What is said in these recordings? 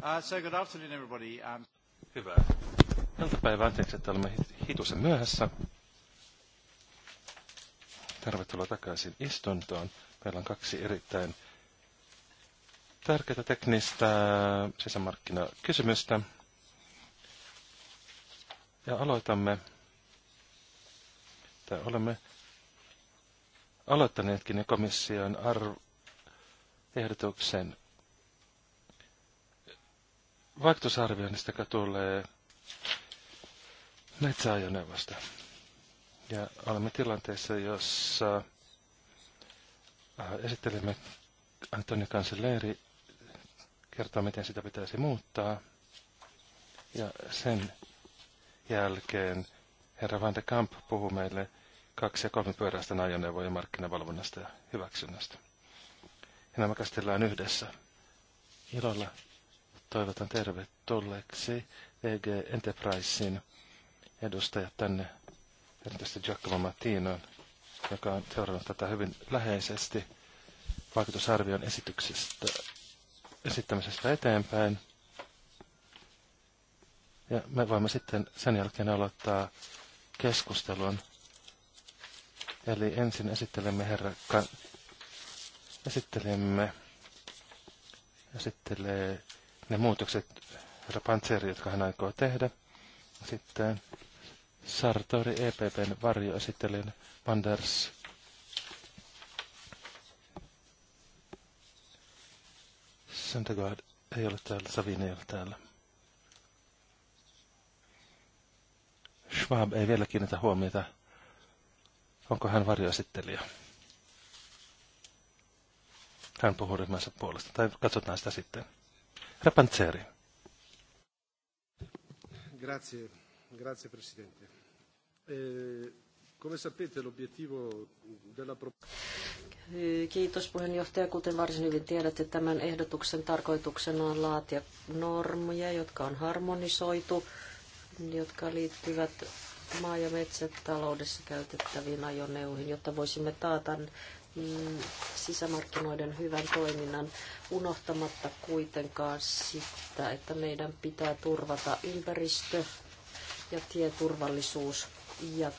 Uh, good afternoon everybody. Hyvää iltapäivää. Anteeksi, että olemme hitusen myöhässä. Tervetuloa takaisin istuntoon. Meillä on kaksi erittäin tärkeää teknistä sisämarkkinakysymystä. Ja aloitamme, tai olemme aloittaneetkin komission arv- ehdotuksen vaikutusarvioinnista, tulee metsäajoneuvosta. Ja olemme tilanteessa, jossa äh, esittelemme Antonio Kanselleri kertoa, miten sitä pitäisi muuttaa. Ja sen jälkeen herra Van de Kamp puhuu meille kaksi- ja kolmipyöräisten ajoneuvojen markkinavalvonnasta ja hyväksynnästä. Ja nämä käsitellään yhdessä. Ilolla toivotan tervetulleeksi EG Enterprisein edustajat tänne, erityisesti Giacomo Mattinon, joka on seurannut tätä hyvin läheisesti vaikutusarvion esityksestä, esittämisestä eteenpäin. Ja me voimme sitten sen jälkeen aloittaa keskustelun. Eli ensin esittelemme herra Kan... Esittelemme... Esittelee ne muutokset, herra Pantseri, jotka hän aikoo tehdä. Sitten Sartori EPPn varjoesittelijän Vanders. Sandegaard ei ole täällä, Savin ei ole täällä. Schwab ei vielä kiinnitä huomiota. Onko hän varjoesittelijä? Hän puhuu ryhmänsä puolesta. Tai katsotaan sitä sitten. Rapanzeri. Grazie, grazie Presidente. Eh, come sapete l'obiettivo della eh, Kiitos puheenjohtaja. Kuten varsin hyvin tiedätte, tämän ehdotuksen tarkoituksena on laatia normeja, jotka on harmonisoitu, jotka liittyvät maa- ja metsätaloudessa käytettäviin ajoneuvoihin, jotta voisimme taata Mm, sisämarkkinoiden hyvän toiminnan unohtamatta kuitenkaan sitä, että meidän pitää turvata ympäristö ja tieturvallisuus ja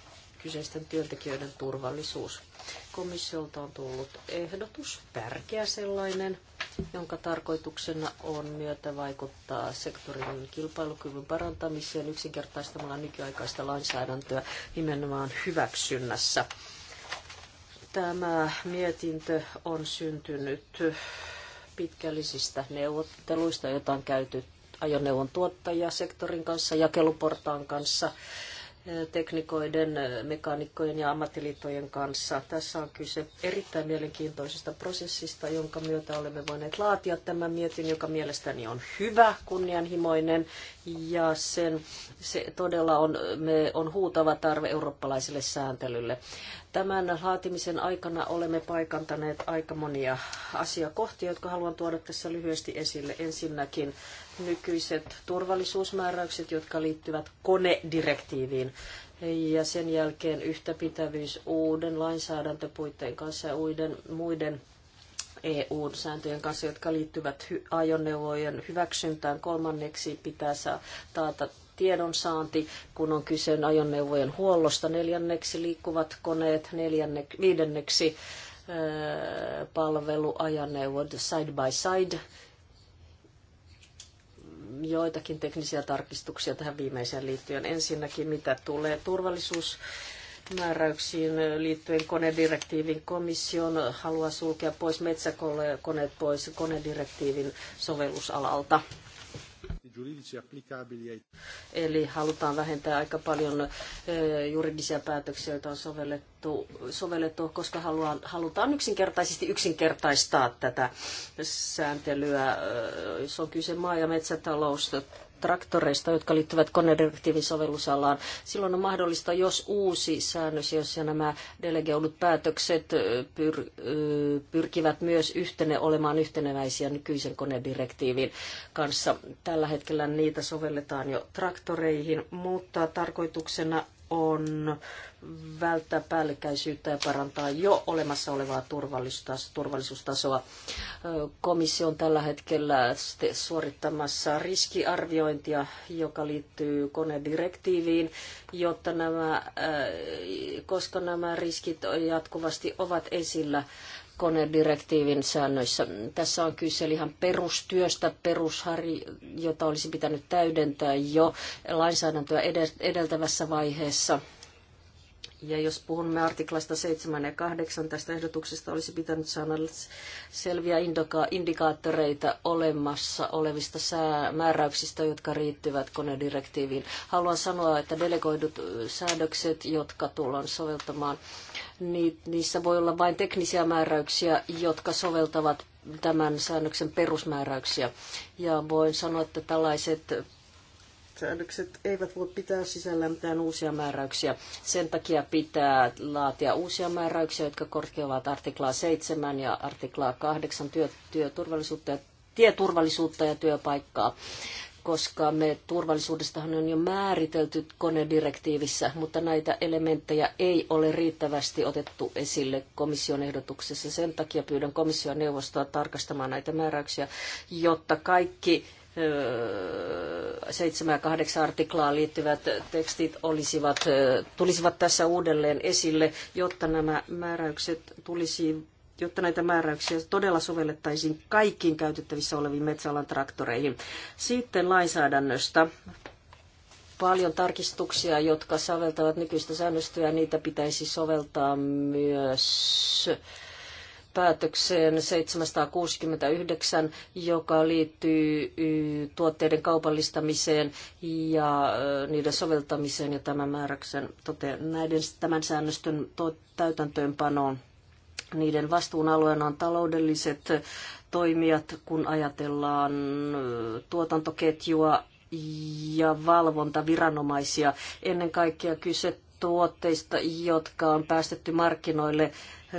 kyseisten työntekijöiden turvallisuus. Komissiolta on tullut ehdotus, tärkeä sellainen, jonka tarkoituksena on myötä vaikuttaa sektorin kilpailukyvyn parantamiseen yksinkertaistamalla nykyaikaista lainsäädäntöä nimenomaan hyväksynnässä Tämä mietintö on syntynyt pitkällisistä neuvotteluista, joita on käyty ajoneuvon tuottajasektorin kanssa, jakeluportaan kanssa, teknikoiden, mekaanikkojen ja ammattiliittojen kanssa. Tässä on kyse erittäin mielenkiintoisesta prosessista, jonka myötä olemme voineet laatia tämän mietin, joka mielestäni on hyvä, kunnianhimoinen ja sen, se todella on, me, on huutava tarve eurooppalaiselle sääntelylle. Tämän laatimisen aikana olemme paikantaneet aika monia asiakohtia, jotka haluan tuoda tässä lyhyesti esille. Ensinnäkin nykyiset turvallisuusmääräykset, jotka liittyvät konedirektiiviin, ja sen jälkeen yhtäpitävyys uuden lainsäädäntöpuitteen kanssa ja uiden, muiden EU-sääntöjen kanssa, jotka liittyvät hy- ajoneuvojen hyväksyntään. Kolmanneksi pitää saa taata tiedonsaanti, kun on kyse ajoneuvojen huollosta. Neljänneksi liikkuvat koneet. Neljänne- viidenneksi öö, palveluajoneuvot side by side joitakin teknisiä tarkistuksia tähän viimeiseen liittyen. Ensinnäkin, mitä tulee turvallisuus määräyksiin liittyen konedirektiivin komission haluaa sulkea pois metsäkoneet pois konedirektiivin sovellusalalta. Eli halutaan vähentää aika paljon juridisia päätöksiä, joita on sovellettu, sovellettu koska haluan, halutaan yksinkertaisesti yksinkertaistaa tätä sääntelyä. Se on kyse maa- ja metsätalous traktoreista, jotka liittyvät konedirektiivin sovellusalaan. Silloin on mahdollista, jos uusi säännös, jos ja nämä delegeudut päätökset pyr, pyrkivät myös yhtene, olemaan yhteneväisiä nykyisen konedirektiivin kanssa. Tällä hetkellä niitä sovelletaan jo traktoreihin, mutta tarkoituksena on välttää päällekkäisyyttä ja parantaa jo olemassa olevaa turvallisuustasoa. Komissio on tällä hetkellä suorittamassa riskiarviointia, joka liittyy konedirektiiviin, jotta nämä, koska nämä riskit jatkuvasti ovat esillä konedirektiivin säännöissä. Tässä on kyse ihan perustyöstä, perushari, jota olisi pitänyt täydentää jo lainsäädäntöä edeltävässä vaiheessa – ja jos puhumme artiklasta 7 ja 8 tästä ehdotuksesta, olisi pitänyt saada selviä indikaattoreita olemassa olevista määräyksistä, jotka riittyvät konedirektiiviin. Haluan sanoa, että delegoidut säädökset, jotka tullaan soveltamaan, niissä voi olla vain teknisiä määräyksiä, jotka soveltavat tämän säännöksen perusmääräyksiä. Ja voin sanoa, että tällaiset säännökset eivät voi pitää sisällään mitään uusia määräyksiä. Sen takia pitää laatia uusia määräyksiä, jotka korkeavat artiklaa 7 ja artiklaa 8 työ, työturvallisuutta ja tieturvallisuutta ja työpaikkaa koska me turvallisuudestahan on jo määritelty konedirektiivissä, mutta näitä elementtejä ei ole riittävästi otettu esille komission ehdotuksessa. Sen takia pyydän komission neuvostoa tarkastamaan näitä määräyksiä, jotta kaikki 7 ja 8 artiklaa liittyvät tekstit olisivat, tulisivat tässä uudelleen esille, jotta nämä määräykset tulisi, jotta näitä määräyksiä todella sovellettaisiin kaikkiin käytettävissä oleviin metsäalan traktoreihin. Sitten lainsäädännöstä paljon tarkistuksia, jotka säveltävät nykyistä säännöstöä, ja niitä pitäisi soveltaa myös päätökseen 769, joka liittyy tuotteiden kaupallistamiseen ja niiden soveltamiseen ja tämän määräksen näiden, tämän säännöstön täytäntöönpanoon. Niiden vastuunalueena on taloudelliset toimijat, kun ajatellaan tuotantoketjua ja valvontaviranomaisia. Ennen kaikkea kyse tuotteista, jotka on päästetty markkinoille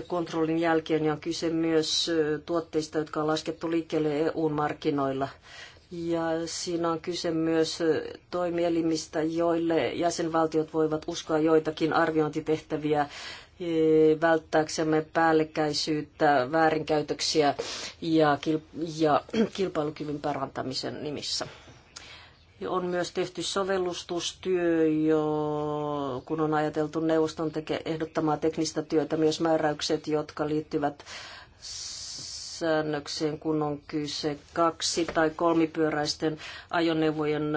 kontrollin jälkeen, ja on kyse myös tuotteista, jotka on laskettu liikkeelle EU-markkinoilla. Ja siinä on kyse myös toimielimistä, joille jäsenvaltiot voivat uskoa joitakin arviointitehtäviä e, välttääksemme päällekkäisyyttä, väärinkäytöksiä ja, kilpailukyvyn parantamisen nimissä. On myös tehty sovellustustyö, jo, kun on ajateltu neuvoston teke, ehdottamaa teknistä työtä, myös määräykset, jotka liittyvät säännökseen, kun on kyse kaksi- tai kolmipyöräisten ajoneuvojen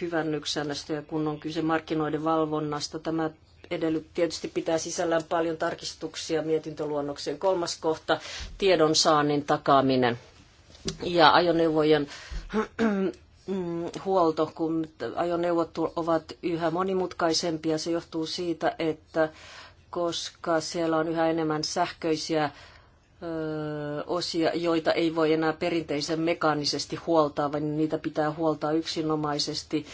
hyvännyksännöstä ja kun on kyse markkinoiden valvonnasta. Tämä edellyt, tietysti pitää sisällään paljon tarkistuksia mietintöluonnokseen. Kolmas kohta, tiedonsaannin takaaminen ja ajoneuvojen Mm, huolto, kun ajoneuvot ovat yhä monimutkaisempia. Se johtuu siitä, että koska siellä on yhä enemmän sähköisiä osia, joita ei voi enää perinteisen mekaanisesti huoltaa, vaan niitä pitää huoltaa yksinomaisesti,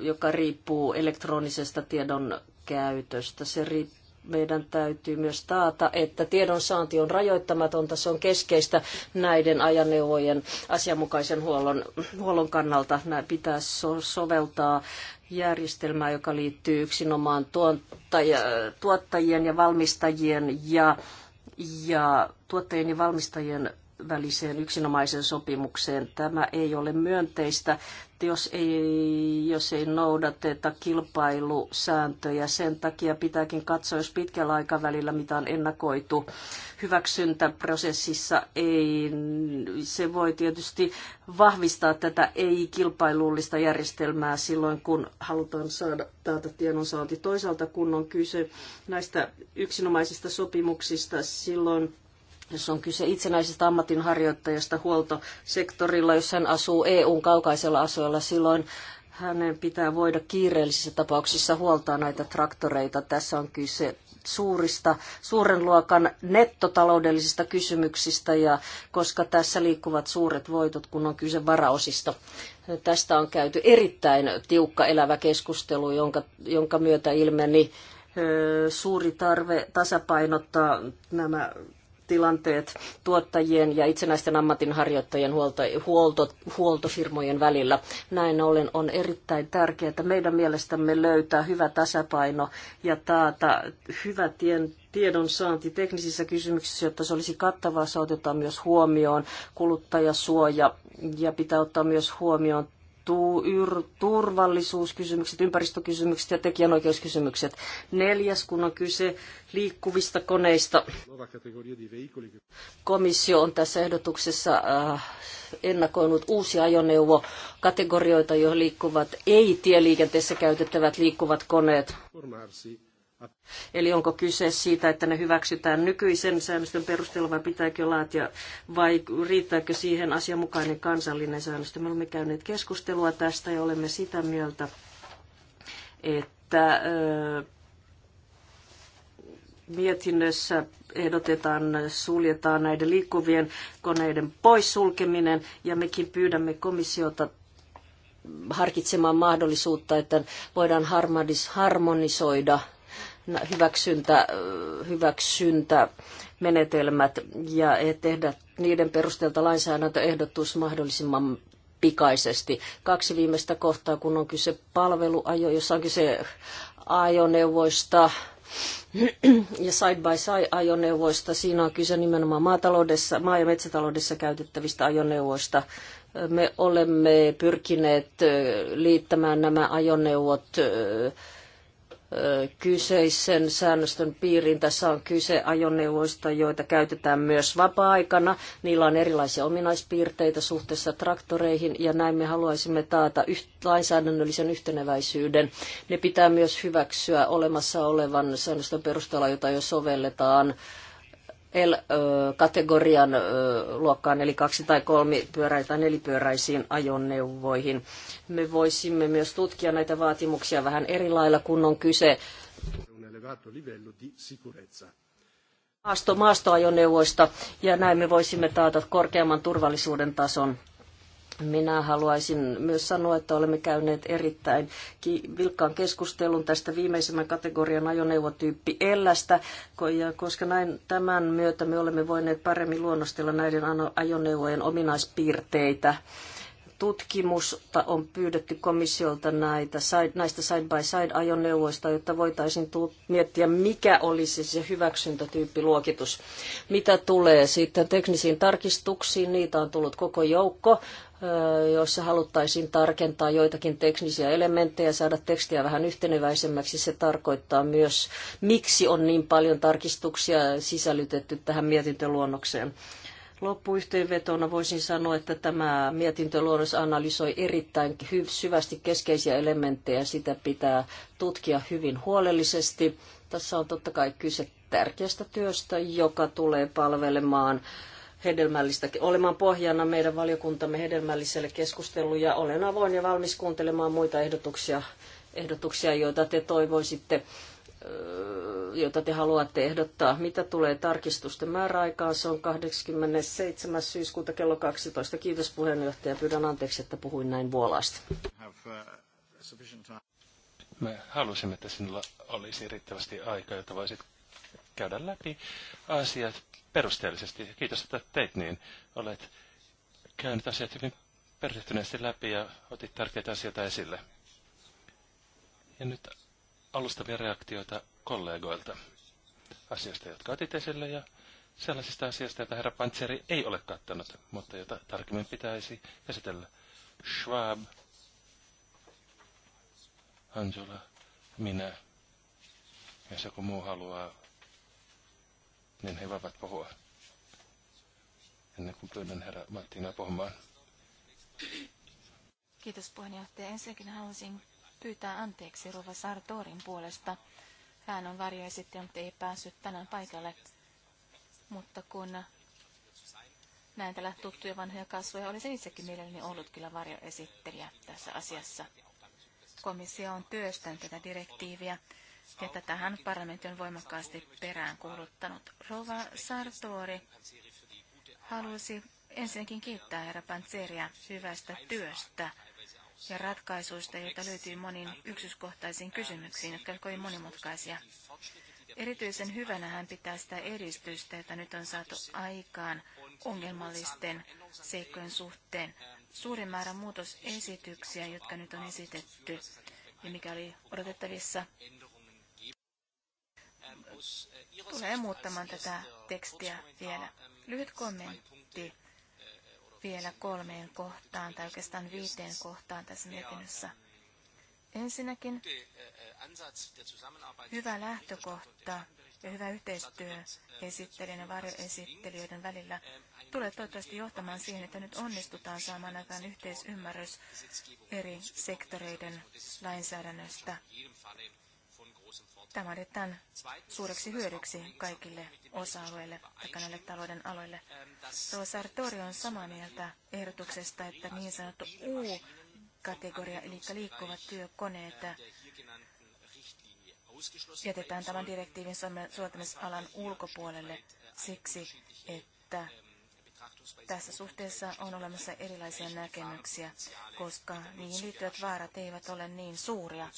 joka riippuu elektronisesta tiedon käytöstä. Se riippuu meidän täytyy myös taata, että tiedonsaanti on rajoittamatonta. Se on keskeistä näiden ajaneuvojen asianmukaisen huollon, huollon kannalta. Nämä pitää so- soveltaa järjestelmää, joka liittyy yksinomaan tuottajien ja valmistajien ja, ja tuottajien ja valmistajien väliseen yksinomaiseen sopimukseen. Tämä ei ole myönteistä jos ei, jos ei noudateta kilpailusääntöjä. Sen takia pitääkin katsoa, jos pitkällä aikavälillä, mitä on ennakoitu hyväksyntäprosessissa, ei, se voi tietysti vahvistaa tätä ei-kilpailullista järjestelmää silloin, kun halutaan saada täältä tiedonsaanti. Toisaalta kun on kyse näistä yksinomaisista sopimuksista, silloin jos on kyse itsenäisestä ammatinharjoittajasta huoltosektorilla, jos hän asuu EUn kaukaisella asuilla, silloin hänen pitää voida kiireellisissä tapauksissa huoltaa näitä traktoreita. Tässä on kyse suurista, suuren luokan nettotaloudellisista kysymyksistä, ja koska tässä liikkuvat suuret voitot, kun on kyse varaosista. Tästä on käyty erittäin tiukka elävä keskustelu, jonka, jonka myötä ilmeni suuri tarve tasapainottaa nämä tilanteet tuottajien ja itsenäisten ammatinharjoittajien huolto, huolto, huoltofirmojen välillä. Näin ollen on erittäin tärkeää, että meidän mielestämme löytää hyvä tasapaino ja taata hyvä tien tiedon saanti teknisissä kysymyksissä, jotta se olisi kattavaa, se otetaan myös huomioon kuluttajasuoja ja pitää ottaa myös huomioon tu, yr, turvallisuuskysymykset, ympäristökysymykset ja tekijänoikeuskysymykset. Neljäs, kun on kyse liikkuvista koneista. Komissio on tässä ehdotuksessa äh, ennakoinut uusia ajoneuvokategorioita, joihin liikkuvat ei-tieliikenteessä käytettävät liikkuvat koneet. Formarsi Eli onko kyse siitä, että ne hyväksytään nykyisen säännöstön perusteella vai pitääkö laatia vai riittääkö siihen asianmukainen kansallinen säännöstö? Me olemme käyneet keskustelua tästä ja olemme sitä mieltä, että mietinnössä ehdotetaan, suljetaan näiden liikkuvien koneiden poissulkeminen ja mekin pyydämme komissiota harkitsemaan mahdollisuutta, että voidaan harmonisoida hyväksyntä, hyväksyntämenetelmät ja tehdä niiden perusteelta lainsäädäntöehdotus mahdollisimman pikaisesti. Kaksi viimeistä kohtaa, kun on kyse palveluajo, jossa on kyse ajoneuvoista ja side-by-side-ajoneuvoista. Siinä on kyse nimenomaan maataloudessa, maa- ja metsätaloudessa käytettävistä ajoneuvoista. Me olemme pyrkineet liittämään nämä ajoneuvot kyseisen säännöstön piiriin. Tässä on kyse ajoneuvoista, joita käytetään myös vapaa-aikana. Niillä on erilaisia ominaispiirteitä suhteessa traktoreihin ja näin me haluaisimme taata lainsäädännöllisen yhteneväisyyden. Ne pitää myös hyväksyä olemassa olevan säännöstön perusteella, jota jo sovelletaan L-kategorian luokkaan, eli kaksi- tai kolmipyöräisiin tai nelipyöräisiin ajoneuvoihin. Me voisimme myös tutkia näitä vaatimuksia vähän eri lailla, kun on kyse maasto, maastoajoneuvoista, ja näin me voisimme taata korkeamman turvallisuuden tason minä haluaisin myös sanoa, että olemme käyneet erittäin vilkkaan keskustelun tästä viimeisimmän kategorian ajoneuvotyyppi Ellästä, koska näin tämän myötä me olemme voineet paremmin luonnostella näiden ajoneuvojen ominaispiirteitä tutkimusta on pyydetty komissiolta näitä, näistä side-by-side-ajoneuvoista, jotta voitaisiin miettiä, mikä olisi se hyväksyntätyyppiluokitus. Mitä tulee sitten teknisiin tarkistuksiin, niitä on tullut koko joukko joissa haluttaisiin tarkentaa joitakin teknisiä elementtejä, saada tekstiä vähän yhteneväisemmäksi. Se tarkoittaa myös, miksi on niin paljon tarkistuksia sisällytetty tähän mietintöluonnokseen. Loppuyhteenvetona voisin sanoa, että tämä mietintöluonnos analysoi erittäin syvästi keskeisiä elementtejä. Sitä pitää tutkia hyvin huolellisesti. Tässä on totta kai kyse tärkeästä työstä, joka tulee palvelemaan hedelmällistä olemaan pohjana meidän valiokuntamme hedelmälliselle keskustelulle ja olen avoin ja valmis kuuntelemaan muita ehdotuksia, ehdotuksia joita te toivoisitte öö, jota te haluatte ehdottaa. Mitä tulee tarkistusten määräaikaan? Se on 27. syyskuuta kello 12. Kiitos puheenjohtaja. Pyydän anteeksi, että puhuin näin vuolaasti. Me halusimme, että sinulla olisi riittävästi aikaa, jota voisit käydä läpi asiat perusteellisesti. Kiitos, että teit niin. Olet käynyt asiat hyvin perehtyneesti läpi ja otit tärkeitä asioita esille. Ja nyt alustavia reaktioita kollegoilta asioista, jotka otit esille ja sellaisista asioista, joita herra Pantseri ei ole kattanut, mutta jota tarkemmin pitäisi käsitellä. Schwab, Angela, minä, jos joku muu haluaa niin he voivat puhua. Ennen kuin pyydän herra Martina puhumaan. Kiitos puheenjohtaja. Ensinnäkin haluaisin pyytää anteeksi Rova Sartorin puolesta. Hän on varjoesittäjä, mutta ei päässyt tänään paikalle. Mutta kun näin tällä tuttuja vanhoja kasvoja, olisin itsekin mielelläni ollut kyllä varjoesittelijä tässä asiassa. Komissio on työstänyt tätä direktiiviä ja tätähän parlamentti on voimakkaasti peräänkuuluttanut. Rova Sartori halusi ensinnäkin kiittää herra Pantseria hyvästä työstä ja ratkaisuista, joita löytyy moniin yksityiskohtaisiin kysymyksiin, jotka ovat kovin monimutkaisia. Erityisen hyvänä hän pitää sitä edistystä, jota nyt on saatu aikaan ongelmallisten seikkojen suhteen. suuri määrä muutosesityksiä, jotka nyt on esitetty ja mikä oli odotettavissa, tulee muuttamaan tätä tekstiä vielä. Lyhyt kommentti vielä kolmeen kohtaan tai oikeastaan viiteen kohtaan tässä mietinnössä. Ensinnäkin hyvä lähtökohta ja hyvä yhteistyö esittelijän ja varjoesittelijöiden välillä tulee toivottavasti johtamaan siihen, että nyt onnistutaan saamaan aikaan yhteisymmärrys eri sektoreiden lainsäädännöstä. Tämä on tämän suureksi hyödyksi kaikille osa-alueille tai näille talouden aloille. Tuo Sartori on samaa mieltä ehdotuksesta, että niin sanottu U-kategoria, eli liikkuvat työkoneet, jätetään tämän direktiivin soveltamisalan ulkopuolelle siksi, että tässä suhteessa on olemassa erilaisia näkemyksiä, koska niihin liittyvät vaarat eivät ole niin suuria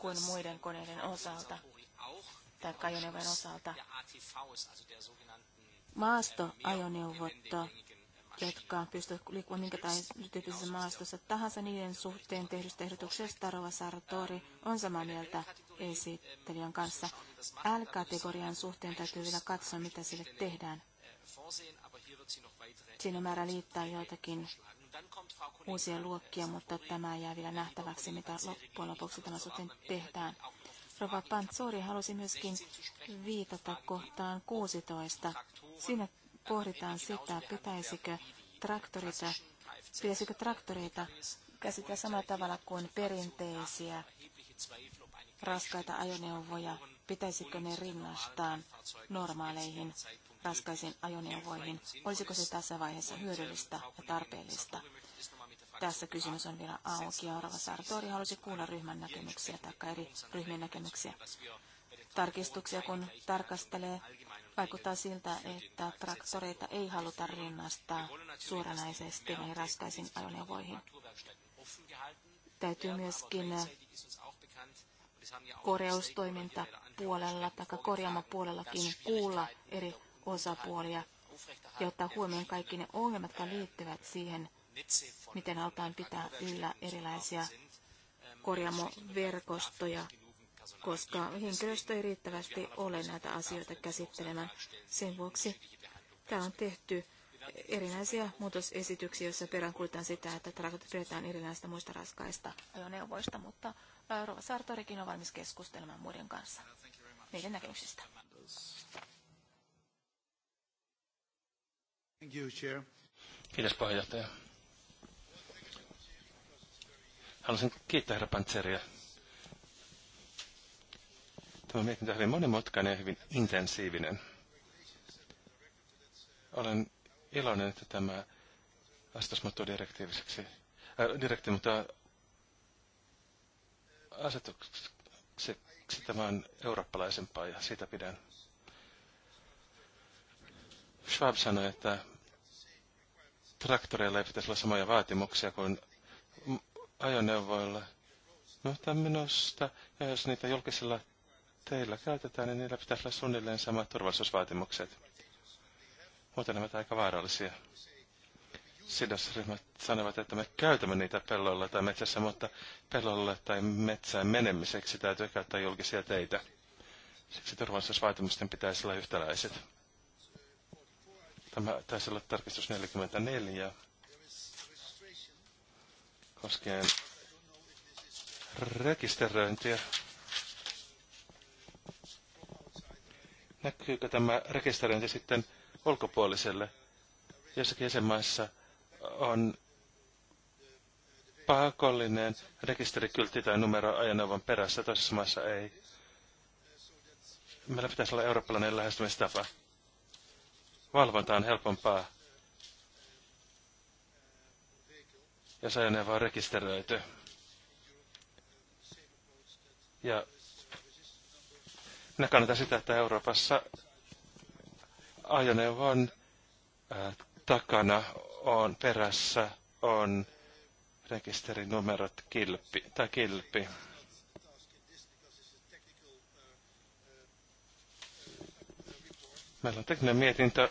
kuin muiden koneiden osalta tai ajoneuvojen osalta. Maastoajoneuvot, jotka pystyvät liikkumaan minkä tyyppisessä maastossa tahansa niiden suhteen tehdystä ehdotuksesta, Rova Sartori on samaa mieltä esittelijän kanssa. L-kategorian suhteen täytyy vielä katsoa, mitä sille tehdään. Siinä määrä liittää joitakin uusia luokkia, mutta tämä jää vielä nähtäväksi, mitä loppujen lopuksi tämä sitten tehdään. Rova Pantsori halusi myöskin viitata kohtaan 16. Siinä pohditaan sitä, pitäisikö traktorita, pitäisikö traktoreita käsitellä samalla tavalla kuin perinteisiä raskaita ajoneuvoja, pitäisikö ne rinnastaan normaaleihin raskaisiin ajoneuvoihin. Olisiko se tässä vaiheessa hyödyllistä ja tarpeellista? Tässä kysymys on vielä auki Arva Sartori halusi kuulla ryhmän näkemyksiä tai eri ryhmien näkemyksiä. Tarkistuksia kun tarkastelee, vaikuttaa siltä, että traktoreita ei haluta rinnastaa suoranaisesti näihin raskaisiin ajoneuvoihin. Täytyy myöskin korjaustoiminta puolella tai korjaamapuolellakin puolellakin kuulla eri osapuolia ja ottaa huomioon kaikki ne ongelmat, jotka liittyvät siihen, miten halutaan pitää yllä erilaisia korjaamoverkostoja, koska henkilöstö ei riittävästi ole näitä asioita käsittelemään. Sen vuoksi täällä on tehty erinäisiä muutosesityksiä, joissa peräänkuulutaan sitä, että trakot pidetään erilaisista muista raskaista ajoneuvoista, mutta Rova Sartorikin on valmis keskustelemaan muiden kanssa meidän näkemyksistä. Thank you, Chair. Kiitos puheenjohtaja. Haluaisin kiittää herra Pantseria. Tämä mietintö on hyvin monimutkainen ja hyvin intensiivinen. Olen iloinen, että tämä asetus muuttuu direktiiviseksi. Äh, direktiivi, mutta asetukseksi tämä on eurooppalaisempaa ja siitä pidän. Schwab sanoi, että traktoreilla ei pitäisi olla samoja vaatimuksia kuin ajoneuvoilla. No, minusta, ja jos niitä julkisilla teillä käytetään, niin niillä pitäisi olla suunnilleen samat turvallisuusvaatimukset. Muuten ne ovat aika vaarallisia. Sidosryhmät sanovat, että me käytämme niitä pelloilla tai metsässä, mutta pelloilla tai metsään menemiseksi täytyy käyttää julkisia teitä. Siksi turvallisuusvaatimusten pitäisi olla yhtäläiset. Tämä taisi olla tarkistus 44 koskien rekisteröintiä. Näkyykö tämä rekisteröinti sitten ulkopuoliselle? Jossakin jäsenmaissa on pakollinen rekisterikyltti tai numero ajoneuvon perässä, toisessa maassa ei. Meillä pitäisi olla eurooppalainen lähestymistapa valvonta on helpompaa. ja se on rekisteröity. Ja ne kannatan sitä, että Euroopassa ajoneuvon ää, takana on perässä on rekisterinumerot kilpi, tai kilpi. Meillä on tekninen mietintö,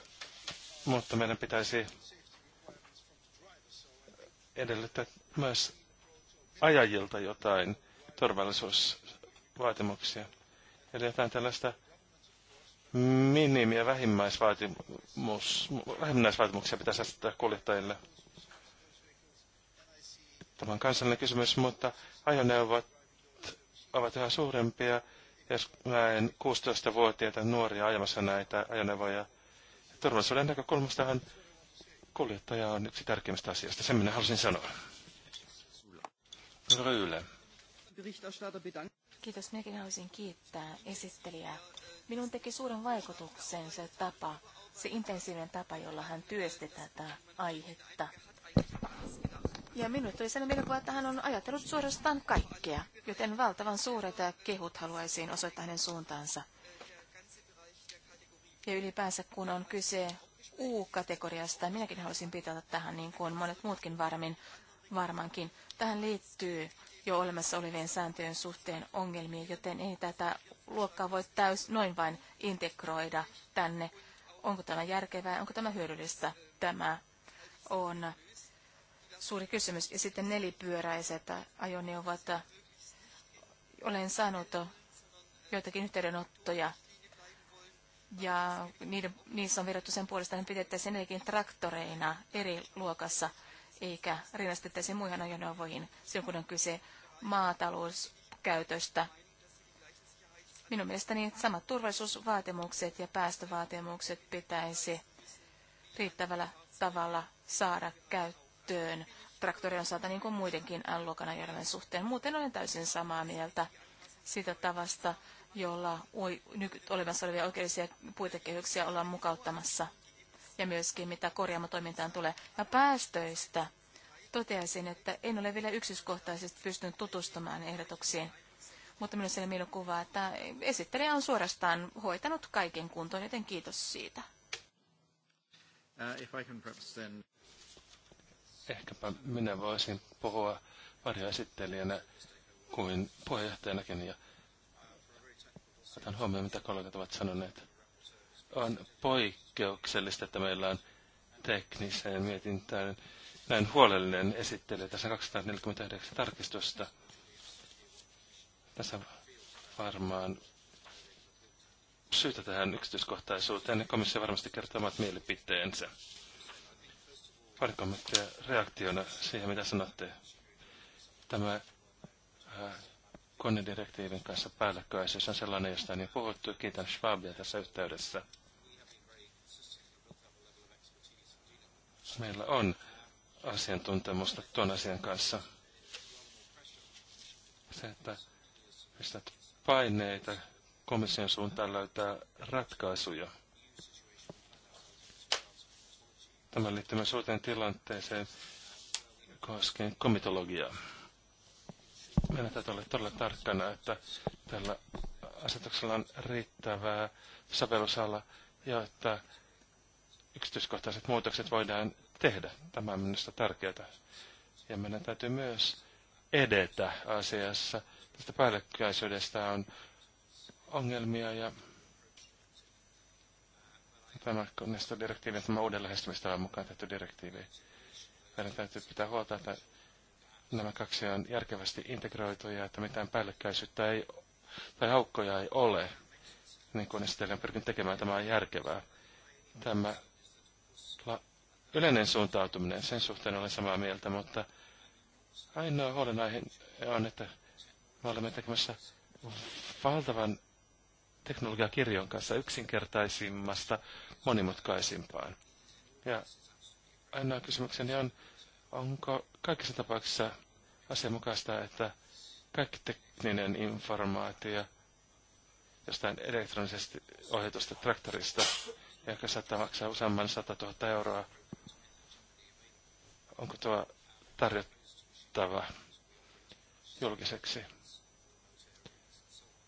mutta meidän pitäisi edellyttää myös ajajilta jotain turvallisuusvaatimuksia. Eli jotain tällaista minimiä vähimmäisvaatimus, vähimmäisvaatimuksia pitäisi asettaa kuljettajille. Tämä on kansallinen kysymys, mutta ajoneuvot ovat yhä suurempia jos näen 16-vuotiaita nuoria ajamassa näitä ajoneuvoja. Turvallisuuden näkökulmastahan kuljettaja on yksi tärkeimmistä asioista. Sen minä halusin sanoa. Ryyle. Kiitos. Minäkin haluaisin kiittää esittelijää. Minun teki suuren vaikutuksen se tapa, se intensiivinen tapa, jolla hän työsti tätä aihetta. Ja minut tuli sellainen niin mielikuva, että hän on ajatellut suorastaan kaikkea, joten valtavan suuret kehut haluaisin osoittaa hänen suuntaansa. Ja ylipäänsä kun on kyse U-kategoriasta, minäkin haluaisin pitää tähän niin kuin monet muutkin varmin, varmankin. Tähän liittyy jo olemassa olevien sääntöjen suhteen ongelmia, joten ei tätä luokkaa voi täys noin vain integroida tänne. Onko tämä järkevää, onko tämä hyödyllistä? Tämä on suuri kysymys. Ja sitten nelipyöräiset ajoneuvot. Olen saanut joitakin yhteydenottoja ja niiden, niissä on verrattu sen puolesta, että pidettäisiin edelleenkin traktoreina eri luokassa, eikä rinnastettaisi muihin ajoneuvoihin, silloin kun on kyse maatalouskäytöstä. Minun mielestäni samat turvallisuusvaatimukset ja päästövaatimukset pitäisi riittävällä tavalla saada käyttöön käyttöön traktorin osalta niin kuin muidenkin N-luokan ajoneuvojen suhteen. Muuten olen täysin samaa mieltä siitä tavasta, jolla nyt olemassa olevia oikeudellisia puitekehyksiä ollaan mukauttamassa ja myöskin mitä korjaamotoimintaan tulee. Ja päästöistä toteaisin, että en ole vielä yksityiskohtaisesti pystynyt tutustumaan ehdotuksiin. Mutta minun siellä kuvaa, että esittelijä on suorastaan hoitanut kaiken kuntoon, joten kiitos siitä. Uh, then ehkäpä minä voisin puhua varjoesittelijänä kuin puheenjohtajanakin ja otan huomioon, mitä kollegat ovat sanoneet. On poikkeuksellista, että meillä on tekniseen mietintään näin huolellinen esittely. Tässä on 249 tarkistusta. Tässä varmaan syytä tähän yksityiskohtaisuuteen. Komissio varmasti kertoo omat mielipiteensä. Pari kommenttia reaktiona siihen, mitä sanotte. Tämä äh, konedirektiivin kanssa päällekkäisyys on sellainen, josta on jo puhuttu. Kiitän Schwabia tässä yhteydessä. Meillä on asiantuntemusta tuon asian kanssa. Se, että pistät paineita komission suuntaan löytää ratkaisuja. Tämä liittyy suurten tilanteeseen koskien komitologiaa. Meidän täytyy olla todella tarkkana, että tällä asetuksella on riittävää sovellusala ja että yksityiskohtaiset muutokset voidaan tehdä. Tämä on minusta tärkeää. Ja meidän täytyy myös edetä asiassa. Tästä päällekkäisyydestä on ongelmia ja Tämä kunnes direktiivin tämä uuden lähestymistavan mukaan tehty direktiivi. Meidän täytyy pitää huolta, että nämä kaksi on järkevästi integroituja, että mitään päällekkäisyyttä ei, tai aukkoja ei ole. Niin kuin on pyrkin tekemään tämä järkevää. Tämä la, yleinen suuntautuminen, sen suhteen olen samaa mieltä, mutta ainoa huolenaihe on, että me olemme tekemässä valtavan teknologiakirjon kanssa yksinkertaisimmasta monimutkaisimpaan. Ja aina kysymykseni on, onko kaikissa tapauksissa asianmukaista, että kaikki tekninen informaatio jostain elektronisesti ohjatusta traktorista, joka saattaa maksaa useamman 100 000 euroa, onko tuo tarjottava julkiseksi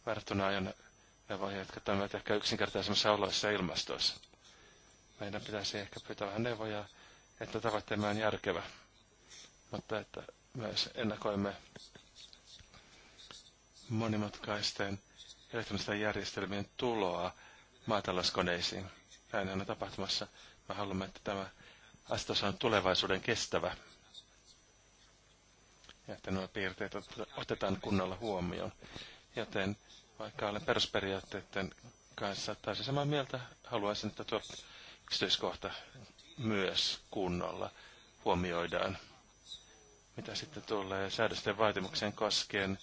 verrattuna ajan ja vai jotka toimivat ehkä yksinkertaisemmissa oloissa ja ilmastoissa. Meidän pitäisi ehkä pyytää vähän neuvoja, että tavoitteemme on järkevä, mutta että myös ennakoimme monimutkaisten elektronisten järjestelmien tuloa maatalouskoneisiin. Näin on tapahtumassa. Me haluamme, että tämä astos on tulevaisuuden kestävä. Ja että nuo piirteet otetaan kunnolla huomioon. Joten vaikka olen perusperiaatteiden kanssa täysin samaa mieltä, haluaisin, että tuo yksityiskohta myös kunnolla huomioidaan. Mitä sitten tulee säädösten vaatimukseen koskien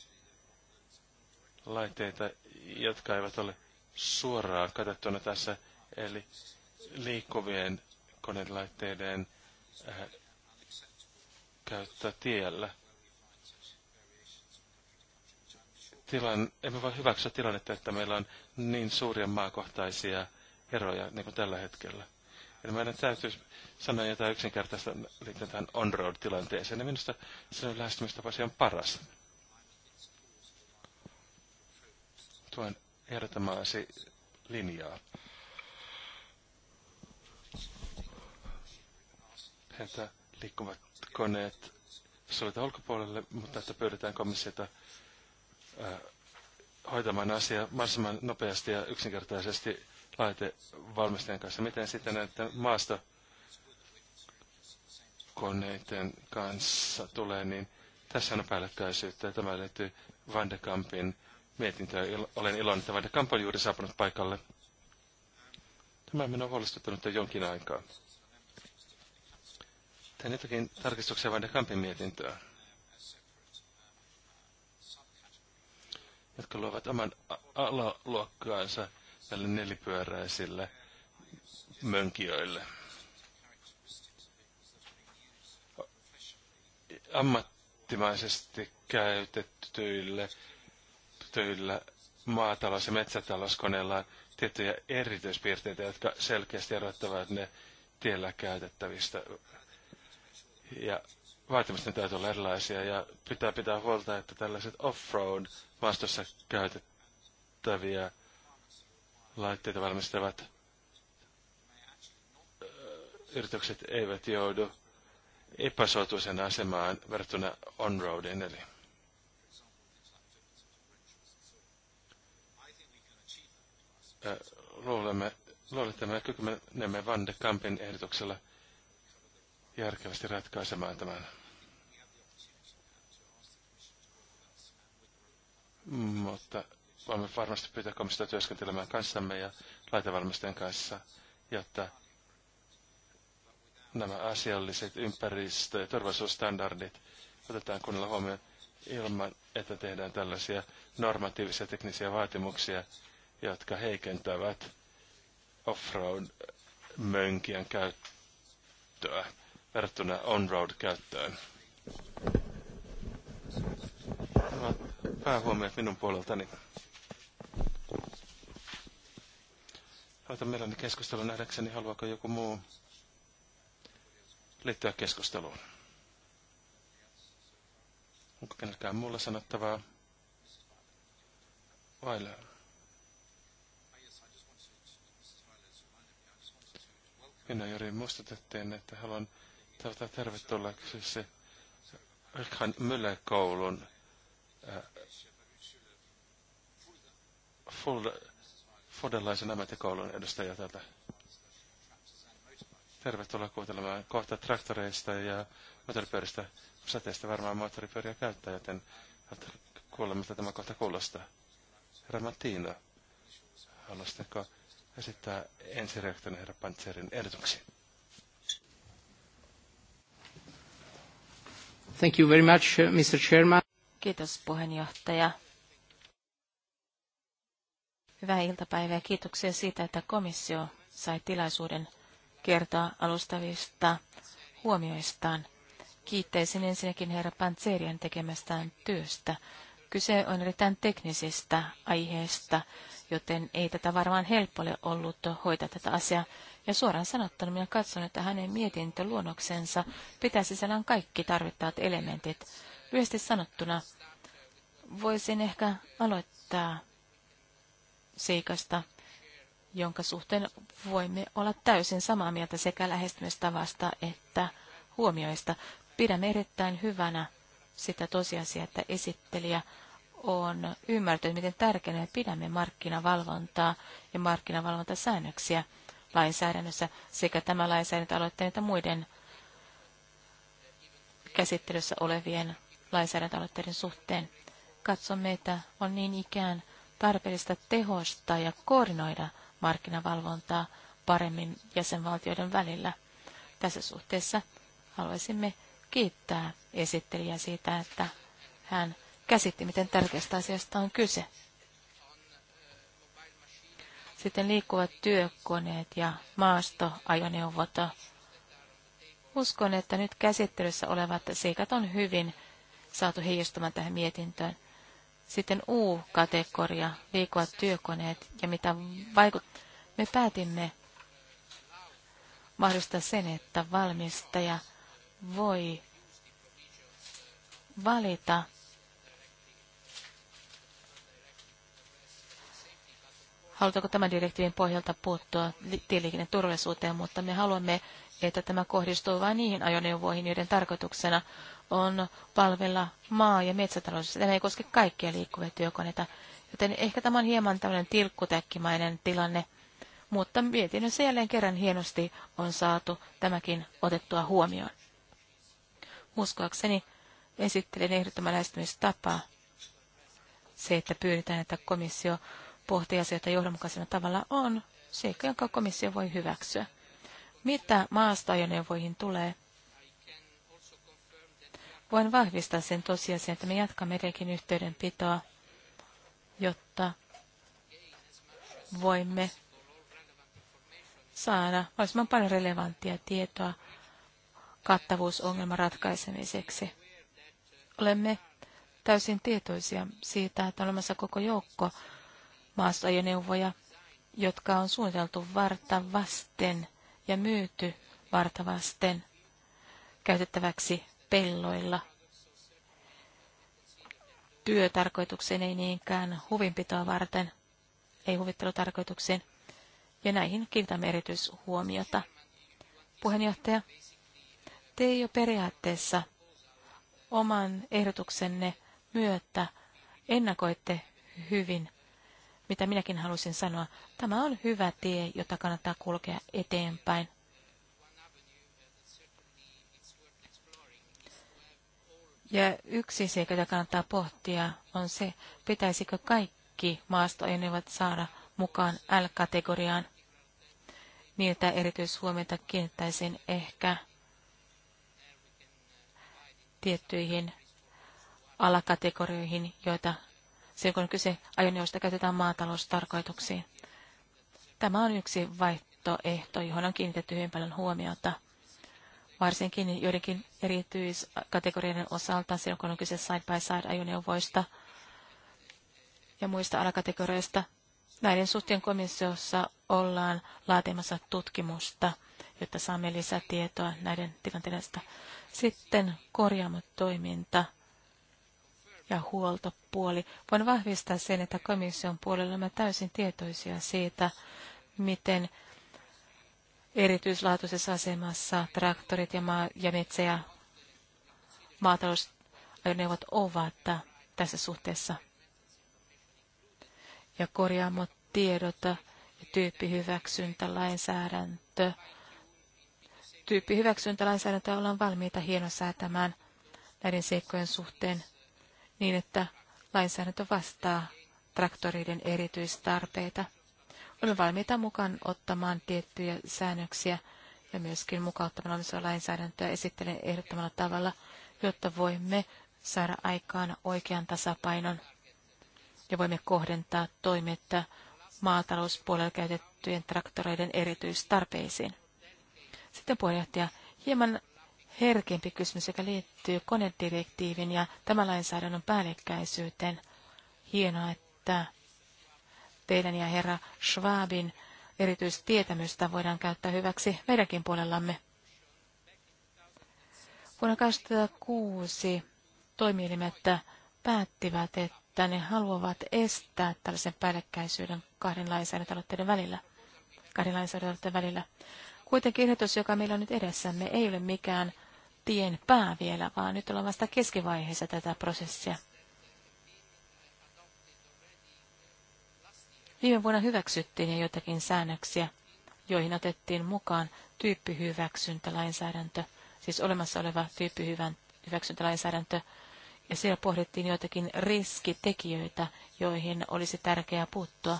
laitteita, jotka eivät ole suoraan katettuna tässä, eli liikkuvien konelaitteiden äh, käyttötiellä. tiellä – tilan, emme voi hyväksyä tilannetta, että meillä on niin suuria maakohtaisia eroja niin kuin tällä hetkellä. Eli meidän täytyy sanoa jotain yksinkertaista liittyen tähän on-road-tilanteeseen, ja niin minusta on lähestymistapa on paras. Tuen ehdottamaasi linjaa. Heiltä liikkuvat koneet suljetaan ulkopuolelle, mutta että pyydetään komissiota Äh, hoitamaan asiaa mahdollisimman nopeasti ja yksinkertaisesti laitevalmistajan kanssa. Miten sitten näiden maastokoneiden kanssa tulee, niin tässä on päällekkäisyyttä. Tämä liittyy Van de Kampin mietintöön. Olen iloinen, että Van de Kamp on juuri saapunut paikalle. Tämä minä on huolestuttanut jo jonkin aikaa. Tein jotakin tarkistuksia Van de Kampin mietintöön. jotka luovat oman alaluokkaansa tälle nelipyöräisille mönkijöille. Ammattimaisesti käytettyillä töillä maatalous- ja metsätalouskoneilla on tiettyjä erityispiirteitä, jotka selkeästi erottavat ne tiellä käytettävistä. Ja vaatimusten täytyy olla erilaisia ja pitää pitää huolta, että tällaiset off-road maastossa käytettäviä laitteita valmistavat yritykset eivät joudu epäsuotuisen asemaan verrattuna on-roadin. Eli luulemme, luulemme, että me kykymme Vande Kampin ehdotuksella – järkevästi ratkaisemaan tämän. Mutta voimme varmasti pyytää komista työskentelemään kanssamme ja laitevalmistajan kanssa, jotta nämä asialliset ympäristö- ja turvallisuusstandardit otetaan kunnolla huomioon ilman, että tehdään tällaisia normatiivisia teknisiä vaatimuksia, jotka heikentävät offroad-mönkien käyttöä verrattuna on-road-käyttöön. Nämä minun puoleltani. Aloitan mielelläni keskustelun nähdäkseni, haluaako joku muu liittyä keskusteluun. Onko kenelläkään muulla sanottavaa? Vailla. Minä Jari muistutettiin, että haluan toivottaa tervetulleeksi siis Rikhan mölle koulun äh, Fodelaisen ammattikoulun edustaja täältä. Tervetuloa kuuntelemaan kohta traktoreista ja moottoripyöristä. Osa varmaan moottoripyöriä käyttää, joten kuulla, mitä tämä kohta kuulostaa. Ramatino, haluaisitko esittää ensireaktion herra Pantserin ehdotuksia? Thank you very much, uh, Mr. Chairman. Kiitos puheenjohtaja. Hyvää iltapäivää. Kiitoksia siitä, että komissio sai tilaisuuden kertoa alustavista huomioistaan. Kiitteisin ensinnäkin herra Panzerian tekemästään työstä. Kyse on erittäin teknisestä aiheesta, joten ei tätä varmaan helppo ole ollut hoitaa tätä asiaa. Ja suoraan sanottuna minä katson, että hänen mietintöluonnoksensa pitää sisällään kaikki tarvittavat elementit. Lyhyesti sanottuna voisin ehkä aloittaa seikasta, jonka suhteen voimme olla täysin samaa mieltä sekä lähestymistavasta että huomioista. Pidämme erittäin hyvänä sitä tosiasiaa, että esittelijä on ymmärtänyt, miten tärkeänä me pidämme markkinavalvontaa ja markkinavalvontasäännöksiä lainsäädännössä sekä tämä lainsäädäntöaloitteen että muiden käsittelyssä olevien lainsäädäntöaloitteiden suhteen. Katsomme, että on niin ikään tarpeellista tehostaa ja koordinoida markkinavalvontaa paremmin jäsenvaltioiden välillä. Tässä suhteessa haluaisimme kiittää esittelijää siitä, että hän käsitti, miten tärkeästä asiasta on kyse. Sitten liikkuvat työkoneet ja maastoajoneuvot. Uskon, että nyt käsittelyssä olevat seikat on hyvin saatu heijastumaan tähän mietintöön. Sitten U-kategoria, liikkuvat työkoneet ja mitä vaikut... Me päätimme mahdollistaa sen, että valmistaja voi valita halutaanko tämän direktiivin pohjalta puuttua tieliikenneturvallisuuteen, mutta me haluamme, että tämä kohdistuu vain niihin ajoneuvoihin, joiden tarkoituksena on palvella maa- ja metsätalous. Tämä ei koske kaikkia liikkuvia työkoneita, joten ehkä tämä on hieman tämmöinen tilkkutäkkimainen tilanne, mutta mietinnössä jälleen kerran hienosti on saatu tämäkin otettua huomioon. Uskoakseni esittelen ehdottoman lähestymistapaa. Se, että pyydetään, että komissio pohtii asioita johdonmukaisella tavalla, on se, jonka komissio voi hyväksyä. Mitä maasta-ajoneuvoihin tulee? Voin vahvistaa sen tosiasian, että me jatkamme edelleenkin yhteydenpitoa, jotta voimme saada mahdollisimman paljon relevanttia tietoa kattavuusongelman ratkaisemiseksi. Olemme täysin tietoisia siitä, että on olemassa koko joukko maastoajoneuvoja, jotka on suunniteltu varta vasten ja myyty varta vasten käytettäväksi pelloilla. Työtarkoitukseen ei niinkään huvinpitoa varten, ei huvittelutarkoituksiin, ja näihin kiinnitämme erityishuomiota. Puheenjohtaja, te jo periaatteessa oman ehdotuksenne myötä ennakoitte hyvin, mitä minäkin halusin sanoa. Tämä on hyvä tie, jota kannattaa kulkea eteenpäin. Ja yksi se, jota kannattaa pohtia, on se, pitäisikö kaikki maastoajoneuvot saada mukaan L-kategoriaan. Niitä erityishuomiota kiinnittäisin ehkä tiettyihin alakategorioihin, joita silloin kun kyse ajoneuvosta käytetään maataloustarkoituksiin. Tämä on yksi vaihtoehto, johon on kiinnitetty hyvin paljon huomiota, varsinkin joidenkin erityiskategorioiden osalta, silloin kun on kyse side-by-side-ajoneuvoista ja muista alakategorioista. Näiden suhteen komissiossa ollaan laatimassa tutkimusta – jotta saamme lisää tietoa näiden tilanteista. Sitten korjaamotoiminta ja huoltopuoli. Voin vahvistaa sen, että komission puolella olemme täysin tietoisia siitä, miten erityislaatuisessa asemassa traktorit ja, maa- ja metsä- ja maatalousajoneuvot ovat tässä suhteessa. Ja tiedot ja tyyppihyväksyntä, lainsäädäntö tyyppi hyväksyntälainsäädäntöä ollaan valmiita hienosäätämään näiden seikkojen suhteen niin, että lainsäädäntö vastaa traktoriiden erityistarpeita. Olemme valmiita mukaan ottamaan tiettyjä säännöksiä ja myöskin mukauttamaan olemassa lainsäädäntöä esittelen ehdottomalla tavalla, jotta voimme saada aikaan oikean tasapainon ja voimme kohdentaa toimetta maatalouspuolella käytettyjen traktoreiden erityistarpeisiin. Sitten puheenjohtaja, hieman herkempi kysymys, joka liittyy konedirektiivin ja tämän lainsäädännön päällekkäisyyteen. Hienoa, että teidän ja herra Schwabin erityistietämystä voidaan käyttää hyväksi meidänkin puolellamme. Vuonna 2006 toimielimet päättivät, että ne haluavat estää tällaisen päällekkäisyyden kahden lainsäädäntöaloitteiden välillä. Kahden lainsäädäntöaloitteiden välillä. Kuitenkin ehdotus, joka meillä on nyt edessämme, ei ole mikään tien pää vielä, vaan nyt ollaan vasta keskivaiheessa tätä prosessia. Viime vuonna hyväksyttiin jo jotakin säännöksiä, joihin otettiin mukaan tyyppihyväksyntälainsäädäntö, siis olemassa oleva tyyppihyväksyntälainsäädäntö, ja siellä pohdittiin joitakin riskitekijöitä, joihin olisi tärkeää puuttua.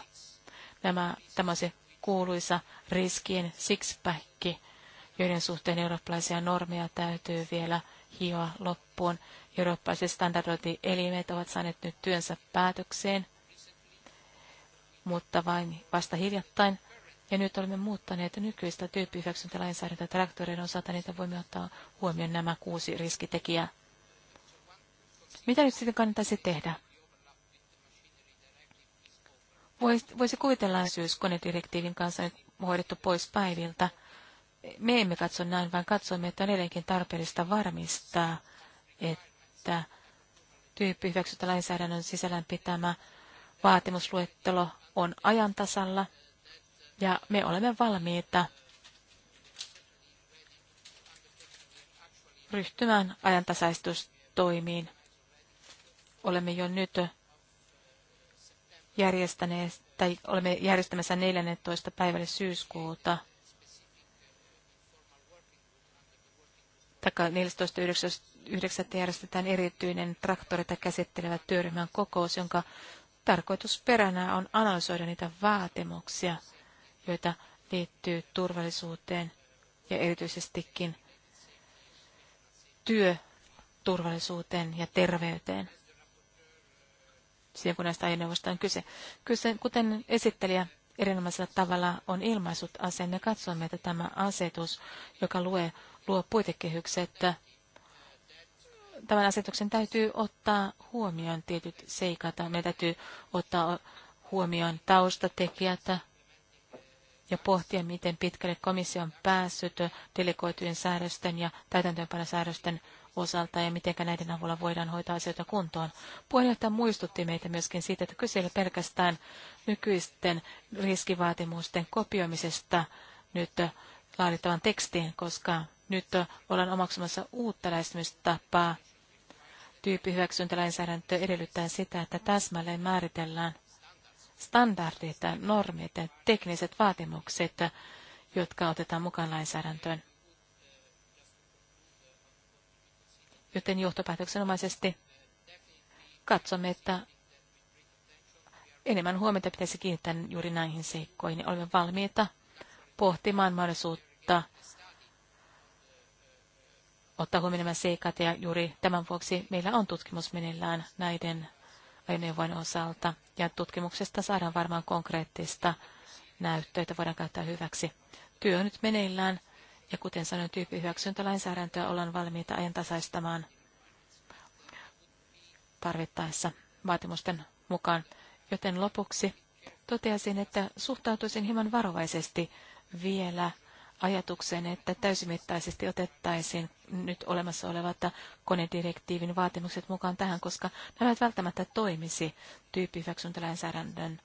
Nämä, tämä on se kuuluisa riskien sixpack, joiden suhteen eurooppalaisia normeja täytyy vielä hioa loppuun. Eurooppalaiset standardointielimet ovat saaneet nyt työnsä päätökseen, mutta vain vasta hiljattain. Ja nyt olemme muuttaneet nykyistä tyyppihyväksyntälainsäädäntöä traktoreiden osalta, niitä voimme ottaa huomioon nämä kuusi riskitekijää. Mitä nyt sitten kannattaisi tehdä? Voisi kuvitella syys konedirektiivin kanssa hoidettu pois päiviltä. Me emme katso näin, vaan katsomme, että on edelleenkin tarpeellista varmistaa, että tyyppi lainsäädännön sisällään pitämä vaatimusluettelo on ajantasalla ja me olemme valmiita ryhtymään ajantasaistustoimiin. Olemme jo nyt järjestäneet, tai olemme järjestämässä 14. päivälle syyskuuta, taka 14.9. järjestetään erityinen traktorita käsittelevä työryhmän kokous, jonka tarkoitusperänä on analysoida niitä vaatimuksia, joita liittyy turvallisuuteen ja erityisestikin työturvallisuuteen ja terveyteen siihen, kun näistä ajoneuvoista on kyse. kyse kuten esittelijä erinomaisella tavalla on ilmaisut aseen, me katsomme, että tämä asetus, joka lue, luo puitekehykset, tämän asetuksen täytyy ottaa huomioon tietyt seikat. Meidän täytyy ottaa huomioon taustatekijät ja pohtia, miten pitkälle komission päässyt delegoitujen säädösten ja täytäntöönpanosäädösten osalta ja miten näiden avulla voidaan hoitaa asioita kuntoon. Puheenjohtaja muistutti meitä myöskin siitä, että kyse ei ole pelkästään nykyisten riskivaatimusten kopioimisesta nyt laadittavan tekstiin, koska nyt ollaan omaksumassa uutta lähestymistapaa. Tyyppihyväksyntälainsäädäntö edellyttää sitä, että täsmälleen määritellään standardit, normit ja tekniset vaatimukset, jotka otetaan mukaan lainsäädäntöön. Joten johtopäätöksenomaisesti katsomme, että enemmän huomiota pitäisi kiinnittää juuri näihin seikkoihin. Olemme valmiita pohtimaan mahdollisuutta ottaa huomioon nämä seikat ja juuri tämän vuoksi meillä on tutkimus meneillään näiden ajoneuvojen osalta ja tutkimuksesta saadaan varmaan konkreettista näyttöä, että voidaan käyttää hyväksi. Työ on nyt meneillään ja kuten sanoin, tyyppihyväksyntälainsäädäntöä ollaan valmiita ajantasaistamaan tarvittaessa vaatimusten mukaan. Joten lopuksi toteaisin, että suhtautuisin hieman varovaisesti vielä ajatukseen, että täysimittaisesti otettaisiin nyt olemassa olevat konedirektiivin vaatimukset mukaan tähän, koska nämä eivät välttämättä toimisi tyyppihyväksyntälainsäädännön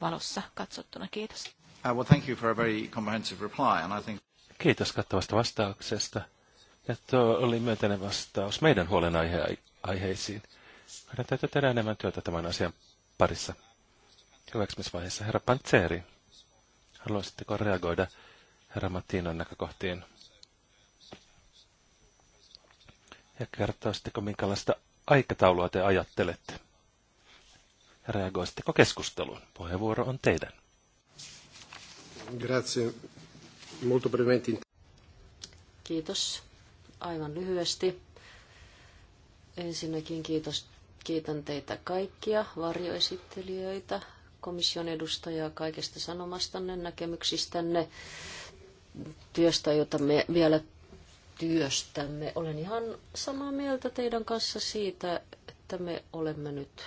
valossa katsottuna. Kiitos. Uh, well, thank you for a very comprehensive reply, and I think... Kiitos kattavasta vastauksesta. Ja tuo oli myönteinen vastaus meidän huolenaiheisiin. Meidän täytyy tehdä enemmän työtä tämän asian parissa. Hyväksymisvaiheessa herra Pantseeri, haluaisitteko reagoida herra Mattiinan näkökohtiin? Ja kertoisitteko, minkälaista aikataulua te ajattelette? Reagoisitteko keskusteluun? Puheenvuoro on teidän. Grazie, molto brevemente. Kiitos. Aivan lyhyesti. Ensinnäkin kiitos, kiitän teitä kaikkia, varjoesittelijöitä, komission edustajaa kaikesta sanomastanne, näkemyksistänne, työstä, jota me vielä työstämme. Olen ihan samaa mieltä teidän kanssa siitä, että me olemme nyt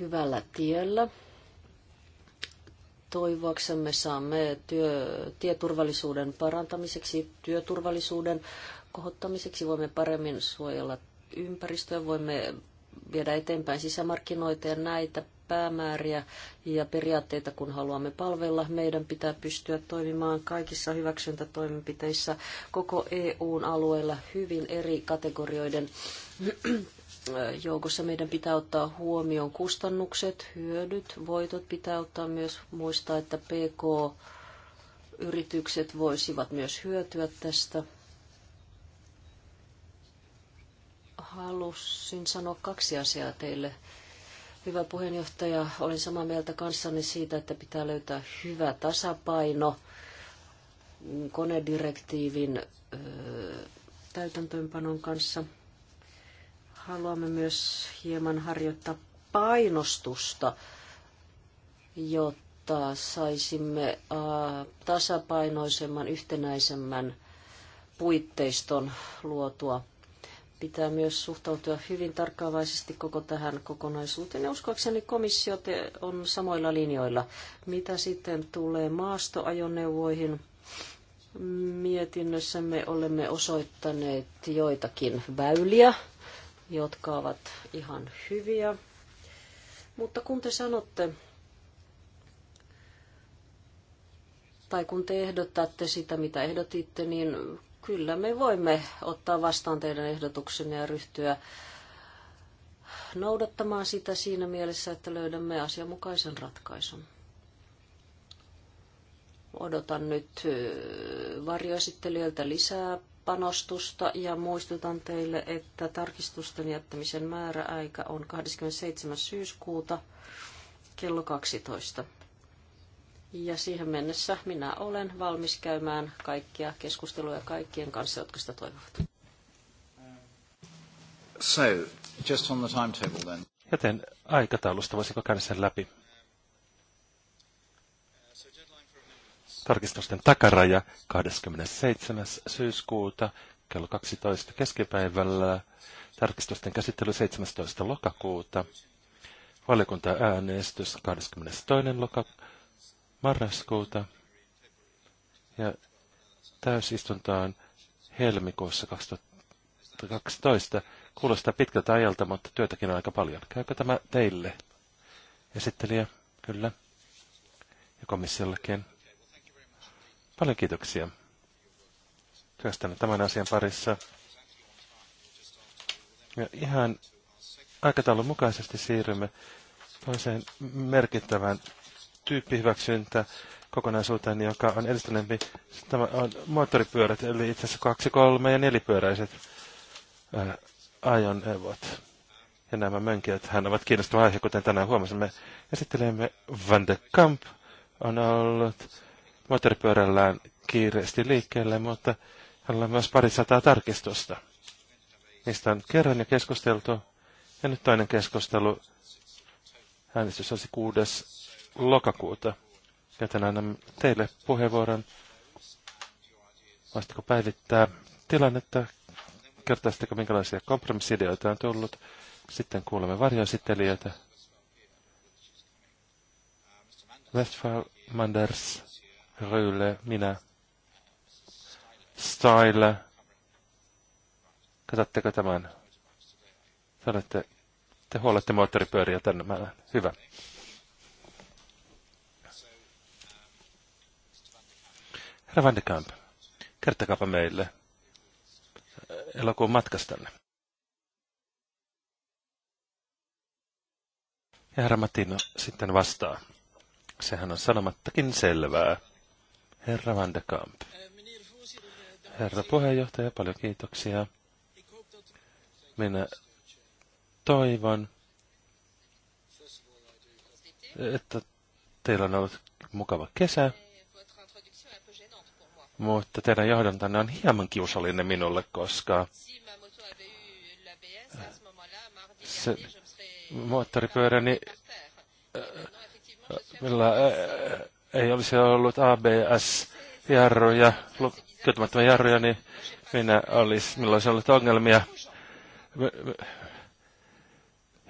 hyvällä tiellä. Toivoaksemme saamme työ, tieturvallisuuden parantamiseksi, työturvallisuuden kohottamiseksi voimme paremmin suojella ympäristöä, voimme viedä eteenpäin sisämarkkinoita ja näitä päämääriä ja periaatteita, kun haluamme palvella. Meidän pitää pystyä toimimaan kaikissa hyväksyntätoimenpiteissä koko EUn alueella hyvin eri kategorioiden joukossa meidän pitää ottaa huomioon kustannukset, hyödyt, voitot. Pitää ottaa myös muistaa, että PK-yritykset voisivat myös hyötyä tästä. Halusin sanoa kaksi asiaa teille. Hyvä puheenjohtaja, olen samaa mieltä kanssanne siitä, että pitää löytää hyvä tasapaino konedirektiivin täytäntöönpanon kanssa – haluamme myös hieman harjoittaa painostusta, jotta saisimme tasapainoisemman, yhtenäisemmän puitteiston luotua. Pitää myös suhtautua hyvin tarkkaavaisesti koko tähän kokonaisuuteen. Ja uskoakseni komissio on samoilla linjoilla. Mitä sitten tulee maastoajoneuvoihin? Mietinnössämme olemme osoittaneet joitakin väyliä, jotka ovat ihan hyviä. Mutta kun te sanotte, tai kun te ehdotatte sitä, mitä ehdotitte, niin kyllä me voimme ottaa vastaan teidän ehdotuksenne ja ryhtyä noudattamaan sitä siinä mielessä, että löydämme asianmukaisen ratkaisun. Odotan nyt varjoesittelijöiltä lisää panostusta ja muistutan teille, että tarkistusten jättämisen määräaika on 27. syyskuuta kello 12. Ja siihen mennessä minä olen valmis käymään kaikkia keskusteluja kaikkien kanssa, jotka sitä toivovat. So, just on the timetable then. Joten aikataulusta voisiko käydä sen läpi? Tarkistusten takaraja 27. syyskuuta kello 12 keskipäivällä. Tarkistusten käsittely 17. lokakuuta. Valiokunta-äänestys 22. Loka marraskuuta. Ja täysistuntaan helmikuussa 2012. Kuulostaa pitkältä ajalta, mutta työtäkin on aika paljon. Käykö tämä teille? Esittelijä, kyllä. Ja komissiollekin. Paljon kiitoksia työstänne tämän asian parissa. Ja ihan aikataulun mukaisesti siirrymme toiseen merkittävään tyyppihyväksyntä kokonaisuuteen, joka on edistyneempi. Tämä on moottoripyörät, eli itse asiassa kaksi, kolme ja nelipyöräiset ajoneuvot. Ja nämä mönkijät, hän ovat kiinnostava aihe, kuten tänään huomasimme. Esittelemme Van de Kamp on ollut moottoripyörällään kiireesti liikkeelle, mutta hänellä on myös pari sataa tarkistusta. Niistä on kerran jo keskusteltu, ja nyt toinen keskustelu. Äänestys olisi 6. lokakuuta, joten annan teille puheenvuoron. Voisitteko päivittää tilannetta, kertaisitteko minkälaisia kompromissideoita on tullut, sitten kuulemme varjoesittelijöitä. Westfall Manders Ryyle, minä, Style. Katsotteko tämän? Sanoitte, te huolette moottoripyöriä tänne. Mä, hyvä. Herra Van de Kamp, kertokaapa meille eh, elokuun matkastanne. Ja herra Matino sitten vastaa. Sehän on sanomattakin selvää. Herra Van de Kamp. Herra puheenjohtaja, paljon kiitoksia. Minä toivon, että teillä on ollut mukava kesä. Mutta teidän johdantanne on hieman kiusallinen minulle, koska se moottoripyöräni, äh, äh, millä äh, ei olisi ollut ABS-jarruja, kytmättömän jarruja, niin minä olisi, minulla olisi ollut ongelmia.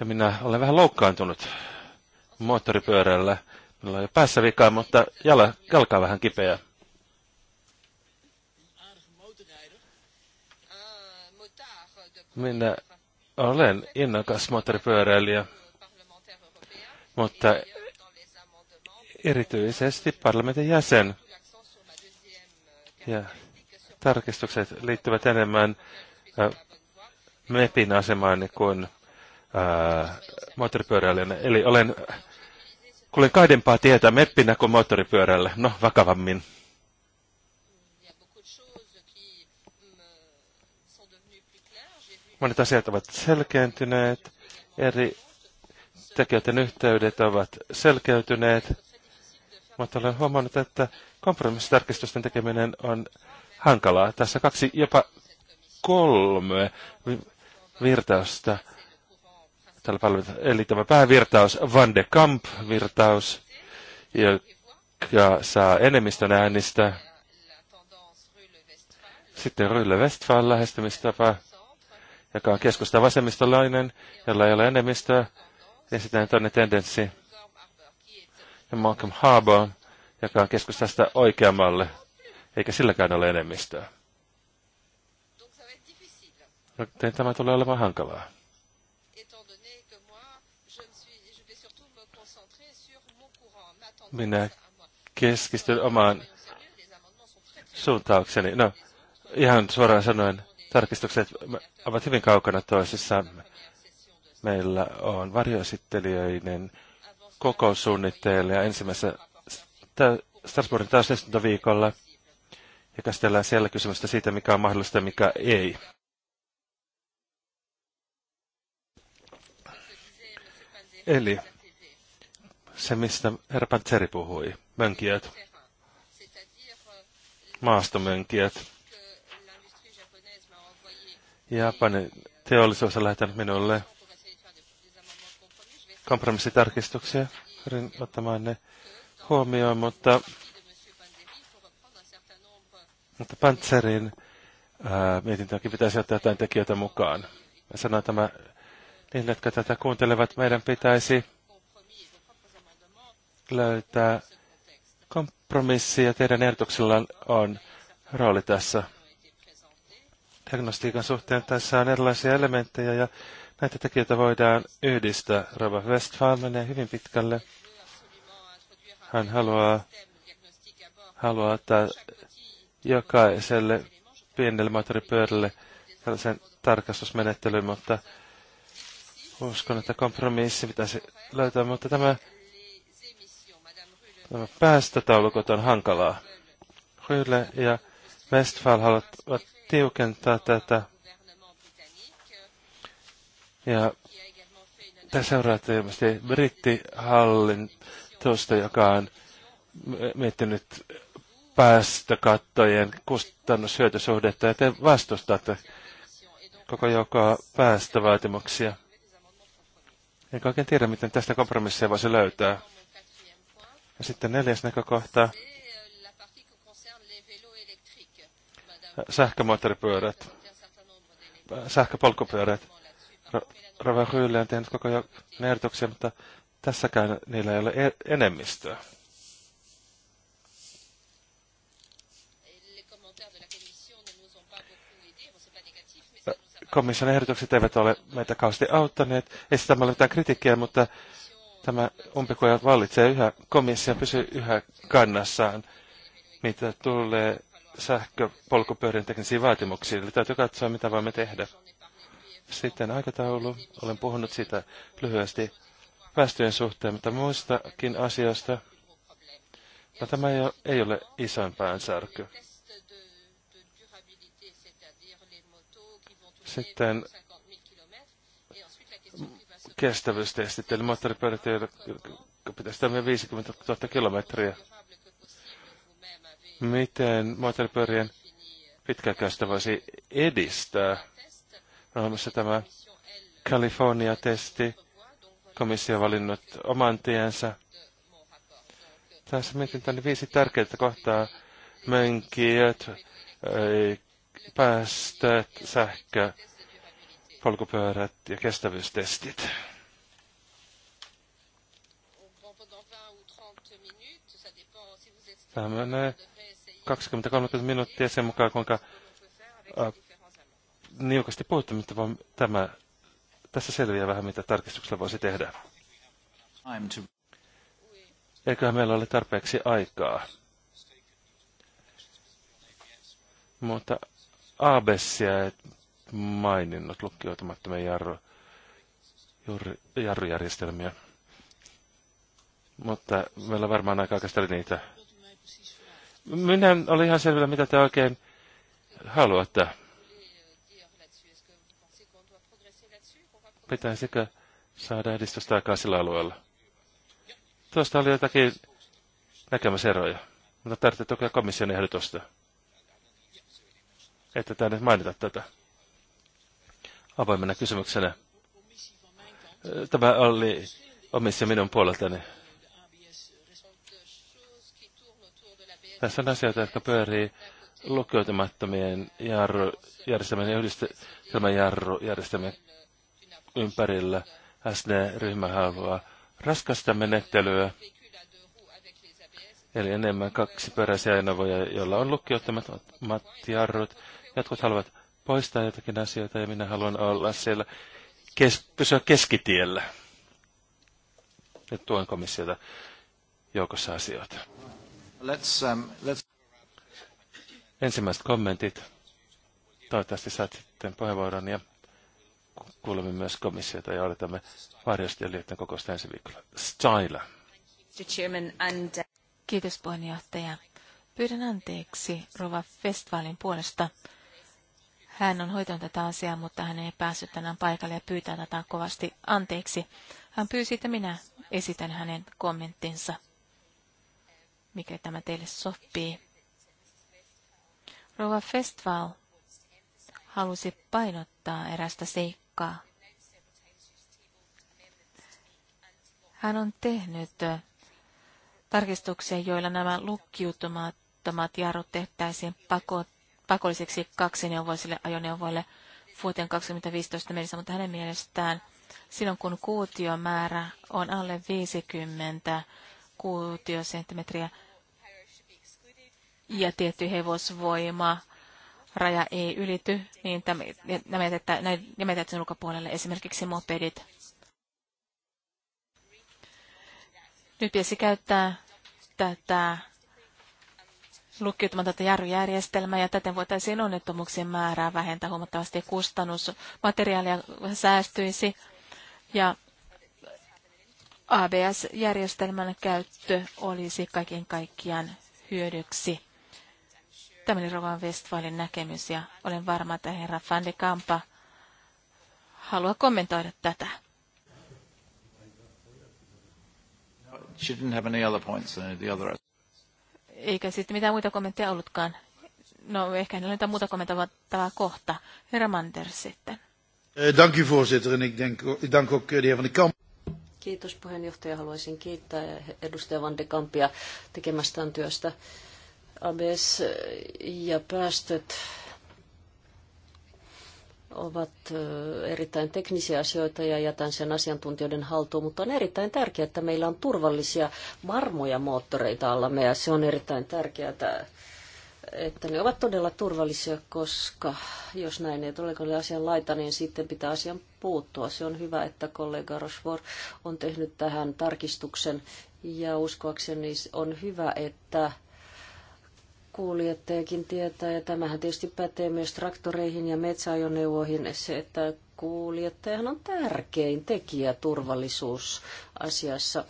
Ja minä olen vähän loukkaantunut moottoripyörällä. Minulla on jo päässä vikaa, mutta jala, jalka on vähän kipeä. Minä olen innokas moottoripyöräilijä, mutta erityisesti parlamentin jäsen. Ja tarkistukset liittyvät enemmän äh, MEPin asemaan kuin äh, moottoripyöräilijänä. Eli olen, kuulen kaidempaa tietää MEPinä kuin moottoripyörällä. No, vakavammin. Monet asiat ovat selkeäntyneet, eri tekijöiden yhteydet ovat selkeytyneet mutta olen huomannut, että kompromissitarkistusten tekeminen on hankalaa. Tässä kaksi, jopa kolme virtausta tällä palvelulla. Eli tämä päävirtaus, Van de Kamp-virtaus, joka saa enemmistön äänistä. Sitten Rylle Westfall lähestymistapa, joka on keskusta vasemmistolainen, jolla ei ole enemmistöä. Ja sitten toinen tendenssi, ja Malcolm Harbour, joka on keskustasta oikeammalle, eikä silläkään ole enemmistöä. Joten no, tämä tulee olemaan hankalaa. Minä keskistyn omaan suuntaukseni. No, ihan suoraan sanoen, tarkistukset ovat hyvin kaukana toisissaan. Meillä on varjoesittelijöiden kokoussuunnitteilija ensimmäisessä Strasbourgin täysistuntoviikolla ja käsitellään siellä kysymystä siitä, mikä on mahdollista ja mikä ei. Eli se, mistä herra Pantseri puhui, mönkijät, maastomönkijät. Japanin teollisuus on lähettänyt minulle kompromissitarkistuksia. Pyrin ottamaan ne huomioon, mutta, mutta Pantserin mietintöönkin pitäisi ottaa jotain tekijöitä mukaan. Mä sanon tämä niille, jotka tätä kuuntelevat, meidän pitäisi löytää kompromissi ja teidän ehdotuksella on rooli tässä. Diagnostiikan suhteen tässä on erilaisia elementtejä ja Näitä tekijöitä voidaan yhdistää. Rava Westphal menee hyvin pitkälle. Hän haluaa, haluaa ottaa jokaiselle pienelle moottoripyörälle tällaisen tarkastusmenettelyn, mutta uskon, että kompromissi pitäisi löytää, mutta tämä, tämä päästötaulukot on hankalaa. Hyyle ja Westphal haluavat tiukentaa tätä ja tässä seuraatte ilmeisesti brittihallintosta, joka on miettinyt päästökattojen kustannushyötysuhdetta, ja te vastustatte koko joka päästövaatimuksia. Enkä oikein tiedä, miten tästä kompromissia voisi löytää. Ja sitten neljäs näkökohta. Sähkömoottoripyörät. Sähköpolkupyörät Rava Ryyli on tehnyt koko ajan ehdotuksia, mutta tässäkään niillä ei ole e-, enemmistöä. Komission ehdotukset eivät ole meitä kauheasti auttaneet. Ei sitä ole mitään kritiikkiä, mutta tämä umpikuja vallitsee yhä. Komissio pysyy yhä kannassaan, mitä tulee sähköpolkupyörien teknisiin vaatimuksiin. Eli täytyy katsoa, mitä voimme tehdä. Sitten aikataulu. Olen puhunut siitä lyhyesti päästöjen suhteen, mutta muistakin asioista. No, tämä ei ole isoimpään särky. Sitten kestävyystestit, eli moottoripyörät, jotka pitäisi toimia 50 000 kilometriä. Miten moottoripyörien pitkäkäistä voisi edistää on olemassa tämä kalifornia testi Komissio on valinnut oman tiensä. Tässä tänne viisi tärkeää kohtaa. Mönkijät, päästöt, sähkö, polkupyörät ja kestävyystestit. Tämä menee 20-30 minuuttia sen mukaan, kuinka niukasti puhuttu, mutta vaan tämä, tässä selviää vähän, mitä tarkistuksella voisi tehdä. Eiköhän meillä ole tarpeeksi aikaa. Mutta ABSia et maininnut lukkiutumattomia jarru, juuri, jarrujärjestelmiä. Mutta meillä on varmaan aika oikeastaan niitä. Minä olin ihan selvillä, mitä te oikein haluatte. Pitäisikö saada edistystä aikaa sillä alueella? Tuosta oli jotakin näkemyseroja, mutta tarvitsee tukea komission ehdotusta, että tämä nyt mainita tätä avoimena kysymyksenä. Tämä oli omissa minun puoleltani. Tässä on asioita, jotka pyörii lukeutumattomien jarru, järjestelmien ja yhdistelmän jarru järjestelmien ympärillä. SD-ryhmä haluaa raskasta menettelyä, eli enemmän kaksiperäisiä ajoneuvoja, joilla on lukkiottomat mattiarrut. Jotkut haluavat poistaa jotakin asioita ja minä haluan olla siellä, kes, pysyä keskitiellä. Nyt tuon komissiota joukossa asioita. Let's, um, let's... Ensimmäiset kommentit. Toivottavasti saat sitten puheenvuoron ja kuulemme myös komissiota ja odotamme varjostelijoiden kokousta ensi viikolla. Styla. Uh, Kiitos puheenjohtaja. Pyydän anteeksi Rova Festivalin puolesta. Hän on hoitanut tätä asiaa, mutta hän ei päässyt tänään paikalle ja pyytää tätä kovasti anteeksi. Hän pyysi, että minä esitän hänen kommenttinsa, mikä tämä teille sopii. Rova Festival halusi painottaa erästä seikkaa mukaan. Hän on tehnyt tarkistuksia, joilla nämä lukkiutumattomat jarrut tehtäisiin pako, pakolliseksi kaksineuvoisille ajoneuvoille vuoteen 2015 mennessä, mutta hänen mielestään silloin kun kuutiomäärä on alle 50 kuutiosenttimetriä ja tietty hevosvoima raja ei ylity, niin nämä jätetään sen ulkopuolelle esimerkiksi mopedit. Nyt pitäisi käyttää tätä lukkiutumaan tätä jarrujärjestelmää ja täten voitaisiin onnettomuuksien määrää vähentää huomattavasti kustannusmateriaalia säästyisi ja ABS-järjestelmän käyttö olisi kaiken kaikkiaan hyödyksi. Tämä oli Rovan Westfalen näkemys ja olen varma, että herra Van de Kampa haluaa kommentoida tätä. Uh, Eikä sitten mitään muita kommentteja ollutkaan. No ehkä hänellä on jotain muuta kommentoitavaa kohta. Herra Manders sitten. Eh, eh, Kiitos puheenjohtaja. Haluaisin kiittää eh, edustaja Van de Kampia tekemästään työstä. ABS ja päästöt ovat erittäin teknisiä asioita ja jätän sen asiantuntijoiden haltuun, mutta on erittäin tärkeää, että meillä on turvallisia, varmoja moottoreita allamme ja se on erittäin tärkeää, että ne ovat todella turvallisia, koska jos näin ei tule kun asian laita, niin sitten pitää asian puuttua. Se on hyvä, että kollega Rosvor on tehnyt tähän tarkistuksen ja uskoakseni on hyvä, että kuljettajakin tietää, ja tämähän tietysti pätee myös traktoreihin ja metsäajoneuvoihin, se, että kuljettajahan on tärkein tekijä turvallisuusasiassa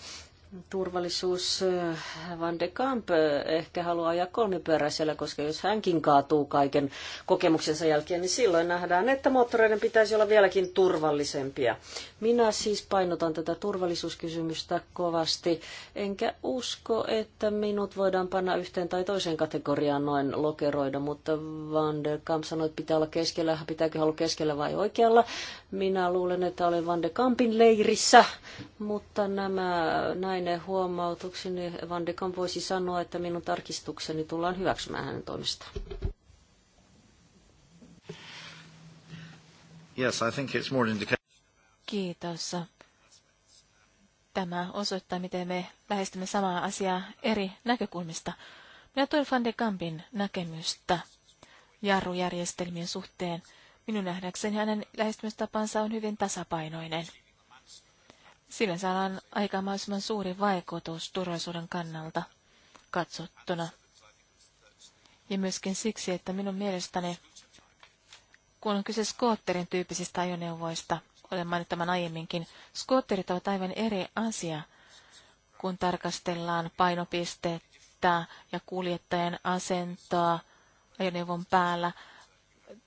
turvallisuus eh, Van de Kamp eh, ehkä haluaa ajaa kolmipyöräisellä, koska jos hänkin kaatuu kaiken kokemuksensa jälkeen, niin silloin nähdään, että moottoreiden pitäisi olla vieläkin turvallisempia. Minä siis painotan tätä turvallisuuskysymystä kovasti, enkä usko, että minut voidaan panna yhteen tai toiseen kategoriaan noin lokeroida, mutta Van de Kamp sanoi, että pitää olla keskellä, pitääkö olla keskellä vai oikealla. Minä luulen, että olen Van de Kampin leirissä, mutta nämä, näin vain huomautukseni. Van de Kamp voisi sanoa, että minun tarkistukseni tullaan hyväksymään hänen toimestaan. Yes, I think it's more Kiitos. Tämä osoittaa, miten me lähestymme samaa asiaa eri näkökulmista. Minä tuen Van de Kampin näkemystä jarrujärjestelmien suhteen. Minun nähdäkseni hänen lähestymistapansa on hyvin tasapainoinen. Sillä saadaan aika mahdollisimman suuri vaikutus turvallisuuden kannalta katsottuna. Ja myöskin siksi, että minun mielestäni, kun on kyse skootterin tyyppisistä ajoneuvoista, olen mainittu tämän aiemminkin, skootterit ovat aivan eri asia, kun tarkastellaan painopistettä ja kuljettajan asentoa ajoneuvon päällä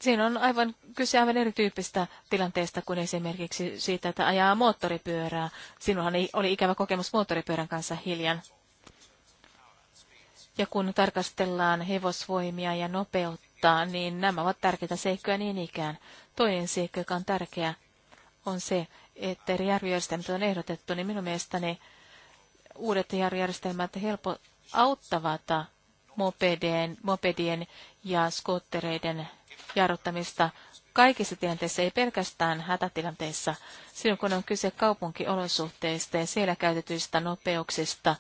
siinä on aivan kyse aivan erityyppistä tilanteesta kuin esimerkiksi siitä, että ajaa moottoripyörää. Sinullahan oli ikävä kokemus moottoripyörän kanssa hiljan. Ja kun tarkastellaan hevosvoimia ja nopeutta, niin nämä ovat tärkeitä seikkoja niin ikään. Toinen seikko, joka on tärkeä, on se, että eri järjestelmät on ehdotettu, niin minun mielestäni uudet järjestelmät helpo auttavat mopedien, mopedien ja skoottereiden jarruttamista kaikissa tilanteissa, ei pelkästään hätätilanteissa. Silloin kun on kyse kaupunkiolosuhteista ja siellä käytetyistä nopeuksista,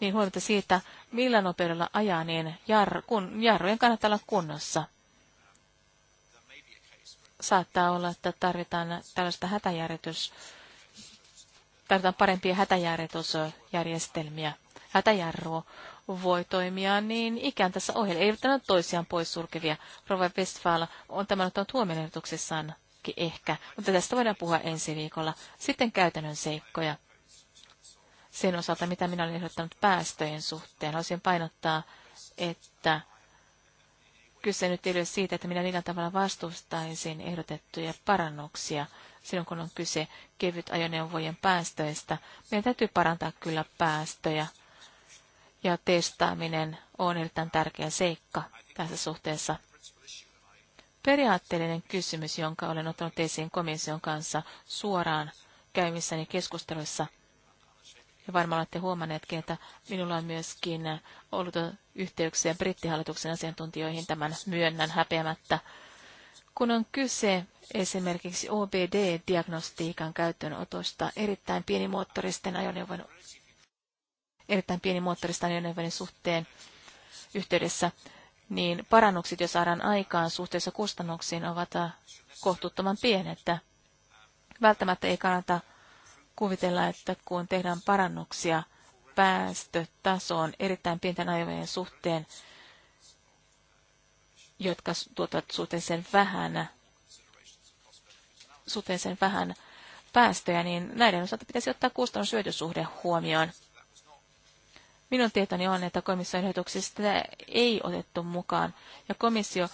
niin huolimatta siitä, millä nopeudella ajaa, niin jar, kun, jarrujen kannattaa olla kunnossa. Saattaa olla, että tarvitaan tällaista hätäjärjestys, tarvitaan parempia hätäjärjestysjärjestelmiä. Hätäjarru voi toimia niin ikään tässä ohjelma. Ei ole toisiaan poissulkevia. Rova Westphal on tämän ottanut huomioon ehdotuksessaan ehkä, mutta tästä voidaan puhua ensi viikolla. Sitten käytännön seikkoja. Sen osalta, mitä minä olen ehdottanut päästöjen suhteen, haluaisin painottaa, että kyse nyt ei ole siitä, että minä millään tavalla vastustaisin ehdotettuja parannuksia silloin, kun on kyse kevyt ajoneuvojen päästöistä. Meidän täytyy parantaa kyllä päästöjä ja testaaminen on erittäin tärkeä seikka tässä suhteessa. Periaatteellinen kysymys, jonka olen ottanut esiin komission kanssa suoraan käymissäni keskusteluissa, ja varmaan olette huomanneetkin, että minulla on myöskin ollut yhteyksiä brittihallituksen asiantuntijoihin tämän myönnän häpeämättä. Kun on kyse esimerkiksi OBD-diagnostiikan käyttöönotosta erittäin pienimuottoristen ajoneuvojen erittäin pieni moottorista ajoneuvojen suhteen yhteydessä, niin parannukset, jos saadaan aikaan suhteessa kustannuksiin, ovat äh, kohtuuttoman pienet. Välttämättä ei kannata kuvitella, että kun tehdään parannuksia päästötasoon erittäin pienten ajoneuvojen suhteen, jotka tuottavat suhteellisen vähän, suhteellisen vähän päästöjä, niin näiden osalta pitäisi ottaa kustannushyötysuhde huomioon. Minun tietoni on, että komission ehdotuksista ei otettu mukaan, ja komissio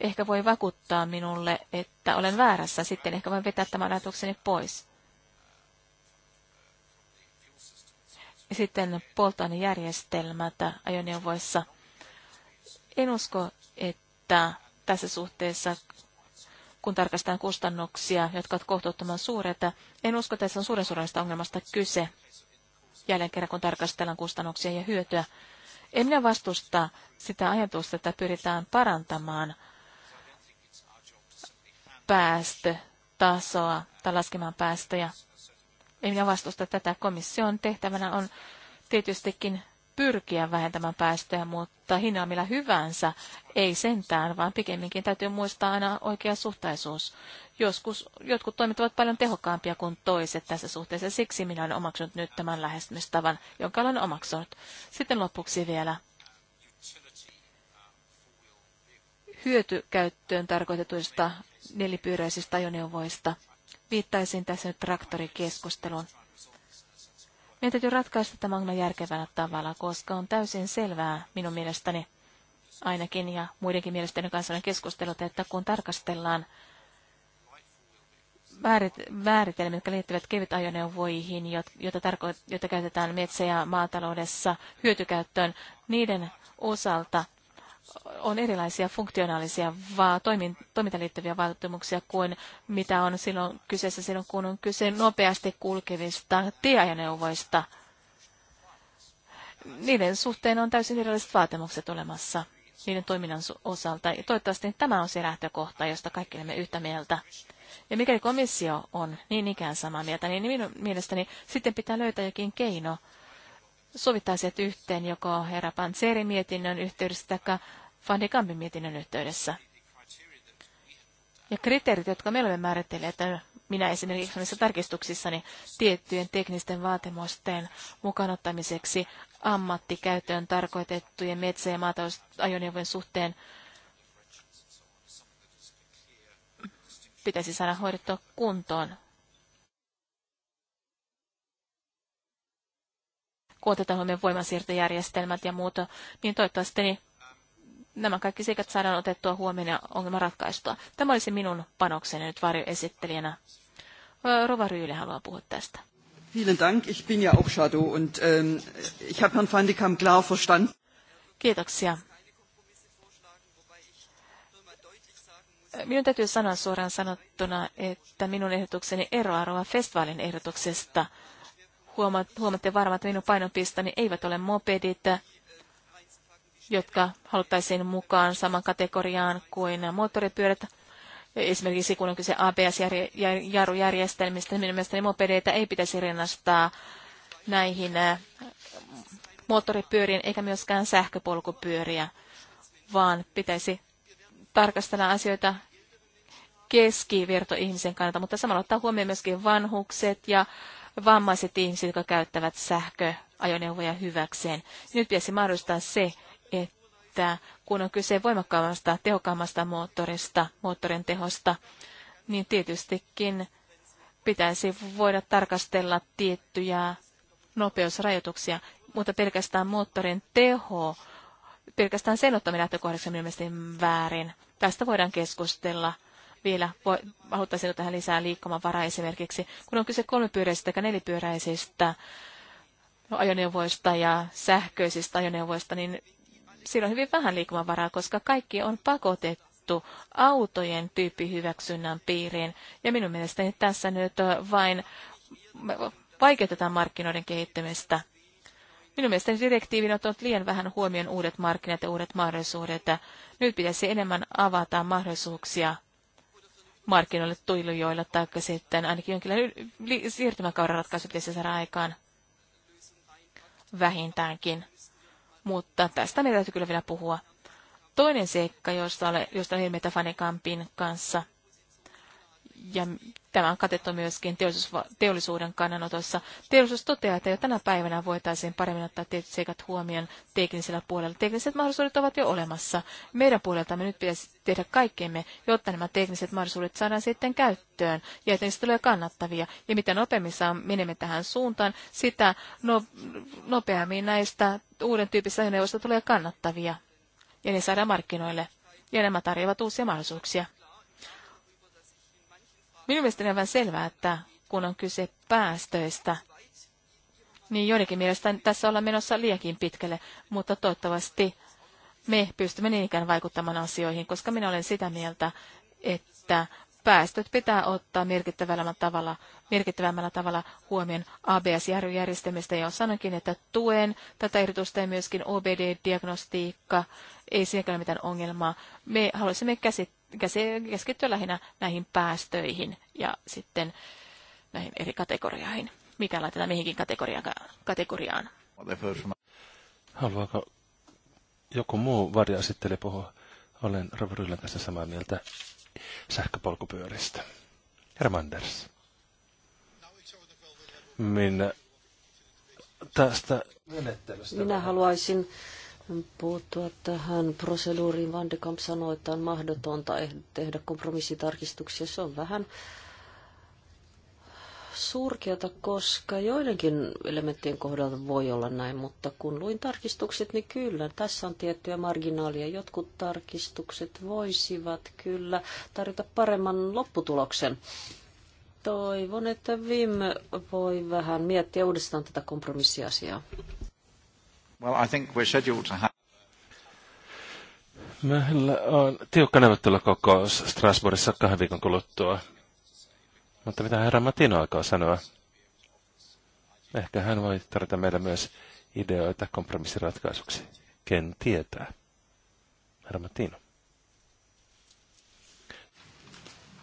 ehkä voi vakuuttaa minulle, että olen väärässä, sitten ehkä voin vetää tämän ajatukseni pois. Sitten polttoainejärjestelmät ajoneuvoissa. En usko, että tässä suhteessa, kun tarkastetaan kustannuksia, jotka ovat kohtuuttoman suuret, en usko, että tässä on suuren suuresta ongelmasta kyse jälleen kerran kun tarkastellaan kustannuksia ja hyötyä. En minä vastusta sitä ajatusta, että pyritään parantamaan päästötasoa tai laskemaan päästöjä. En minä vastusta tätä. Komission tehtävänä on tietystikin pyrkiä vähentämään päästöjä, mutta hinnalla millä hyvänsä ei sentään, vaan pikemminkin täytyy muistaa aina oikea suhtaisuus. Joskus jotkut toimet ovat paljon tehokkaampia kuin toiset tässä suhteessa, siksi minä olen omaksunut nyt tämän lähestymistavan, jonka olen omaksunut. Sitten lopuksi vielä hyötykäyttöön tarkoitetuista nelipyöräisistä ajoneuvoista. Viittaisin tässä nyt traktorikeskusteluun. Meidän täytyy ratkaista tämä ongelma järkevällä tavalla, koska on täysin selvää minun mielestäni ainakin ja muidenkin mielestäni kansallinen keskustelut, että kun tarkastellaan määrit, määritelmiä, jotka liittyvät kevytajoneuvoihin, joita, tarko- joita käytetään metsä- ja maataloudessa hyötykäyttöön, niiden osalta on erilaisia funktionaalisia vaan toimin, toimintaan liittyviä vaatimuksia kuin mitä on silloin kyseessä silloin, kun on kyse nopeasti kulkevista tieajoneuvoista. Niiden suhteen on täysin erilaiset vaatimukset olemassa niiden toiminnan osalta. Ja toivottavasti tämä on se lähtökohta, josta kaikki olemme yhtä mieltä. Ja mikäli komissio on niin ikään samaa mieltä, niin minun mielestäni sitten pitää löytää jokin keino, sovittaiset yhteen joko herra Panzerin mietinnön yhteydessä tai Van de Kampin mietinnön yhteydessä. Ja kriteerit, jotka me olemme määritelleet, että minä esimerkiksi näissä tarkistuksissani tiettyjen teknisten vaatimusten mukanottamiseksi ammattikäyttöön tarkoitettujen metsä- ja maatalousajoneuvojen suhteen pitäisi saada hoidettua kuntoon. kun otetaan huomioon voimansiirtojärjestelmät ja muuta, niin toivottavasti niin nämä kaikki seikat saadaan otettua huomioon ja ongelma ratkaistua. Tämä olisi minun panokseni nyt varjoesittelijänä. Rova Ryyli haluaa puhua tästä. Vielen Dank. Ich bin ja auch Shadow und ähm, ich habe Herrn van de Kamp klar verstanden. Kiitoksia. Minun täytyy sanoa suoraan sanottuna, että minun ehdotukseni eroaa Rova Festivalin ehdotuksesta – huomatte varmaan, että minun painopistani eivät ole mopedit, jotka haluttaisiin mukaan saman kategoriaan kuin moottoripyörät. Esimerkiksi kun on kyse ABS-jarrujärjestelmistä, minun mielestäni mopedeita ei pitäisi rinnastaa näihin äh, moottoripyöriin eikä myöskään sähköpolkupyöriä, vaan pitäisi tarkastella asioita keskivertoihmisen kannalta, mutta samalla ottaa huomioon myöskin vanhukset ja vammaiset ihmiset, jotka käyttävät sähköajoneuvoja hyväkseen. Nyt pitäisi mahdollistaa se, että kun on kyse voimakkaammasta, tehokkaammasta moottorista, moottorin tehosta, niin tietystikin pitäisi voida tarkastella tiettyjä nopeusrajoituksia, mutta pelkästään moottorin teho, pelkästään sen ottaminen lähtökohdaksi on mielestäni väärin. Tästä voidaan keskustella vielä haluttaisiin tähän lisää liikkumavaraa esimerkiksi, kun on kyse kolmipyöräisistä tai nelipyöräisistä ajoneuvoista ja sähköisistä ajoneuvoista, niin siinä on hyvin vähän liikkumavaraa, koska kaikki on pakotettu autojen tyyppihyväksynnän piiriin. Ja minun mielestäni tässä nyt vain vaikeutetaan markkinoiden kehittämistä. Minun mielestäni direktiivin on ottanut liian vähän huomioon uudet markkinat ja uudet mahdollisuudet. Nyt pitäisi enemmän avata mahdollisuuksia markkinoille tuilijoilla, tai sitten ainakin jonkinlainen siirtymäkauden ratkaisu pitäisi saada aikaan vähintäänkin. Mutta tästä meidän täytyy kyllä vielä puhua. Toinen seikka, josta, olen, josta on ilmiötä Fanikampin kanssa – ja tämä on katettu myöskin teollisuuden kannanotossa. Teollisuus toteaa, että jo tänä päivänä voitaisiin paremmin ottaa tietyt seikat huomioon teknisellä puolella. Tekniset mahdollisuudet ovat jo olemassa. Meidän puoleltamme nyt pitäisi tehdä kaikkemme, jotta nämä tekniset mahdollisuudet saadaan sitten käyttöön ja että niistä tulee kannattavia. Ja mitä nopeammin menemme tähän suuntaan, sitä no, nopeammin näistä uuden tyyppisistä ajoneuvoista tulee kannattavia ja ne saadaan markkinoille. Ja nämä tarjoavat uusia mahdollisuuksia. Minun mielestäni on aivan selvää, että kun on kyse päästöistä, niin joidenkin mielestä tässä ollaan menossa liekin pitkälle, mutta toivottavasti me pystymme niin ikään vaikuttamaan asioihin, koska minä olen sitä mieltä, että päästöt pitää ottaa merkittävällä tavalla, merkittävämmällä tavalla huomioon ABS-järjestelmistä, ja sanonkin, että tuen tätä ehdotusta ja myöskin OBD-diagnostiikka, ei siinäkään ole mitään ongelmaa. Me haluaisimme keskittyä lähinnä näihin päästöihin ja sitten näihin eri kategorioihin, mikä laitetaan mihinkin kategoriaan. Haluaako joku muu varja sitten puhua? Olen Rob kanssa samaa mieltä sähköpolkupyöristä. Hermanders, Minä tästä menettelystä. Minä haluaisin puuttua tähän proseduuriin. Van de Kamp sanoi, että on mahdotonta eh- tehdä kompromissitarkistuksia. Se on vähän surkeata, koska joidenkin elementtien kohdalla voi olla näin, mutta kun luin tarkistukset, niin kyllä, tässä on tiettyjä marginaalia. Jotkut tarkistukset voisivat kyllä tarjota paremman lopputuloksen. Toivon, että Vim voi vähän miettiä uudestaan tätä kompromissiasiaa. Well, I think we're scheduled to have... Meillä on tiukka neuvottelukokous Strasbourgissa kahden viikon kuluttua. Mutta mitä herra Matino aikoo sanoa? Ehkä hän voi tarjota meille myös ideoita kompromissiratkaisuksi. Ken tietää? Herra Matino.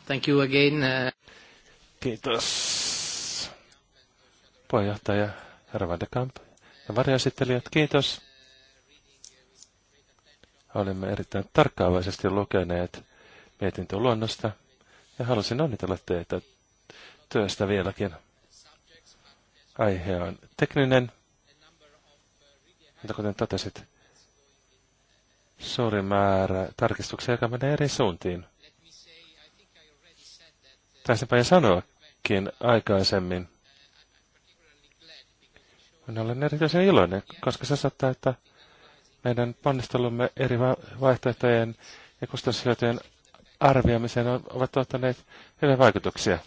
Thank you again. Uh, kiitos. Puheenjohtaja herra Van de Kamp ja varjoesittelijät, kiitos. Olimme erittäin tarkkaavaisesti lukeneet mietintöluonnosta ja halusin onnitella teitä työstä vieläkin. Aihe on tekninen, mutta kuten totesit, suuri määrä tarkistuksia, joka menee eri suuntiin. Taisinpä jo sanoakin aikaisemmin. Minä olen erityisen iloinen, koska se saattaa, että meidän ponnistelumme eri vaihtoehtojen ja kustannushyötyjen arvioimiseen ovat tuottaneet hyviä vaikutuksia.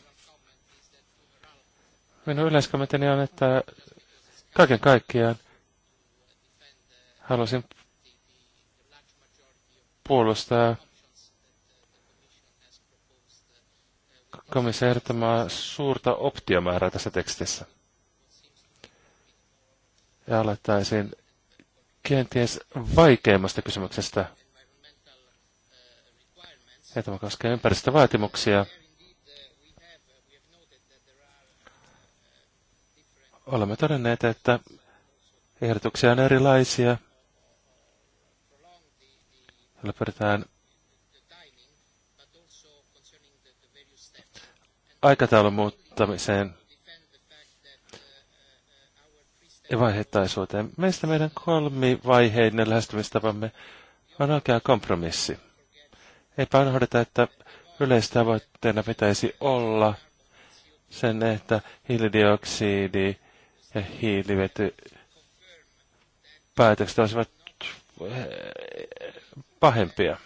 Minun yleiskommenttini on, että kaiken kaikkiaan haluaisin puolustaa komissio ehdottamaa suurta optiomäärää tässä tekstissä. Ja aloittaisin kenties vaikeimmasta kysymyksestä. että tämä koskee ympäristövaatimuksia. vaatimuksia olemme todenneet, että ehdotuksia on erilaisia, lopetetaan aikataulun muuttamiseen ja vaiheittaisuuteen. Meistä meidän kolmivaiheinen lähestymistapamme on oikea kompromissi. Eipä unohdeta, että yleistavoitteena pitäisi olla sen, että hiilidioksidi ja hiilivety päätökset olisivat eh, pahempia.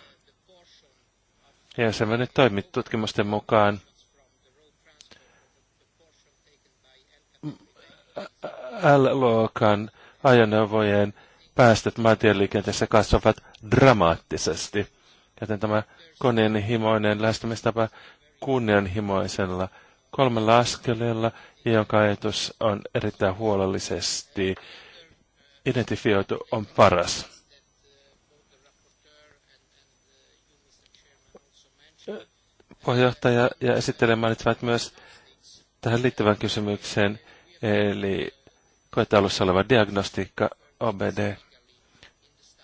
Ja se on nyt toimit tutkimusten mukaan. L-luokan ajoneuvojen päästöt maantieliikenteessä kasvavat dramaattisesti. Joten tämä koneen himoinen lähestymistapa kunnianhimoisella kolmella askeleella jonka ajatus on erittäin huolellisesti identifioitu, on paras. Puheenjohtaja ja esittelijä mainitsivat myös tähän liittyvän kysymykseen, eli koetaulussa oleva diagnostiikka, OBD.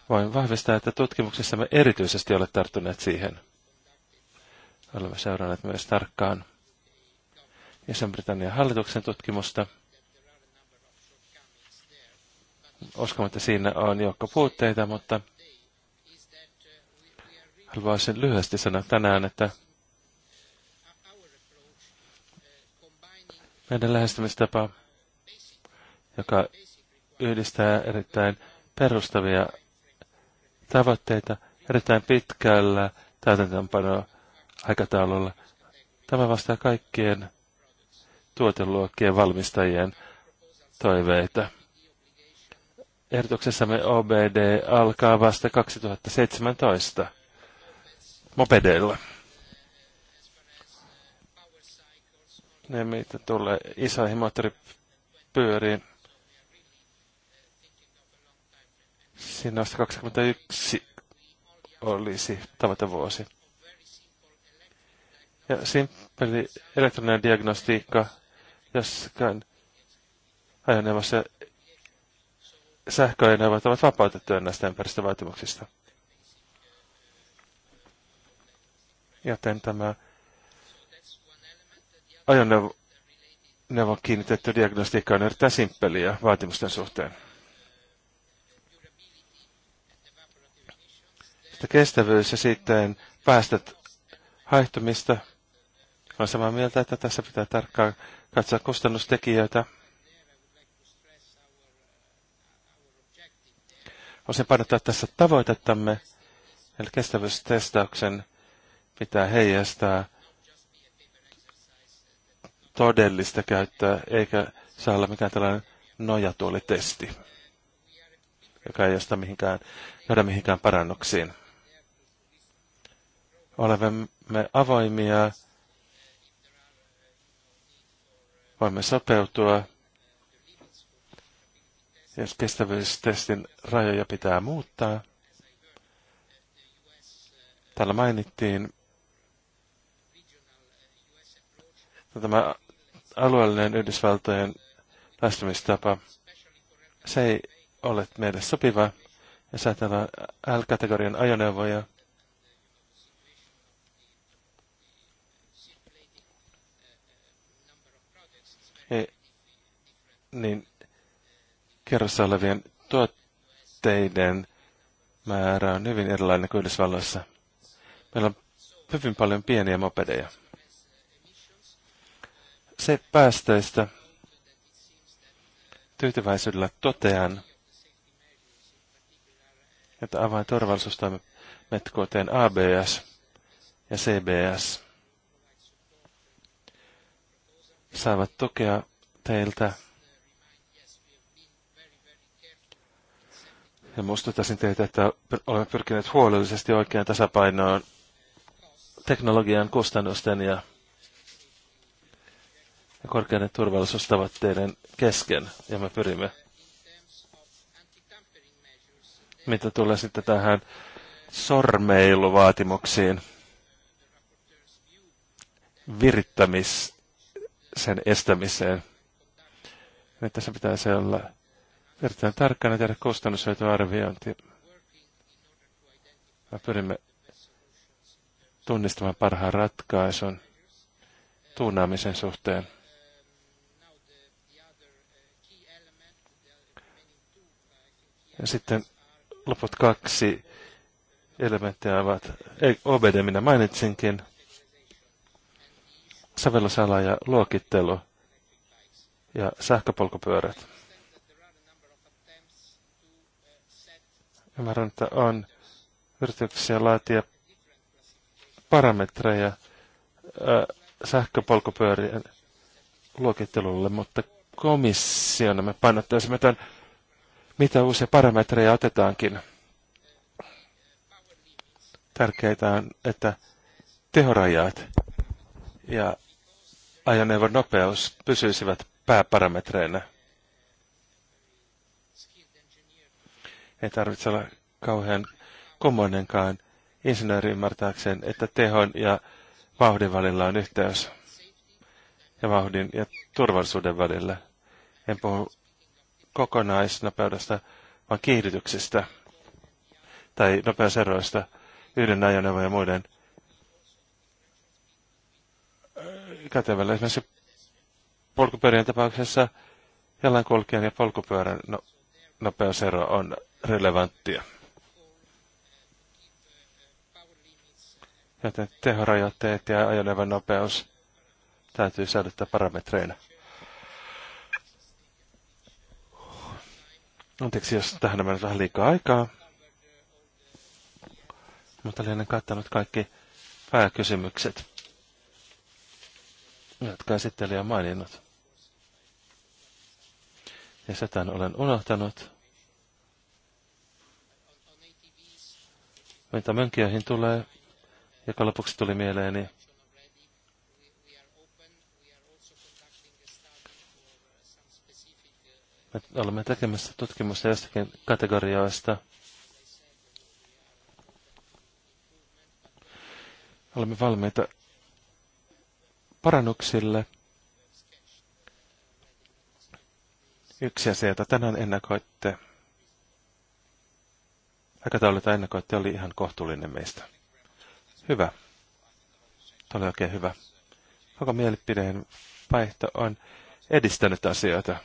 Voin vahvistaa, että tutkimuksessa me erityisesti olemme tarttuneet siihen. Olemme seuranneet myös tarkkaan Iso-Britannian hallituksen tutkimusta. Uskon, että siinä on joukko puutteita, mutta haluaisin lyhyesti sanoa tänään, että meidän lähestymistapa, joka yhdistää erittäin perustavia tavoitteita erittäin pitkällä täytäntöönpanoaikataululla. Tämä vastaa kaikkien tuoteluokkien valmistajien toiveita. Ehdotuksessamme OBD alkaa vasta 2017 mopedeilla. Ne, mitä tulee isoihin moottoripyöriin, siinä 21 olisi tavoitevuosi. Ja simppeli elektroninen diagnostiikka jossakin ajoneuvossa sähköajoneuvot ovat vapautettuja näistä ympäristövaatimuksista. Joten tämä ajoneuvon kiinnitetty diagnostiikka on erittäin simppeliä vaatimusten suhteen. Sitten kestävyys ja sitten päästöt haihtumista – olen samaa mieltä, että tässä pitää tarkkaan katsoa kustannustekijöitä. Voisin painottaa tässä tavoitettamme, eli kestävyystestauksen pitää heijastaa todellista käyttöä, eikä saa olla mikään tällainen nojatuolitesti, joka ei josta mihinkään, johda mihinkään parannuksiin. Olemme avoimia voimme sopeutua. Jos kestävyystestin rajoja pitää muuttaa, täällä mainittiin tämä alueellinen Yhdysvaltojen lähestymistapa. Se ei ole meille sopiva, ja säätellään L-kategorian ajoneuvoja, niin kerrassa olevien tuotteiden määrä on hyvin erilainen kuin Yhdysvalloissa. Meillä on hyvin paljon pieniä mopedeja. Se päästöistä tyytyväisyydellä totean, että avain turvallisuustoimet kuten ABS ja CBS saavat tukea teiltä Ja muistuttaisin teitä, että olemme pyrkineet huolellisesti oikeaan tasapainoon teknologian kustannusten ja, ja korkeiden turvallisuustavoitteiden kesken, ja me pyrimme. Mitä tulee sitten tähän sormeiluvaatimuksiin, virittämisen estämiseen, niin tässä pitäisi olla Erittäin tarkkana tehdä kustannushyötyarviointi. Me pyrimme tunnistamaan parhaan ratkaisun tuunaamisen suhteen. Ja sitten loput kaksi elementtiä ovat OBD, minä mainitsinkin, sävelysala ja luokittelu ja sähköpolkupyörät. Ymmärrän, että on yrityksiä laatia parametreja sähköpolkupyörien luokittelulle, mutta komissiona me painottaisimme tämän, mitä uusia parametreja otetaankin. Tärkeää on, että tehorajat ja ajoneuvon nopeus pysyisivät pääparametreina. Ei tarvitse olla kauhean kummoinenkaan insinööri ymmärtääkseen, että tehon ja vauhdin välillä on yhteys. Ja vauhdin ja turvallisuuden välillä. En puhu kokonaisnopeudesta, vaan kiihdytyksistä tai nopeuseroista yhden ajoneuvon ja muiden kätevällä. Esimerkiksi polkupyörien tapauksessa jalankulkijan ja polkupyörän no, nopeusero on relevanttia. Joten tehorajoitteet ja ajoneuvon nopeus täytyy säilyttää parametreina. Anteeksi, jos tähän on mennyt vähän liikaa aikaa. Mutta olen kattanut kaikki pääkysymykset, jotka esittelijä maininnut. Ja sitä olen unohtanut. mitä mönkiöihin tulee, joka lopuksi tuli niin Me olemme tekemässä tutkimusta jostakin kategorioista. Olemme valmiita parannuksille. Yksi asia, jota tänään ennakoitte, Aikataulut ennakoitte oli ihan kohtuullinen meistä. Hyvä. Tämä oli oikein hyvä. Koko mielipideen vaihto on edistänyt asioita.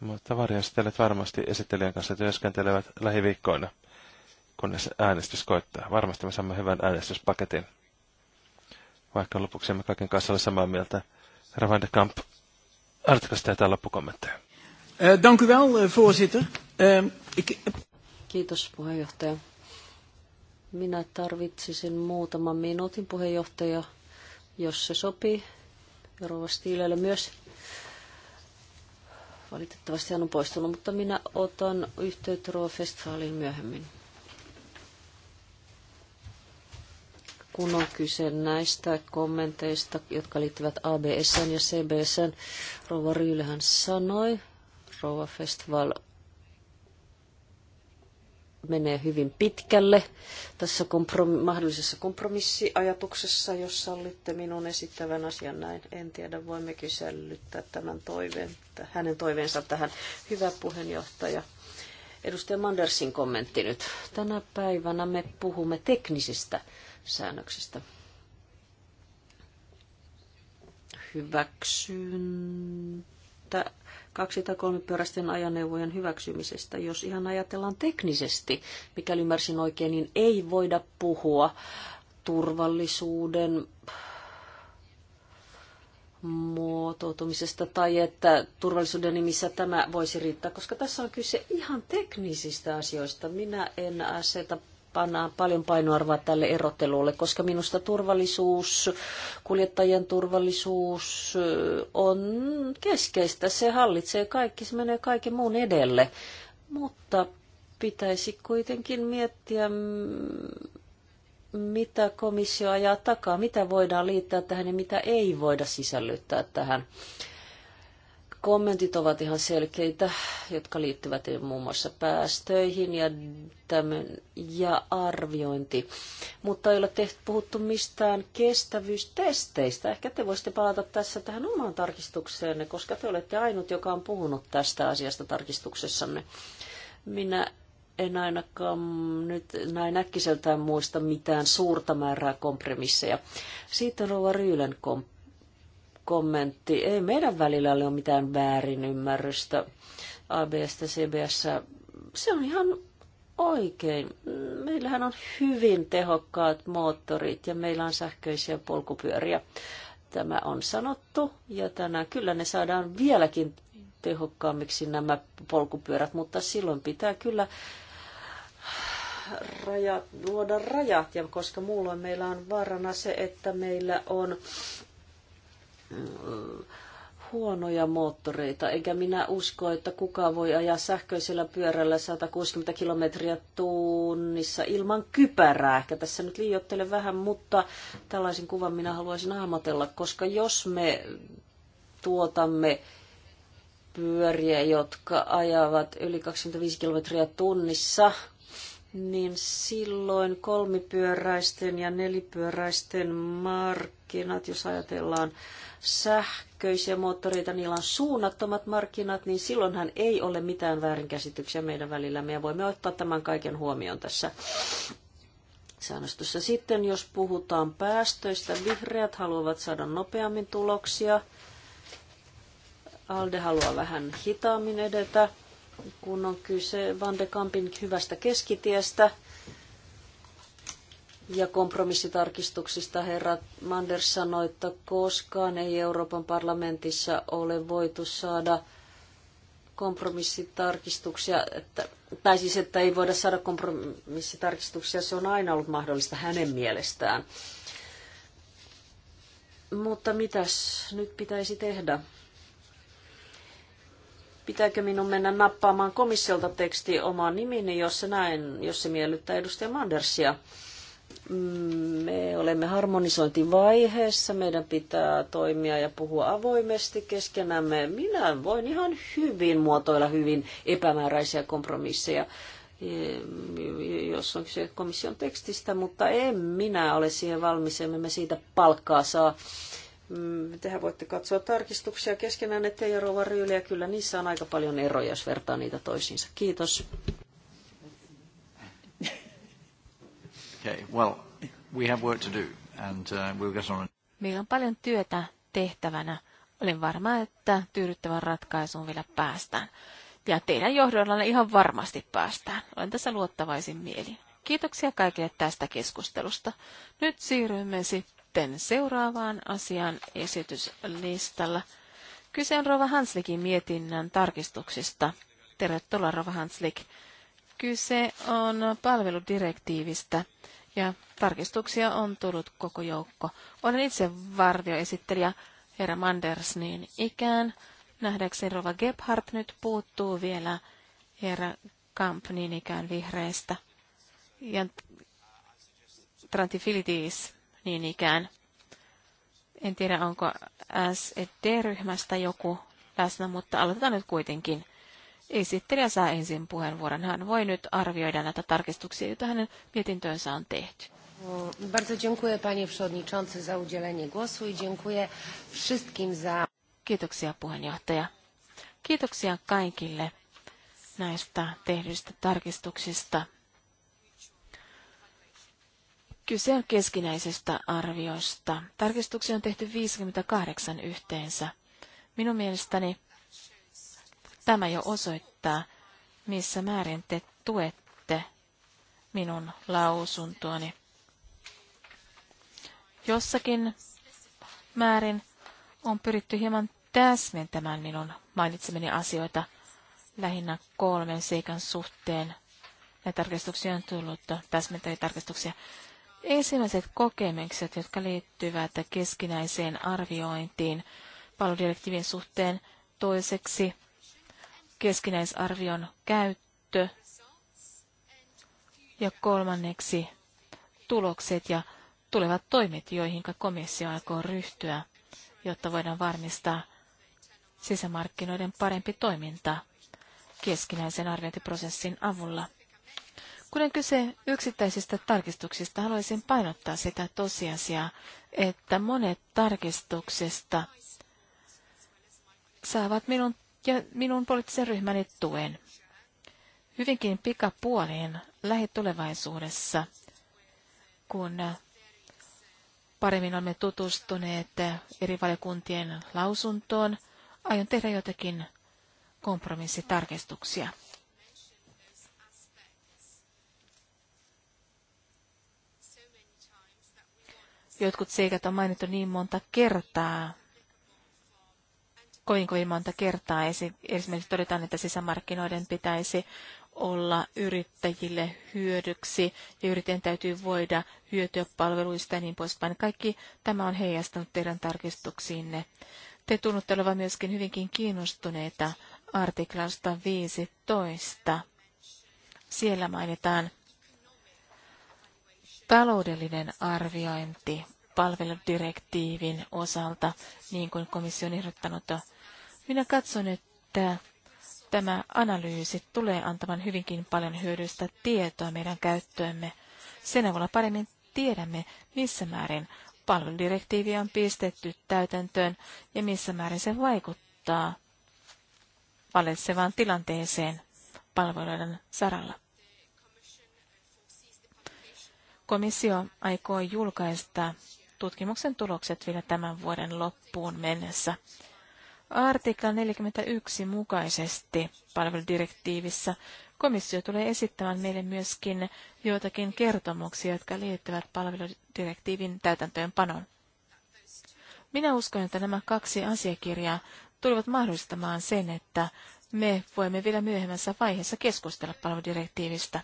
Mutta sitten varmasti esittelijän kanssa työskentelevät lähiviikkoina, kunnes äänestys koittaa. Varmasti me saamme hyvän äänestyspaketin. Vaikka lopuksi me kaiken kanssa olemme samaa mieltä. Ravande Kamp, aloitteko sitä jotain loppukommentteja? Eh, dank u wel, eh, voorzitter. Eh, Kiitos puheenjohtaja. Minä tarvitsisin muutaman minuutin puheenjohtaja, jos se sopii. Rouva Stiilelle myös. Valitettavasti hän on poistunut, mutta minä otan yhteyttä Rouva Festivaaliin myöhemmin. kun on kyse näistä kommenteista, jotka liittyvät ABSn ja CBSn. Rouva Ryylähän sanoi, Rouva Festival menee hyvin pitkälle tässä komprom- mahdollisessa kompromissiajatuksessa, jos sallitte minun esittävän asian näin. En tiedä, voimmeko kysellyttää tämän toiveen, hänen toiveensa tähän. Hyvä puheenjohtaja. Edustaja Mandersin kommentti nyt. Tänä päivänä me puhumme teknisistä säännöksistä. Hyväksyntä kaksi- tai kolmipyöräisten ajoneuvojen hyväksymisestä. Jos ihan ajatellaan teknisesti, mikäli ymmärsin oikein, niin ei voida puhua turvallisuuden muotoutumisesta tai että turvallisuuden nimissä tämä voisi riittää, koska tässä on kyse ihan teknisistä asioista. Minä en aseta pannaan paljon painoarvoa tälle erottelulle, koska minusta turvallisuus, kuljettajien turvallisuus on keskeistä. Se hallitsee kaikki, se menee kaiken muun edelle. Mutta pitäisi kuitenkin miettiä, mitä komissio ajaa takaa, mitä voidaan liittää tähän ja mitä ei voida sisällyttää tähän kommentit ovat ihan selkeitä, jotka liittyvät muun muassa päästöihin ja, tämän, ja arviointi. Mutta ei ole tehty, puhuttu mistään kestävyystesteistä. Ehkä te voisitte palata tässä tähän omaan tarkistukseenne, koska te olette ainut, joka on puhunut tästä asiasta tarkistuksessanne. Minä en ainakaan nyt näin äkkiseltään muista mitään suurta määrää kompromisseja. Sitten Rova Ryylän kom- kommentti. Ei meidän välillä ole mitään väärinymmärrystä ABS-tä, CBS. Se on ihan oikein. Meillähän on hyvin tehokkaat moottorit ja meillä on sähköisiä polkupyöriä. Tämä on sanottu ja tänään kyllä ne saadaan vieläkin tehokkaammiksi nämä polkupyörät, mutta silloin pitää kyllä rajat, luoda rajat, ja koska muulloin meillä on vaarana se, että meillä on Äh, huonoja moottoreita, eikä minä usko, että kuka voi ajaa sähköisellä pyörällä 160 kilometriä tunnissa ilman kypärää. Ehkä tässä nyt liioittelen vähän, mutta tällaisen kuvan minä haluaisin ahmatella, koska jos me tuotamme pyöriä, jotka ajavat yli 25 kilometriä tunnissa, niin silloin kolmipyöräisten ja nelipyöräisten markkinat, jos ajatellaan sähköisiä moottoreita, niillä on suunnattomat markkinat, niin silloinhan ei ole mitään väärinkäsityksiä meidän välillä, Me voimme ottaa tämän kaiken huomioon tässä säännöstössä. Sitten jos puhutaan päästöistä, vihreät haluavat saada nopeammin tuloksia. Alde haluaa vähän hitaammin edetä kun on kyse Van de Kampin hyvästä keskitiestä ja kompromissitarkistuksista. Herra Manders sanoi, että koskaan ei Euroopan parlamentissa ole voitu saada kompromissitarkistuksia, että, tai siis, että ei voida saada kompromissitarkistuksia, se on aina ollut mahdollista hänen mielestään. Mutta mitäs nyt pitäisi tehdä? Pitääkö minun mennä nappaamaan komissiolta teksti omaan nimini, jos se, näin, jos se miellyttää edustaja Mandersia? Mm, me olemme harmonisointivaiheessa, meidän pitää toimia ja puhua avoimesti keskenämme. Minä voin ihan hyvin muotoilla hyvin epämääräisiä kompromisseja, eh, jos on kyse komission tekstistä, mutta en minä ole siihen valmis, emme me siitä palkkaa saa. Mm, tehän voitte katsoa tarkistuksia keskenään ettei rouva ryyliä. Kyllä niissä on aika paljon eroja, jos vertaa niitä toisiinsa. Kiitos. Okay, well, we have work to do and uh, we'll get on. Meillä on paljon työtä tehtävänä. Olen varma, että tyydyttävän ratkaisuun vielä päästään. Ja teidän johdollanne ihan varmasti päästään. Olen tässä luottavaisin mieli. Kiitoksia kaikille tästä keskustelusta. Nyt siirrymme sitten sitten seuraavaan asian esityslistalla. Kyse on Rova Hanslikin mietinnän tarkistuksista. Tervetuloa Rova Hanslik. Kyse on palveludirektiivistä ja tarkistuksia on tullut koko joukko. Olen itse varvioesittelijä herra Manders niin ikään. Nähdäkseni Rova Gebhardt nyt puuttuu vielä herra Kamp niin ikään vihreistä. Ja Trantifilitis niin ikään. En tiedä, onko sed ryhmästä joku läsnä, mutta aloitetaan nyt kuitenkin. Esittelijä saa ensin puheenvuoron. Hän voi nyt arvioida näitä tarkistuksia, joita hänen mietintöönsä on tehty. Bardzo dziękuję panie przewodniczący za udzielenie głosu i dziękuję wszystkim za... Kiitoksia puheenjohtaja. Kiitoksia kaikille näistä tehdyistä tarkistuksista Kyse on keskinäisestä arviosta. Tarkistuksia on tehty 58 yhteensä. Minun mielestäni tämä jo osoittaa, missä määrin te tuette minun lausuntoani. Jossakin määrin on pyritty hieman täsmentämään minun mainitsemini asioita lähinnä kolmen seikan suhteen. Ja tarkistuksia on tullut, täsmentäjätarkistuksia. tarkistuksia. Ensimmäiset kokemukset, jotka liittyvät keskinäiseen arviointiin palodirektiivin suhteen, toiseksi keskinäisarvion käyttö ja kolmanneksi tulokset ja tulevat toimet, joihin komissio aikoo ryhtyä, jotta voidaan varmistaa sisämarkkinoiden parempi toiminta keskinäisen arviointiprosessin avulla. Kun on kyse yksittäisistä tarkistuksista, haluaisin painottaa sitä tosiasiaa, että monet tarkistuksista saavat minun ja minun poliittisen ryhmäni tuen. Hyvinkin pikapuoliin lähitulevaisuudessa, kun paremmin olemme tutustuneet eri valiokuntien lausuntoon, aion tehdä jotakin kompromissitarkistuksia. Jotkut seikat on mainittu niin monta kertaa, kovin kovin monta kertaa. Esimerkiksi todetaan, että sisämarkkinoiden pitäisi olla yrittäjille hyödyksi ja yrittäjien täytyy voida hyötyä palveluista ja niin poispäin. Kaikki tämä on heijastunut teidän tarkistuksiinne. Te tunnutte olevan myöskin hyvinkin kiinnostuneita artiklasta 15. Siellä mainitaan Taloudellinen arviointi palveludirektiivin osalta, niin kuin komissio on ehdottanut. Minä katson, että tämä analyysi tulee antamaan hyvinkin paljon hyödyllistä tietoa meidän käyttöömme. Sen avulla paremmin tiedämme, missä määrin palveludirektiivi on pistetty täytäntöön ja missä määrin se vaikuttaa valitsevaan tilanteeseen palveluiden saralla. Komissio aikoo julkaista tutkimuksen tulokset vielä tämän vuoden loppuun mennessä. Artikla 41 mukaisesti palveludirektiivissä komissio tulee esittämään meille myöskin joitakin kertomuksia, jotka liittyvät palveludirektiivin täytäntöönpanoon. Minä uskon, että nämä kaksi asiakirjaa tulevat mahdollistamaan sen, että me voimme vielä myöhemmässä vaiheessa keskustella palveludirektiivistä.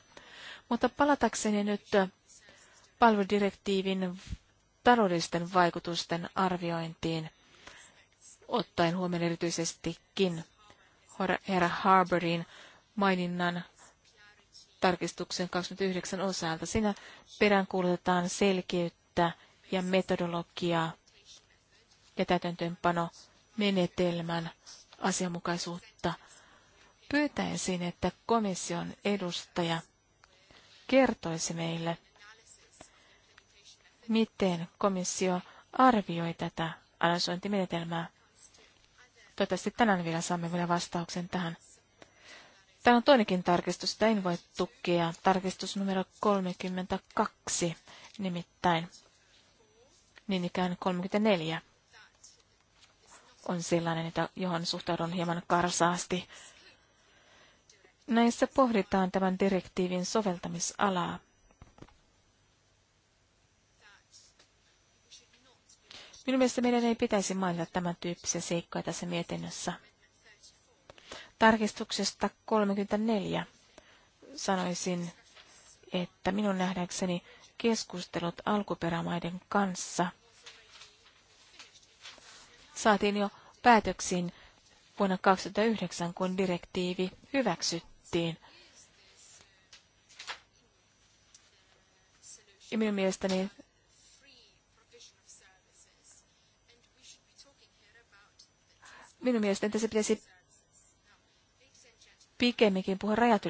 Mutta palatakseni nyt palveludirektiivin taloudellisten vaikutusten arviointiin, ottaen huomioon erityisestikin herra Harbourin maininnan tarkistuksen 29 osalta. Siinä peräänkuulutetaan selkeyttä ja metodologiaa ja täytäntöönpano menetelmän asianmukaisuutta. Pyytäisin, että komission edustaja kertoisi meille miten komissio arvioi tätä analysointimenetelmää. Toivottavasti tänään vielä saamme vielä vastauksen tähän. Täällä on toinenkin tarkistus, sitä en voi tukea. Tarkistus numero 32, nimittäin niin ikään 34 on sellainen, että johon suhtaudun hieman karsaasti. Näissä pohditaan tämän direktiivin soveltamisalaa Minun mielestä meidän ei pitäisi mainita tämän tyyppisiä seikkoja tässä mietinnössä. Tarkistuksesta 34 sanoisin, että minun nähdäkseni keskustelut alkuperämaiden kanssa saatiin jo päätöksiin vuonna 2009, kun direktiivi hyväksyttiin. Ja minun mielestäni Minun mielestäni tässä pitäisi pikemminkin puhua rajat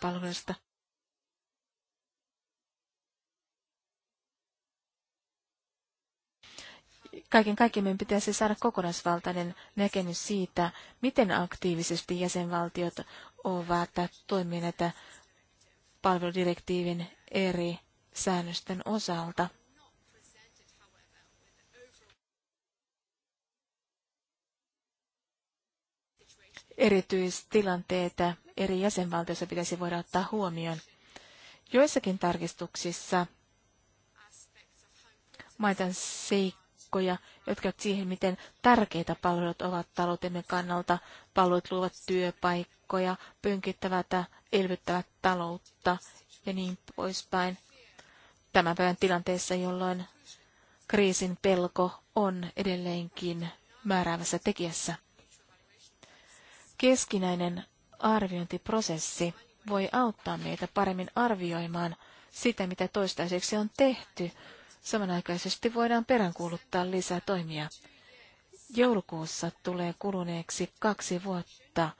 palveluista. Kaiken kaikkiaan pitäisi saada kokonaisvaltainen näkemys siitä, miten aktiivisesti jäsenvaltiot ovat toimineet palveludirektiivin eri säännösten osalta. erityistilanteita eri jäsenvaltioissa pitäisi voida ottaa huomioon. Joissakin tarkistuksissa mainitan seikkoja, jotka ovat siihen, miten tärkeitä palvelut ovat taloutemme kannalta. Palvelut luovat työpaikkoja, pönkittävät elvyttävät taloutta ja niin poispäin. Tämän päivän tilanteessa, jolloin kriisin pelko on edelleenkin määräävässä tekijässä. Keskinäinen arviointiprosessi voi auttaa meitä paremmin arvioimaan sitä, mitä toistaiseksi on tehty. Samanaikaisesti voidaan peräänkuuluttaa lisää toimia. Joulukuussa tulee kuluneeksi kaksi vuotta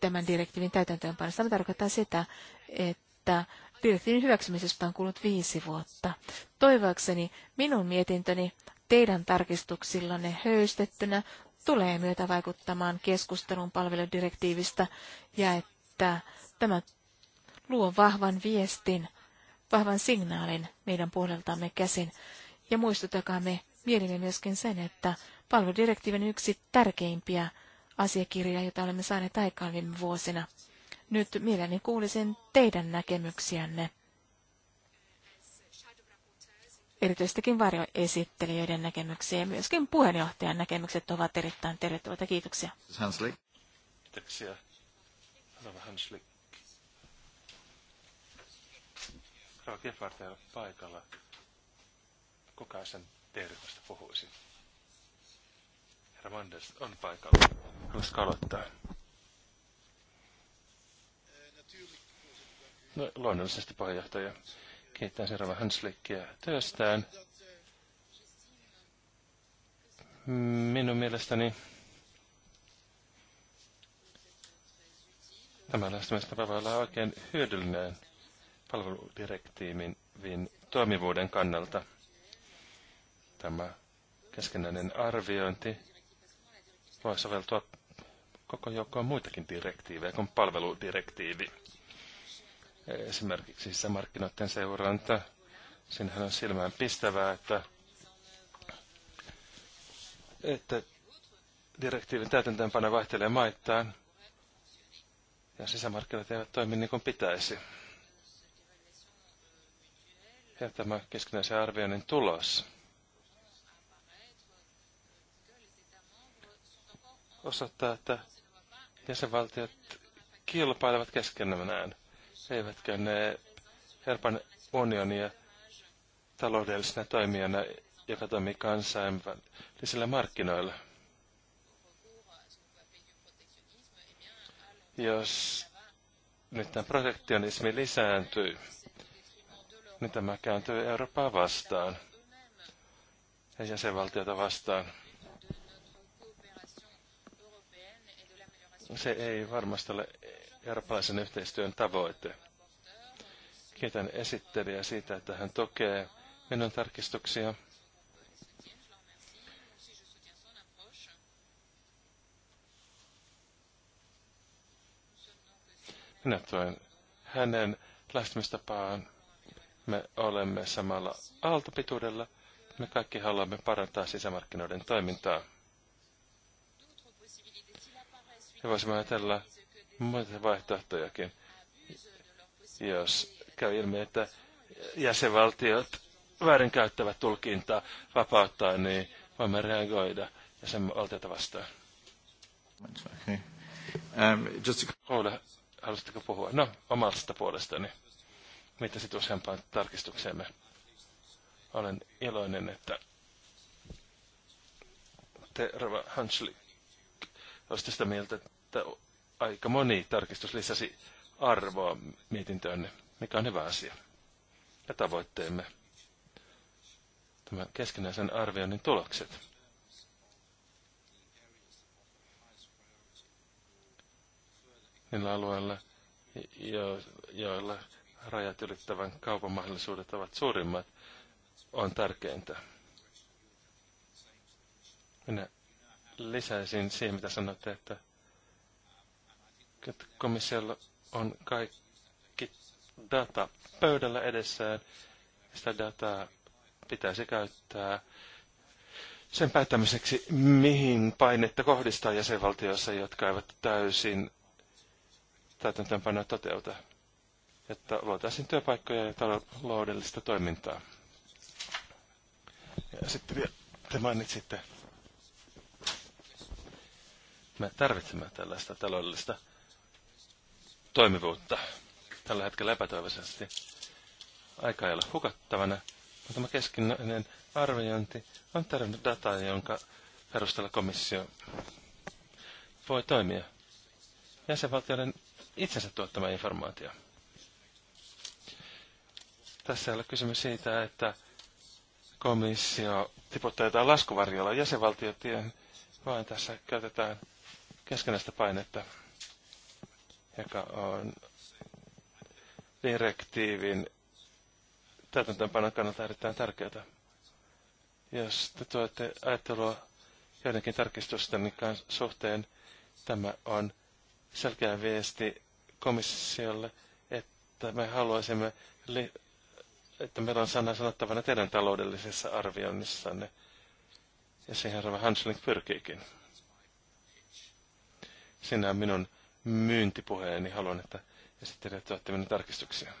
tämän direktiivin täytäntöönpanosta. Tämä tarkoittaa sitä, että direktiivin hyväksymisestä on kulunut viisi vuotta. Toivoakseni minun mietintöni teidän tarkistuksillanne höystettynä tulee myötä vaikuttamaan keskustelun palveludirektiivistä ja että tämä luo vahvan viestin, vahvan signaalin meidän puoleltamme käsin. Ja muistutakaamme mielimme myöskin sen, että palveludirektiivin yksi tärkeimpiä asiakirja, jota olemme saaneet aikaan viime vuosina. Nyt mielelläni kuulisin teidän näkemyksiänne erityisestikin varjoesittelijöiden näkemyksiä ja myöskin puheenjohtajan näkemykset ovat erittäin tervetulleita. Kiitoksia. Hanslik. Kiitoksia. Hanslik. paikalla. Herra Manders on paikalla. Haluaisitko aloittaa? No, luonnollisesti puheenjohtaja. Kiitän seuraava Hanslikkiä työstään. Minun mielestäni tämä lähestymistapa voi olla oikein hyödyllinen palveludirektiivin toimivuuden kannalta. Tämä keskenäinen arviointi voi soveltua koko joukkoon muitakin direktiivejä kuin palveludirektiivi esimerkiksi sisämarkkinoiden seuranta. Sinähän on silmään pistävää, että, että direktiivin täytäntöönpano vaihtelee maittain ja sisämarkkinat eivät toimi niin kuin pitäisi. Ja tämä keskinäisen arvioinnin tulos osoittaa, että jäsenvaltiot kilpailevat keskenään se eivätkä ne herpan unionia taloudellisena toimijana, joka toimii kansainvälisillä markkinoilla. Jos nyt tämä protektionismi lisääntyy, niin tämä kääntyy Eurooppaa vastaan ja jäsenvaltiota vastaan. Se ei varmasti ole eurooppalaisen yhteistyön tavoite. Kiitän esittelijä siitä, että hän tukee minun tarkistuksia. Minä tuen hänen lähestymistapaan. Me olemme samalla aaltopituudella. Me kaikki haluamme parantaa sisämarkkinoiden toimintaa. Ja voisimme ajatella muita vaihtoehtojakin, jos käy ilmi, että jäsenvaltiot väärinkäyttävät tulkintaa vapauttaa, niin voimme reagoida jäsenvaltiota vastaan. Okay. Um, just to... Ole, haluaisitteko puhua? No, omasta puolestani. Mitä sitten useampaan tarkistukseemme? Olen iloinen, että te, Rava Hansli olisitte sitä mieltä, että aika moni tarkistus lisäsi arvoa mietintöönne, mikä on hyvä asia. Ja tavoitteemme. tämän keskinäisen arvioinnin tulokset. Niillä alueilla, jo, joilla rajat ylittävän kaupan mahdollisuudet ovat suurimmat, on tärkeintä. Minä lisäisin siihen, mitä sanoitte, että että komissiolla on kaikki data pöydällä edessään. Sitä dataa pitäisi käyttää sen päättämiseksi, mihin painetta kohdistaa jäsenvaltioissa, jotka eivät täysin täytäntöönpanoa toteuta, että luotaisiin työpaikkoja ja taloudellista toimintaa. Ja sitten vielä te mainitsitte, me tarvitsemme tällaista taloudellista toimivuutta tällä hetkellä epätoivoisesti. Aika ei ole hukattavana, mutta tämä keskinäinen arviointi on tarjonnut dataa, jonka perusteella komissio voi toimia. Jäsenvaltioiden itsensä tuottama informaatio. Tässä ei ole kysymys siitä, että komissio tiputtaa jotain laskuvarjolla jäsenvaltiotien, vaan tässä käytetään keskenäistä painetta joka on direktiivin täytäntöönpanon kannalta erittäin tärkeää. Jos te tuotte ajattelua joidenkin tarkistusten suhteen, tämä on selkeä viesti komissiolle, että me haluaisimme, että meillä on sana sanottavana teidän taloudellisessa arvioinnissanne. Ja siihen Rava Hanslink pyrkiikin. Sinä on minun myyntipuheen, niin haluan, että esittelijät tuotte minun tarkistuksia.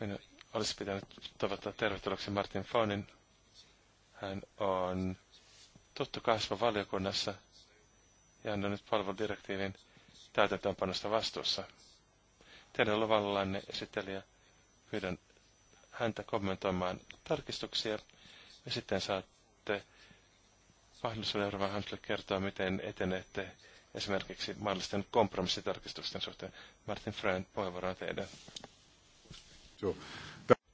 Minä olisi pitänyt toivottaa tervetulleeksi Martin Faunin. Hän on tuttu kasva valiokunnassa ja hän on nyt palveludirektiivin täytäntöönpanosta vastuussa. Teidän luvallanne esittelijä pyydän häntä kommentoimaan tarkistuksia ja sitten saatte on Euroopan Hansille kertoa, miten etenette esimerkiksi mahdollisten kompromissitarkistusten suhteen. Martin Freund, puheenvuoroa teidän.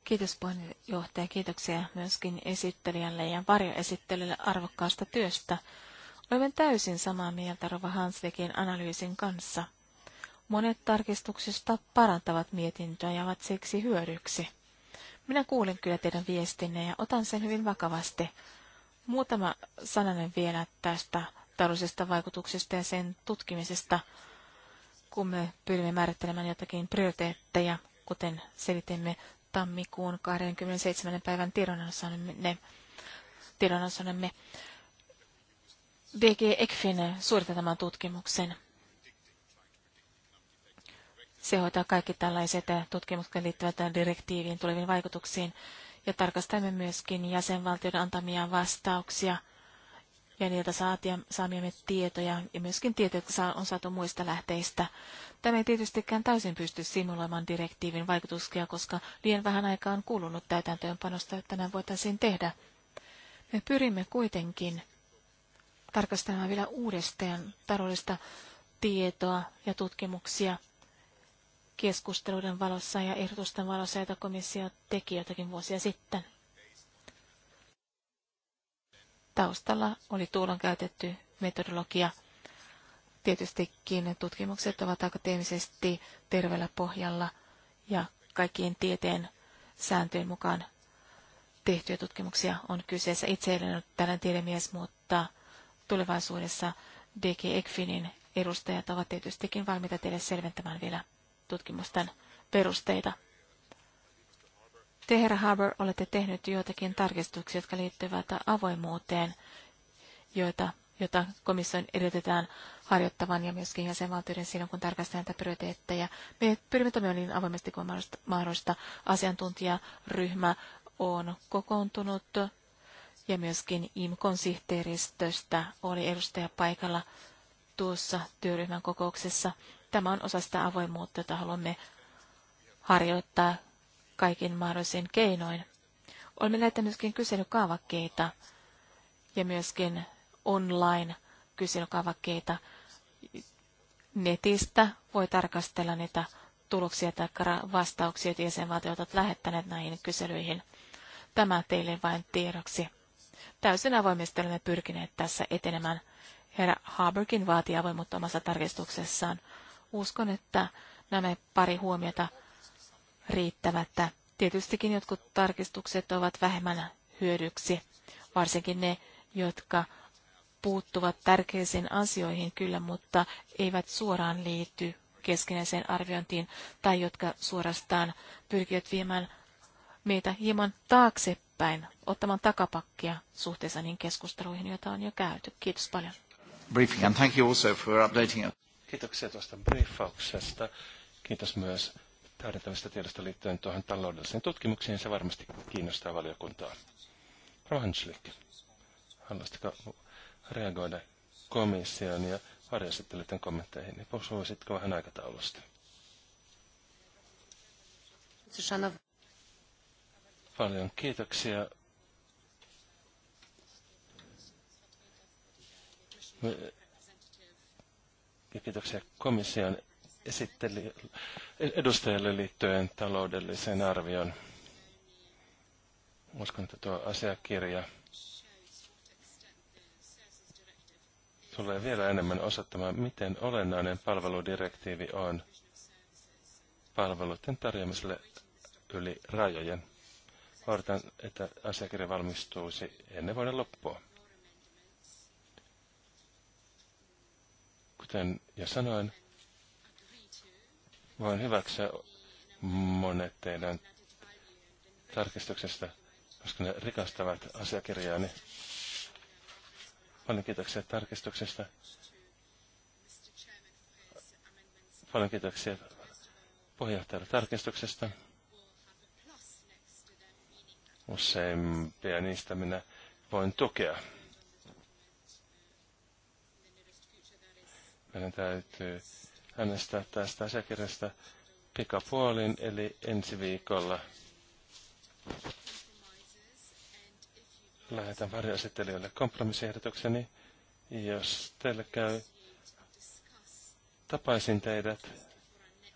Kiitos puheenjohtaja. Kiitoksia myöskin esittelijälle ja varjoesittelijälle arvokkaasta työstä. Olemme täysin samaa mieltä Rova Hanslikin analyysin kanssa. Monet tarkistuksista parantavat mietintöä ja ovat siksi hyödyksi. Minä kuulin kyllä teidän viestinne ja otan sen hyvin vakavasti. Muutama sananen vielä tästä taloudellisesta vaikutuksesta ja sen tutkimisesta, kun me pyrimme määrittelemään jotakin prioriteetteja, kuten selitimme tammikuun 27. päivän tiedonannossamme. tiedonannossamme. DG ECFIN suorittaa tämän tutkimuksen. Se hoitaa kaikki tällaiset tutkimukset liittyvät direktiiviin tuleviin vaikutuksiin ja tarkastamme myöskin jäsenvaltioiden antamia vastauksia ja niiltä saamiamme tietoja ja myöskin tietoja, jotka on saatu muista lähteistä. Tämä ei tietystikään täysin pysty simuloimaan direktiivin vaikutuksia, koska liian vähän aikaa on kulunut täytäntöönpanosta, että näin voitaisiin tehdä. Me pyrimme kuitenkin tarkastamaan vielä uudestaan taloudellista tietoa ja tutkimuksia keskusteluiden valossa ja ehdotusten valossa, joita komissio teki jotakin vuosia sitten. Taustalla oli tuulon käytetty metodologia. Tietystikin tutkimukset ovat akateemisesti terveellä pohjalla ja kaikkien tieteen sääntöjen mukaan tehtyjä tutkimuksia on kyseessä. Itse en ole tällainen tiedemies, mutta tulevaisuudessa DG Ekfinin edustajat ovat tietystikin valmiita teille selventämään vielä tutkimusten perusteita. Te, herra Harbour, olette tehnyt joitakin tarkistuksia, jotka liittyvät avoimuuteen, joita, jota komission edellytetään harjoittavan ja myöskin jäsenvaltioiden silloin, kun tarkastetaan näitä prioriteetteja. Me pyrimme toimimaan niin avoimesti kuin mahdollista. Asiantuntijaryhmä on kokoontunut ja myöskin IMKon sihteeristöstä oli edustaja paikalla tuossa työryhmän kokouksessa. Tämä on osa sitä avoimuutta, jota haluamme harjoittaa kaikin mahdollisin keinoin. Olemme näitä myöskin kyselykaavakkeita ja myöskin online-kyselykaavakkeita. Netistä voi tarkastella niitä tuloksia tai vastauksia, joita jäsenvaltiot ovat lähettäneet näihin kyselyihin. Tämä teille vain tiedoksi. Täysin avoimesti olemme pyrkineet tässä etenemään. Herra Haberkin vaatii avoimuutta omassa tarkistuksessaan. Uskon, että nämä pari huomiota riittävät. Tietystikin jotkut tarkistukset ovat vähemmän hyödyksi, varsinkin ne, jotka puuttuvat tärkeisiin asioihin kyllä, mutta eivät suoraan liity keskinäiseen arviointiin tai jotka suorastaan pyrkivät viemään meitä hieman taaksepäin, ottamaan takapakkia suhteessa niin keskusteluihin, joita on jo käyty. Kiitos paljon. Briefing and thank you also for updating us. Kiitoksia tuosta briefauksesta. Kiitos myös täydentävästä tiedosta liittyen tuohon taloudelliseen tutkimukseen. Se varmasti kiinnostaa valiokuntaa. Rohanslik, haluaisitko reagoida komission ja varjosittelijöiden kommentteihin? Niin puhuisitko vähän aikataulusta? Paljon kiitoksia. Me ja kiitoksia komission edustajalle liittyen taloudelliseen arvioon. Uskon, että tuo asiakirja tulee vielä enemmän osoittamaan, miten olennainen palveludirektiivi on palveluiden tarjoamiselle yli rajojen. Odotan, että asiakirja valmistuisi ennen vuoden loppua. sitten ja sanoin, voin hyväksyä monet teidän tarkistuksesta, koska ne rikastavat asiakirjaani. Paljon kiitoksia tarkistuksesta. Paljon kiitoksia puheenjohtajalle tarkistuksesta. Useimpia niistä minä voin tukea. Meidän täytyy äänestää tästä asiakirjasta pikapuolin, eli ensi viikolla. Lähetän varjoesittelijöille kompromissiehdotukseni. Jos teille käy, tapaisin teidät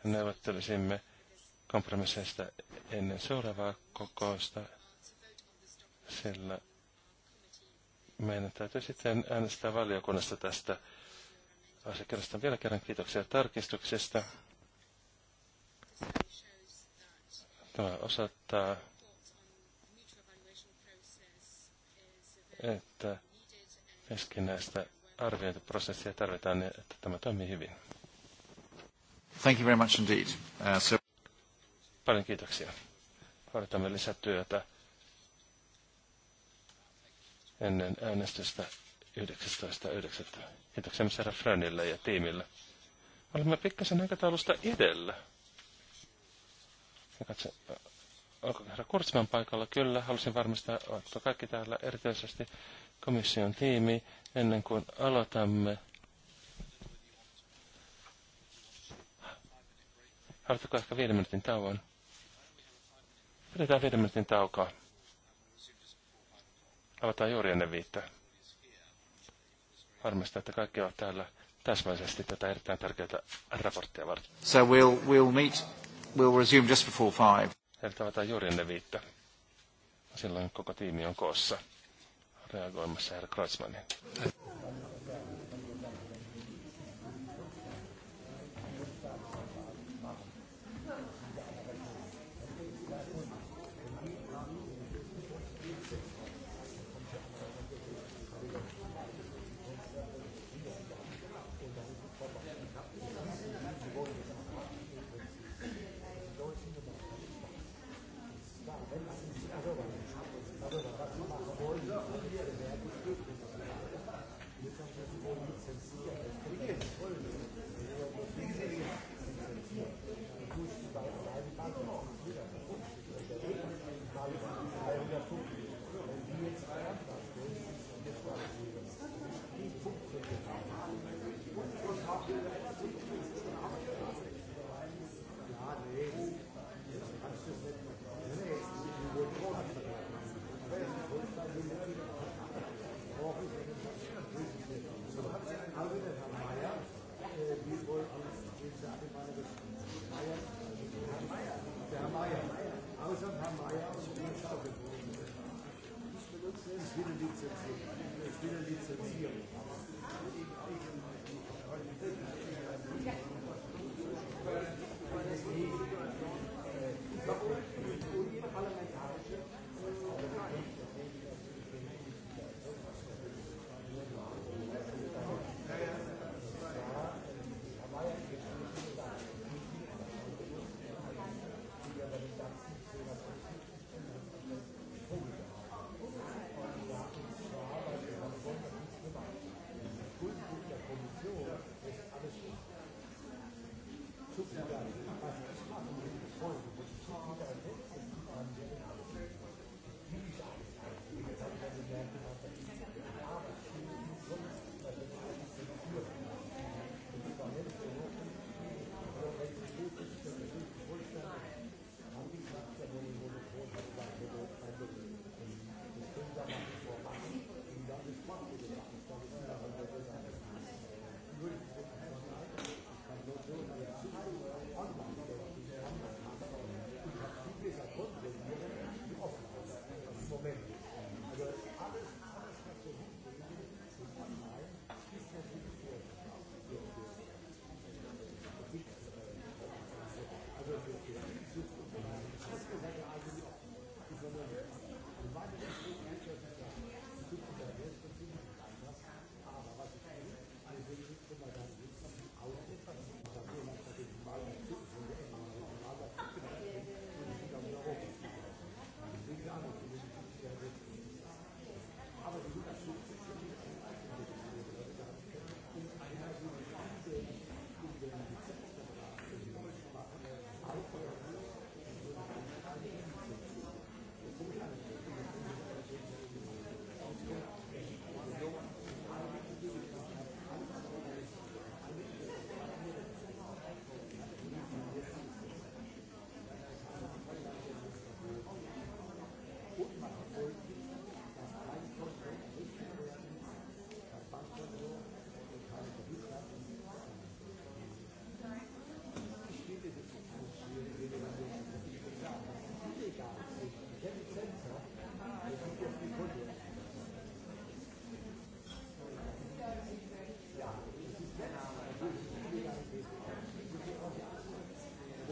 neuvottelisimme kompromisseista ennen seuraavaa kokousta, sillä meidän täytyy sitten äänestää valiokunnasta tästä asiakirjasta. Vielä kerran kiitoksia tarkistuksesta. Tämä osoittaa, että näistä arviointiprosessia tarvitaan, niin että tämä toimii hyvin. Thank you very much indeed. Uh, so... Paljon kiitoksia. Vaaditaan lisätyötä ennen äänestystä 19.9. Kiitoksemme Sarah Frönille ja tiimille. Olemme pikkasen aikataulusta edellä. Ja katso, onko herra Kurtsman paikalla? Kyllä, halusin varmistaa, että kaikki täällä, erityisesti komission tiimi, ennen kuin aloitamme. Haluatteko ehkä viiden minuutin tauon? Pidetään viiden minuutin taukoa. Avataan juuri ennen viittää varmistaa, että kaikki ovat täällä täsmällisesti tätä erittäin tärkeää raporttia varten. So we'll, we'll meet, we'll resume just before five. Eli tavataan juuri ennen viittä. Silloin koko tiimi on koossa reagoimassa herra Kreutzmannin.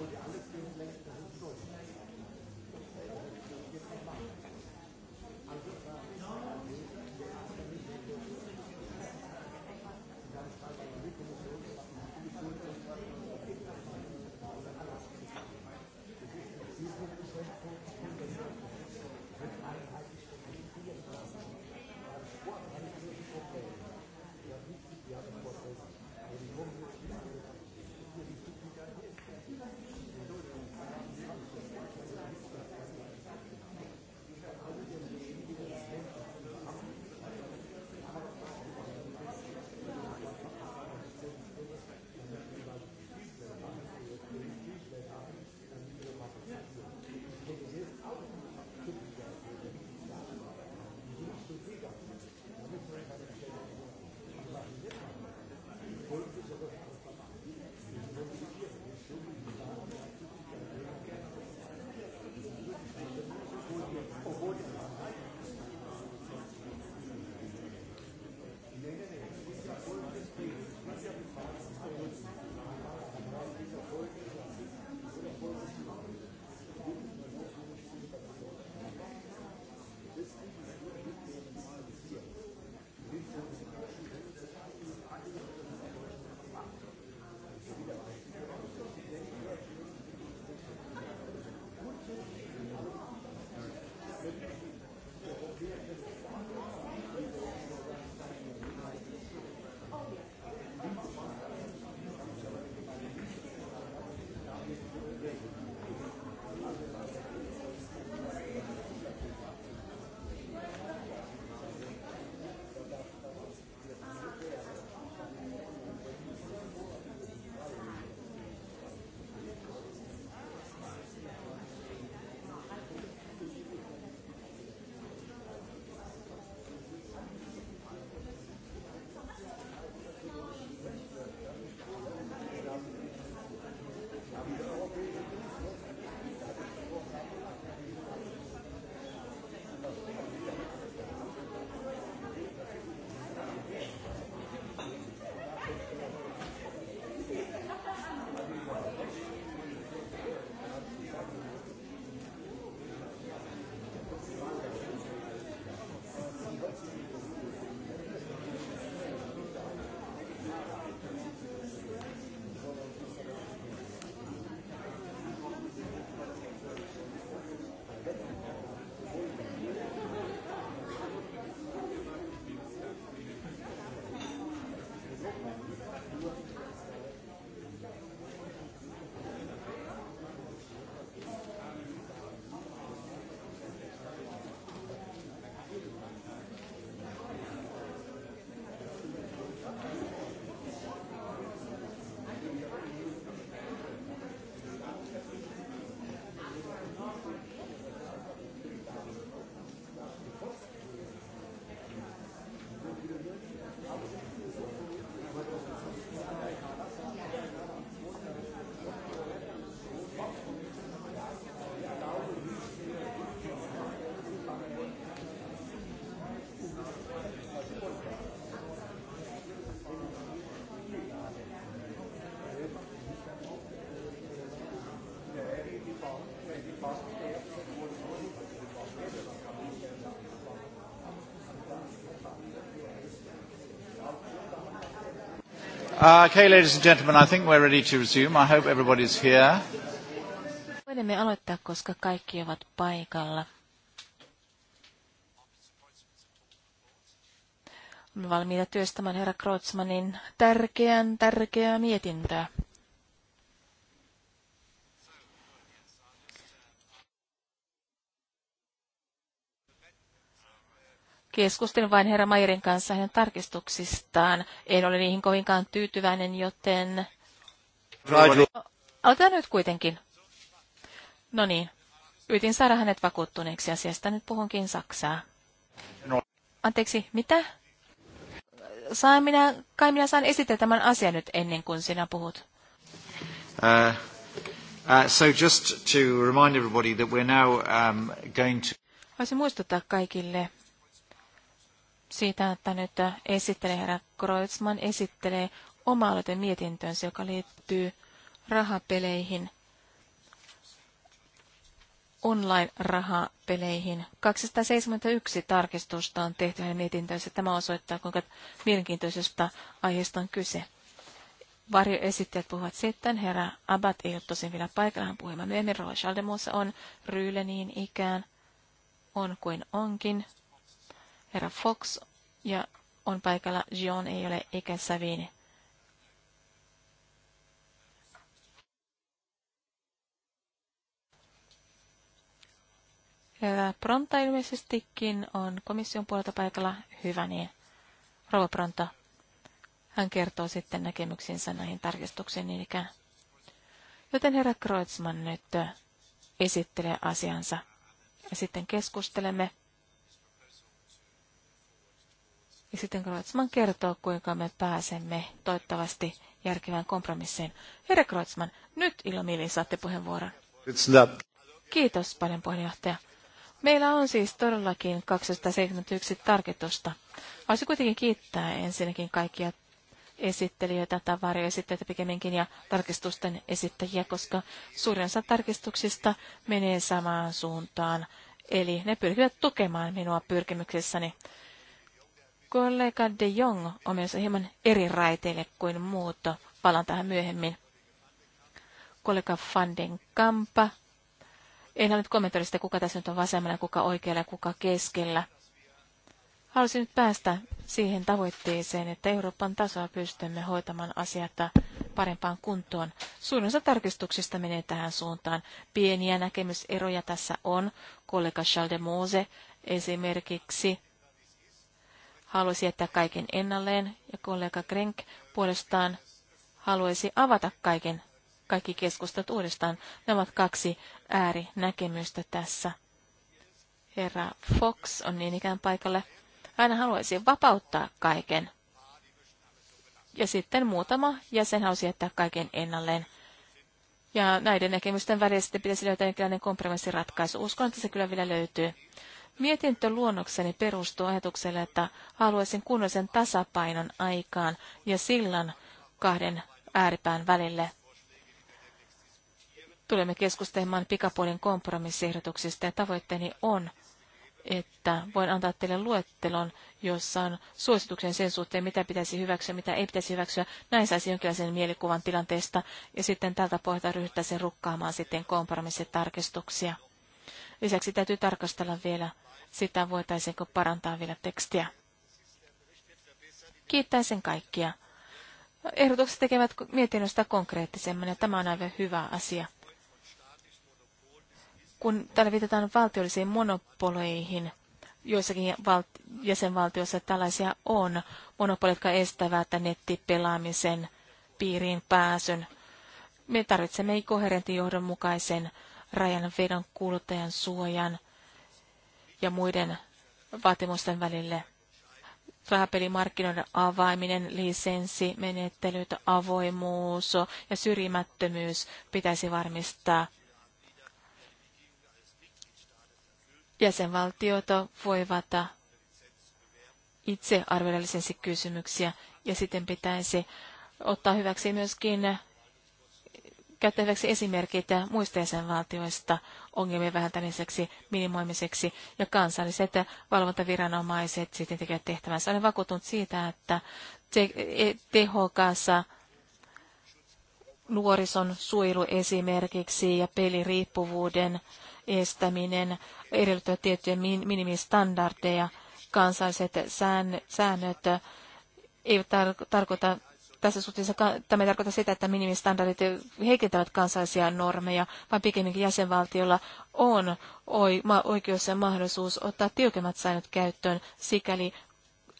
Thank you. okay, ladies and gentlemen, I think we're ready to resume. I hope everybody's here. Voimme aloittaa, koska kaikki ovat paikalla. Olemme valmiita työstämään herra Kreutzmannin tärkeän, tärkeää mietintöä. Keskustelin vain herra Mayerin kanssa hänen tarkistuksistaan. En ole niihin kovinkaan tyytyväinen, joten... No, Aloitetaan nyt kuitenkin. No niin. Yritin saada hänet vakuuttuneeksi asiasta. Nyt puhunkin saksaa. No. Anteeksi, mitä? Saan minä, kai minä saan esitellä tämän asian nyt ennen kuin sinä puhut. Uh, Haluaisin uh, so just to remind everybody that we're now um, going to... muistuttaa kaikille, siitä, että nyt esittelee herra Kreutzmann, esittelee oma mietintönsä, joka liittyy rahapeleihin, online-rahapeleihin. 271 tarkistusta on tehty hänen mietintönsä. Tämä osoittaa, kuinka mielenkiintoisesta aiheesta on kyse. Varjoesittäjät puhuvat sitten. Herra Abat ei ole tosin vielä paikalla. Hän puhuimme myöhemmin. Roa on. Ryyle niin ikään on kuin onkin. Herra Fox ja on paikalla. John ei ole eikä Savini. Herra Pronta ilmeisestikin on komission puolelta paikalla. Hyvä niin. Rova Pronta, hän kertoo sitten näkemyksinsä näihin tarkistuksiin niin ikään. Joten herra Kreutzmann nyt esittelee asiansa ja sitten keskustelemme Ja sitten Kreutzmann kertoo, kuinka me pääsemme toivottavasti järkevään kompromissiin. Herra Kreutzmann, nyt ilomielin saatte puheenvuoron. Kiitos paljon puheenjohtaja. Meillä on siis todellakin 271 tarkoitusta. Haluaisin kuitenkin kiittää ensinnäkin kaikkia esittelijöitä tai varjoesittäjiä pikemminkin ja tarkistusten esittäjiä, koska suurin osa tarkistuksista menee samaan suuntaan. Eli ne pyrkivät tukemaan minua pyrkimyksessäni Kollega de Jong on myös hieman eri raiteille kuin muut. Palaan tähän myöhemmin. Kollega Fanden Kampa. En nyt kommentoida sitä, kuka tässä nyt on vasemmalla, kuka oikealla ja kuka keskellä. Haluaisin nyt päästä siihen tavoitteeseen, että Euroopan tasoa pystymme hoitamaan asiat parempaan kuntoon. Suurin osa tarkistuksista menee tähän suuntaan. Pieniä näkemyseroja tässä on. Kollega Charles de Mose esimerkiksi haluaisi jättää kaiken ennalleen ja kollega krenk puolestaan haluaisi avata kaiken, kaikki keskustelut uudestaan. Ne ovat kaksi äärinäkemystä tässä. Herra Fox on niin ikään paikalle. Hän haluaisi vapauttaa kaiken. Ja sitten muutama jäsen haluaisi jättää kaiken ennalleen. Ja näiden näkemysten välillä sitten pitäisi löytää jonkinlainen kompromissiratkaisu. Uskon, että se kyllä vielä löytyy. Mietintöluonnokseni perustuu ajatukselle, että haluaisin kunnollisen tasapainon aikaan ja sillan kahden ääripään välille. Tulemme keskustelemaan pikapuolin kompromissiehdotuksista ja tavoitteeni on, että voin antaa teille luettelon, jossa on suosituksen sen suhteen, mitä pitäisi hyväksyä, mitä ei pitäisi hyväksyä. Näin saisi jonkinlaisen mielikuvan tilanteesta ja sitten tältä pohjalta ryhtäisin rukkaamaan sitten kompromissitarkistuksia. Lisäksi täytyy tarkastella vielä sitä, voitaisiinko parantaa vielä tekstiä. Kiittäisin kaikkia. Ehdotukset tekevät mietinnöstä konkreettisemman ja tämä on aivan hyvä asia. Kun täällä viitataan valtiollisiin monopoleihin, joissakin jäsenvaltioissa tällaisia on, monopolit, jotka estävät nettipelaamisen piiriin pääsyn. Me tarvitsemme koherentin johdonmukaisen rajanvedon kuluttajan suojan ja muiden vaatimusten välille. Rahapelimarkkinoiden avaaminen, menettelyt, avoimuus ja syrjimättömyys pitäisi varmistaa. Jäsenvaltiot voivat itse arvioida lisenssikysymyksiä ja sitten pitäisi ottaa hyväksi myöskin käyttäväksi esimerkit muista jäsenvaltioista ongelmien vähentämiseksi, minimoimiseksi ja kansalliset valvontaviranomaiset sitten tekevät tehtävänsä. Olen vakuutunut siitä, että e, tehokas nuorison suojelu esimerkiksi ja peliriippuvuuden estäminen edellyttävät tiettyjä minimistandardeja. Kansalliset säännöt eivät tarkoita tässä suhteessa tämä tarkoittaa sitä, että minimistandardit heikentävät kansallisia normeja, vaan pikemminkin jäsenvaltiolla on oikeus ja mahdollisuus ottaa tiukemmat säännöt käyttöön, sikäli,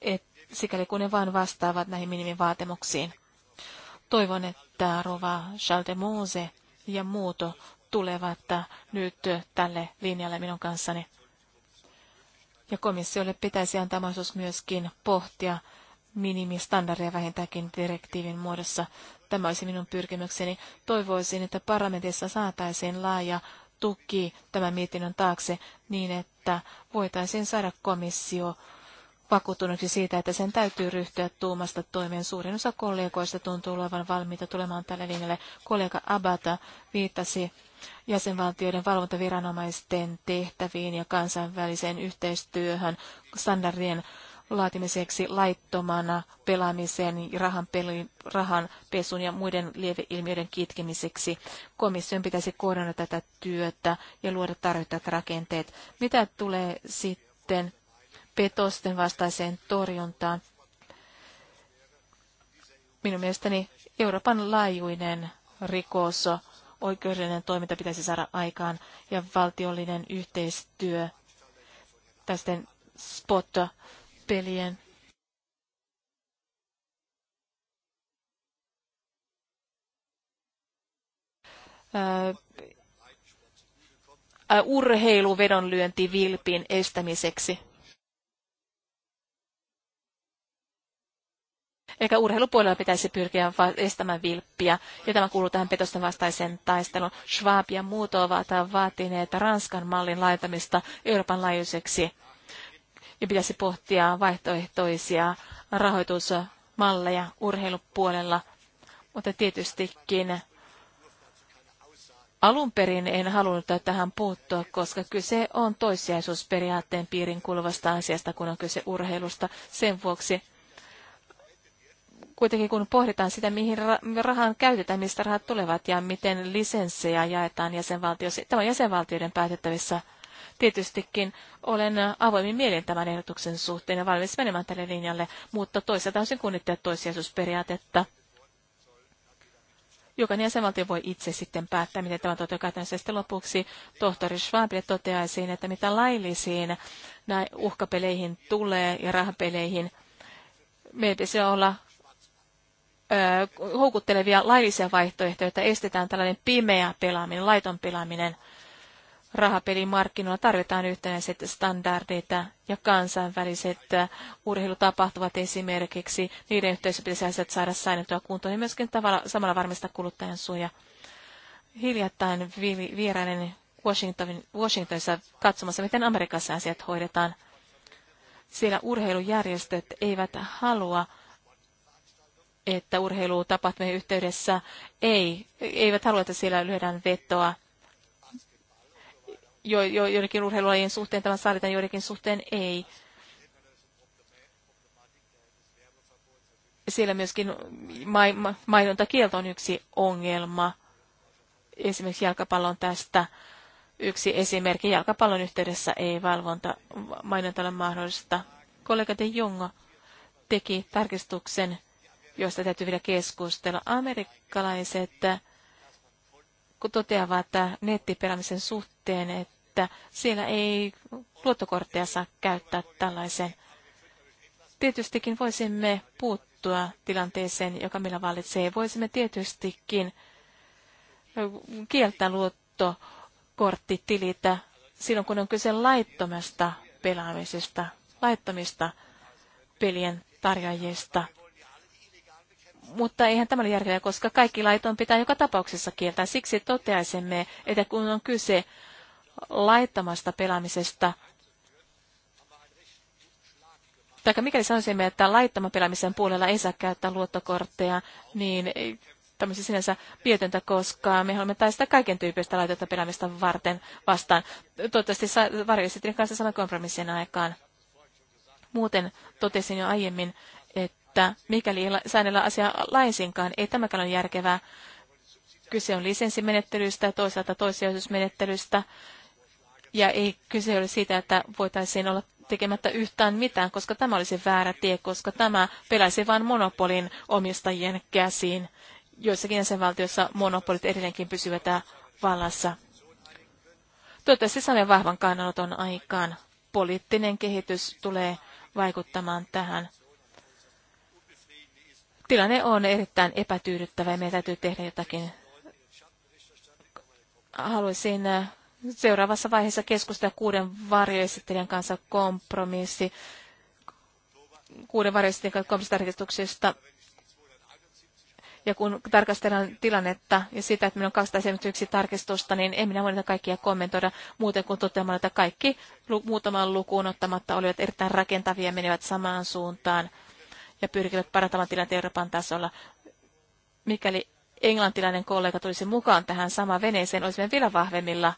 et, sikäli kun ne vain vastaavat näihin minimivaatimuksiin. Toivon, että Rova Chaldemose ja muut tulevat nyt tälle linjalle minun kanssani. Ja komissiolle pitäisi antaa mahdollisuus myöskin pohtia minimistandardeja vähintäänkin direktiivin muodossa. Tämä olisi minun pyrkimykseni. Toivoisin, että parlamentissa saataisiin laaja tuki tämän mietinnön taakse niin, että voitaisiin saada komissio vakuuttuneeksi siitä, että sen täytyy ryhtyä tuumasta toimeen. Suurin osa kollegoista tuntuu olevan valmiita tulemaan tälle linjalle. Kollega Abata viittasi jäsenvaltioiden valvontaviranomaisten tehtäviin ja kansainväliseen yhteistyöhön standardien laatimiseksi laittomana pelaamisen, rahan, peli, rahan pesun ja muiden lieveilmiöiden kitkemiseksi. Komission pitäisi koordinoida tätä työtä ja luoda tarvittavat rakenteet. Mitä tulee sitten petosten vastaiseen torjuntaan? Minun mielestäni Euroopan laajuinen rikos oikeudellinen toiminta pitäisi saada aikaan ja valtiollinen yhteistyö tästä spot pelien urheiluvedonlyönti vilpin estämiseksi. Eikä urheilupuolella pitäisi pyrkiä estämään vilppiä, ja tämä kuuluu tähän petosten vastaiseen taisteluun. Schwab ja muut ovat vaatineet Ranskan mallin laitamista Euroopan laajuiseksi ja pitäisi pohtia vaihtoehtoisia rahoitusmalleja urheilupuolella. Mutta tietystikin alun perin en halunnut tähän puuttua, koska kyse on toissijaisuusperiaatteen piirin kuuluvasta asiasta, kun on kyse urheilusta. Sen vuoksi kuitenkin kun pohditaan sitä, mihin rahan käytetään, mistä rahat tulevat ja miten lisenssejä jaetaan jäsenvaltioissa, tämä on jäsenvaltioiden päätettävissä – Tietystikin olen avoimin mielin tämän ehdotuksen suhteen ja valmis menemään tälle linjalle, mutta toisaalta on sen kunnittaa toissijaisuusperiaatetta. Jokainen jäsenvaltio voi itse sitten päättää, miten tämä toteutuu käytännössä. Sitten lopuksi tohtori Schwabille toteaisin, että mitä laillisiin näin uhkapeleihin tulee ja rahapeleihin, meidän pitäisi olla ö, houkuttelevia laillisia vaihtoehtoja, joita estetään tällainen pimeä pelaaminen, laiton pelaaminen rahapelimarkkinoilla tarvitaan yhtenäiset standardit ja kansainväliset urheilutapahtuvat esimerkiksi. Niiden yhteisö pitäisi saada säännettyä kuntoon ja myöskin tavalla, samalla varmistaa kuluttajan suoja. Hiljattain vierailen Washington, Washingtonissa katsomassa, miten Amerikassa asiat hoidetaan. Siellä urheilujärjestöt eivät halua että urheilutapahtumien yhteydessä ei, eivät halua, että siellä lyödään vetoa jo, jo, joidenkin urheilulajien suhteen tämän sallitaan, joidenkin suhteen ei. Siellä myöskin ma- ma, mainontakielto on yksi ongelma. Esimerkiksi jalkapallo on tästä yksi esimerkki. Jalkapallon yhteydessä ei valvonta mainonta ole mahdollista. Kollega De Jonga teki tarkistuksen, josta täytyy vielä keskustella. Amerikkalaiset toteavat nettipelaamisen suhteen, että että siellä ei luottokortteja saa käyttää tällaisen. Tietystikin voisimme puuttua tilanteeseen, joka meillä vallitsee. Voisimme tietystikin kieltää luottokorttitilitä silloin, kun on kyse laittomasta pelaamisesta, laittomista pelien tarjoajista. Mutta eihän tämä ole järkevää, koska kaikki laiton pitää joka tapauksessa kieltää. Siksi toteaisimme, että kun on kyse laittamasta pelaamisesta, tai mikäli sanoisimme, että laittama pelaamisen puolella ei saa käyttää luottokortteja, niin tämmöisen siis sinänsä pietöntä, koska me haluamme taistaa kaiken tyyppistä laitetta pelaamista varten vastaan. Toivottavasti varjoesitin kanssa saamme kompromissien aikaan. Muuten totesin jo aiemmin, että mikäli säännellä asiaa laisinkaan, ei tämäkään ole järkevää. Kyse on lisenssimenettelystä ja toisaalta toissijaisuusmenettelystä. Ja ei kyse ole siitä, että voitaisiin olla tekemättä yhtään mitään, koska tämä olisi väärä tie, koska tämä peläisi vain monopolin omistajien käsiin. Joissakin jäsenvaltioissa monopolit edelleenkin pysyvät vallassa. Toivottavasti saamme vahvan kannanoton aikaan. Poliittinen kehitys tulee vaikuttamaan tähän. Tilanne on erittäin epätyydyttävä ja meidän täytyy tehdä jotakin. Haluaisin seuraavassa vaiheessa keskustella kuuden varjoesittelijän kanssa kompromissi kuuden varjoesittelijän kompromissitarkistuksesta. Ja kun tarkastellaan tilannetta ja sitä, että meillä on 271 tarkistusta, niin en minä voi niitä kaikkia kommentoida muuten kuin toteamalla, että kaikki muutaman lukuun ottamatta olivat erittäin rakentavia, menivät samaan suuntaan ja pyrkivät parantamaan tilanteen Euroopan tasolla. Mikäli englantilainen kollega tulisi mukaan tähän samaan veneeseen, olisimme vielä vahvemmilla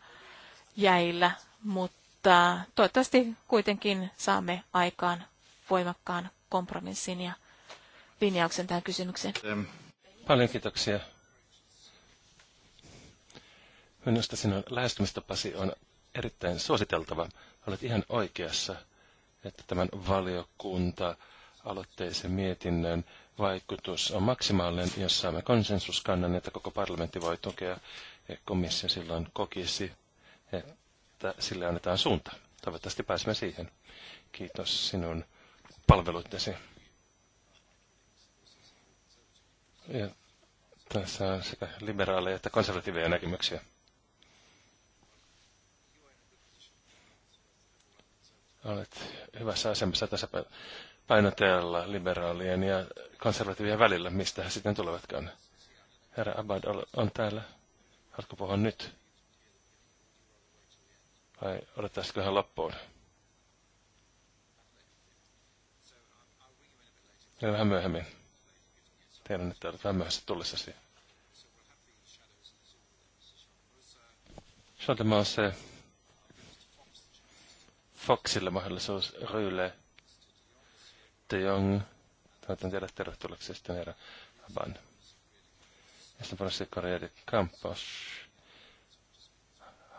jäillä, mutta toivottavasti kuitenkin saamme aikaan voimakkaan kompromissin ja linjauksen tähän kysymykseen. Paljon kiitoksia. Minusta sinun lähestymistapasi on erittäin suositeltava. Olet ihan oikeassa, että tämän valiokunta aloitteisen mietinnön vaikutus on maksimaalinen, jos saamme konsensuskannan, että koko parlamentti voi tukea komissio silloin kokisi että sille annetaan suunta. Toivottavasti pääsemme siihen. Kiitos sinun palveluittesi. Ja tässä on sekä liberaaleja että konservatiiveja näkemyksiä. Olet hyvässä asemassa tässä painotella liberaalien ja konservatiivien välillä, mistä he sitten tulevatkaan. Herra Abad on täällä. Haluatko puhua nyt? Vai odottaisiko hän loppuun? Ja vähän myöhemmin. Tiedän, että olet vähän myöhässä tullessasi. Tämä on se Foxille mahdollisuus Ryle De Jong. Toivottavasti teidät tervetulleeksi sitten herra Aban. Ja sitten Brassi Corriere Campos.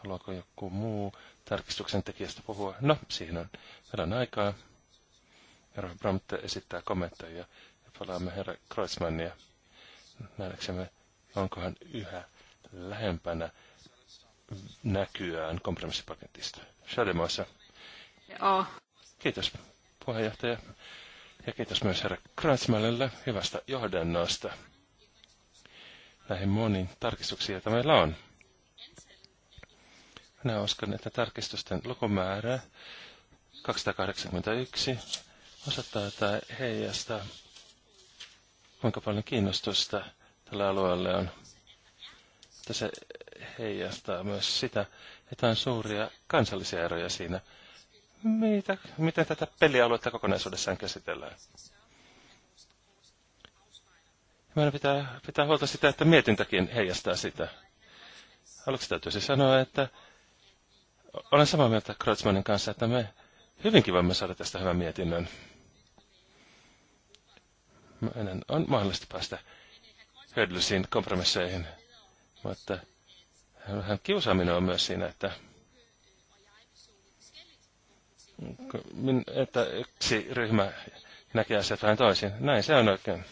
Haluaako joku muu tarkistuksen tekijästä puhua? No, siinä on. Meillä on aikaa. Herra Bramte esittää kommentteja ja palaamme herra Kreutzmannia. Nähdäksemme, onkohan yhä lähempänä näkyään kompromissipaketista. Shademoissa. Joo. Kiitos puheenjohtaja. Ja kiitos myös herra Kratzmäelle hyvästä johdannosta näihin moniin tarkistuksiin, joita meillä on. Minä uskon, että tarkistusten lukumäärä 281 osoittaa tai heijastaa, kuinka paljon kiinnostusta tällä alueella on. Mutta se heijastaa myös sitä, että on suuria kansallisia eroja siinä, mitä, miten tätä pelialuetta kokonaisuudessaan käsitellään. Meidän pitää, pitää huolta sitä, että mietintäkin heijastaa sitä. Aluksi täytyisi sanoa, että olen samaa mieltä Kreutzmannin kanssa, että me hyvinkin voimme saada tästä hyvän mietinnön. Meidän on mahdollista päästä hyödyllisiin kompromisseihin, mutta hän kiusaaminen on myös siinä, että, että yksi ryhmä näkee asiat vähän toisin. Näin se on oikein.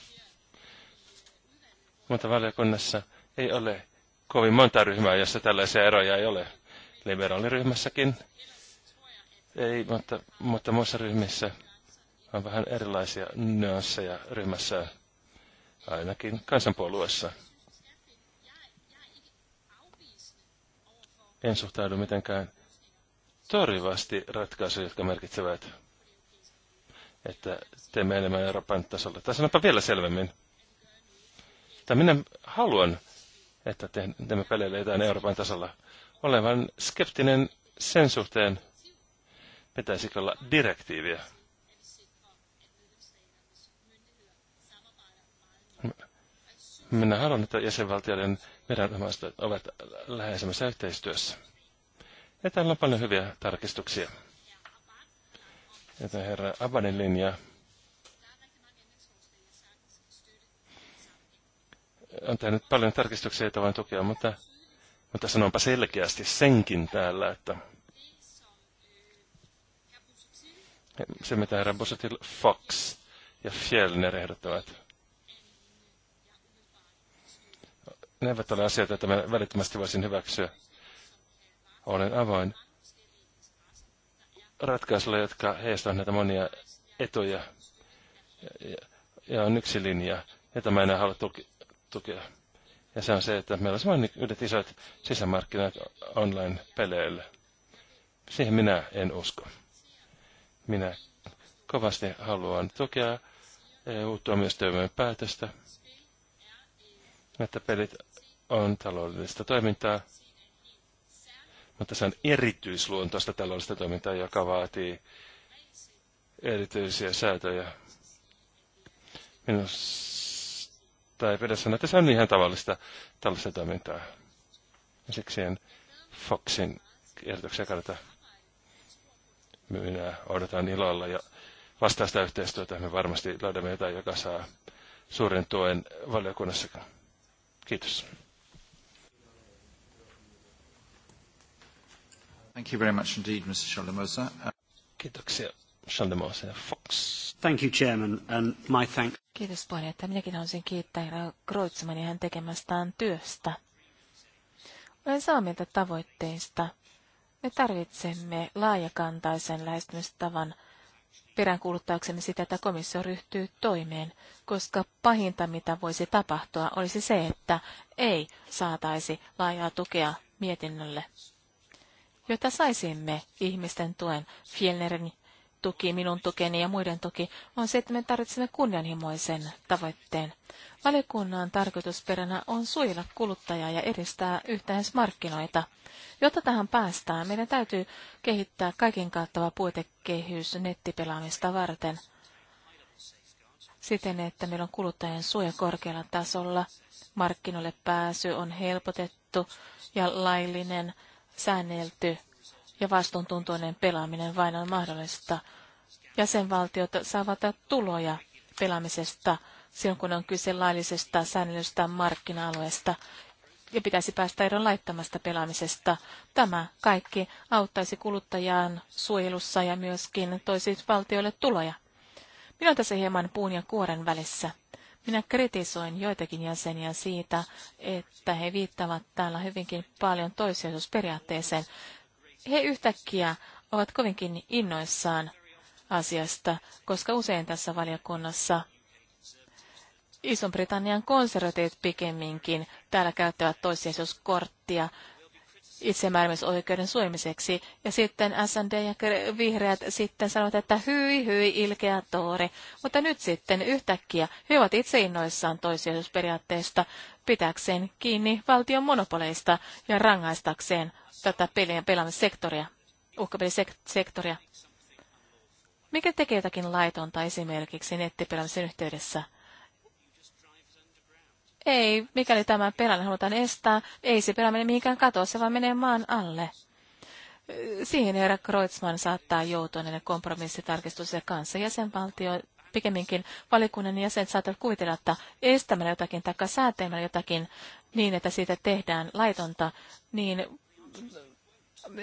Mutta valiokunnassa ei ole kovin monta ryhmää, jossa tällaisia eroja ei ole liberaaliryhmässäkin. Ei, mutta, mutta muissa ryhmissä on vähän erilaisia nyansseja ryhmässä, ainakin kansanpuolueessa. En suhtaudu mitenkään torjuvasti ratkaisuja, jotka merkitsevät, että teemme enemmän Euroopan tasolla. Tai sanonpa vielä selvemmin. Tai minä haluan, että teemme peleille jotain Euroopan tasolla olevan skeptinen sen suhteen, pitäisikö olla direktiiviä. Minä haluan, että jäsenvaltioiden viranomaiset ovat läheisemmässä yhteistyössä. Ja täällä on paljon hyviä tarkistuksia. Ja herra Abadin linja on tehnyt paljon tarkistuksia, joita voin tukea, mutta mutta sanonpa selkeästi senkin täällä, että se mitä herra Fox ja Fjellner ehdottavat, ne eivät ole asioita, joita mä välittömästi voisin hyväksyä. Olen avoin ratkaisulla, jotka heistä on näitä monia etuja. Ja, ja on yksi linja, jota mä enää halua tuki, tukea. Ja se on se, että meillä on vain niin yhdet isot sisämarkkinat online peleillä Siihen minä en usko. Minä kovasti haluan tukea EU-tuomioistuimen päätöstä, että pelit on taloudellista toimintaa, mutta se on erityisluontoista taloudellista toimintaa, joka vaatii erityisiä säätöjä. Minus tai ei pidä sanoa, että se on ihan tavallista tällaista toimintaa. Ja siksi en Foxin kertoksia kannata. myynää. odotan ilolla ja vastaista yhteistyötä me varmasti löydämme jotain, joka saa suuren tuen valiokunnassa. Kiitos. Thank you very much indeed, Mr. Schaldemosa. Kiitoksia, Schaldemosa Fox. Thank you, Chairman, and my thanks. Kiitos että Minäkin haluaisin kiittää Herra Kreutzmannia hän tekemästään työstä. Olen samaa mieltä tavoitteista. Me tarvitsemme laajakantaisen lähestymistavan peräänkuuluttaaksemme sitä, että komissio ryhtyy toimeen, koska pahinta, mitä voisi tapahtua, olisi se, että ei saataisi laajaa tukea mietinnölle, jota saisimme ihmisten tuen Fjellnerin tuki, minun tukeni ja muiden tuki, on se, että me tarvitsemme kunnianhimoisen tavoitteen. Valiokunnan tarkoitusperänä on suojella kuluttajaa ja edistää yhteismarkkinoita. Jotta tähän päästään, meidän täytyy kehittää kaiken kattava puitekehys nettipelaamista varten siten, että meillä on kuluttajien suoja korkealla tasolla, markkinoille pääsy on helpotettu ja laillinen säännelty ja vastuuntuntoinen pelaaminen vain on mahdollista. Jäsenvaltiot saavat tuloja pelaamisesta silloin, kun on kyse laillisesta säännöllisestä markkina-alueesta ja pitäisi päästä eron laittamasta pelaamisesta. Tämä kaikki auttaisi kuluttajaan suojelussa ja myöskin toisi valtioille tuloja. Minä tässä hieman puun ja kuoren välissä. Minä kritisoin joitakin jäseniä siitä, että he viittavat täällä hyvinkin paljon toisiosuusperiaatteeseen he yhtäkkiä ovat kovinkin innoissaan asiasta, koska usein tässä valiokunnassa Iso-Britannian konservatiivit pikemminkin täällä käyttävät toissijaisuuskorttia itsemääräämisoikeuden suojamiseksi. Ja sitten SND ja vihreät sitten sanovat, että hyi, hyi, ilkeä toori. Mutta nyt sitten yhtäkkiä he ovat itse innoissaan toissijaisuusperiaatteesta pitäkseen kiinni valtion monopoleista ja rangaistakseen tätä pelien pelaamissektoria, uhkapelisektoria. Mikä tekee jotakin laitonta esimerkiksi nettipelaamisen yhteydessä? Ei, mikäli tämä pelaaminen halutaan estää, ei se pelaaminen mihinkään katoa, se vaan menee maan alle. Siihen herra Kreutzmann saattaa joutua näiden kompromissitarkistusten kanssa. Jäsenvaltio pikemminkin valikunnan jäsenet saattavat kuvitella, että estämällä jotakin tai säätämällä jotakin niin, että siitä tehdään laitonta, niin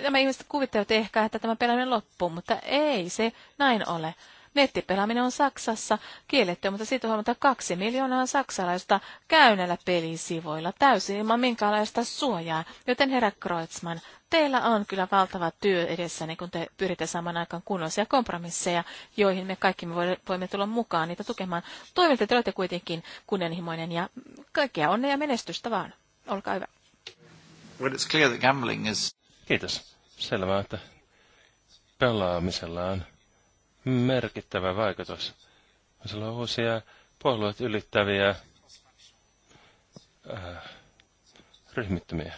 nämä ihmiset kuvittelevat ehkä, että tämä pelaaminen loppuu, mutta ei se näin ole. Nettipelaaminen on Saksassa kielletty, mutta siitä huomatta kaksi miljoonaa saksalaista käynnällä pelisivuilla täysin ilman minkäänlaista suojaa. Joten herra Kreutzmann, teillä on kyllä valtava työ edessä, niin kun te pyritte saamaan aikaan kunnollisia kompromisseja, joihin me kaikki me voimme tulla mukaan niitä tukemaan. Toivon, että te olette kuitenkin kunnianhimoinen ja kaikkea onnea ja menestystä vaan. Olkaa hyvä. Well, it's clear that gambling is... Kiitos. Selvää, että pelaamisella on merkittävä vaikutus. Sillä on uusia puolueet ylittäviä äh, ryhmittymiä.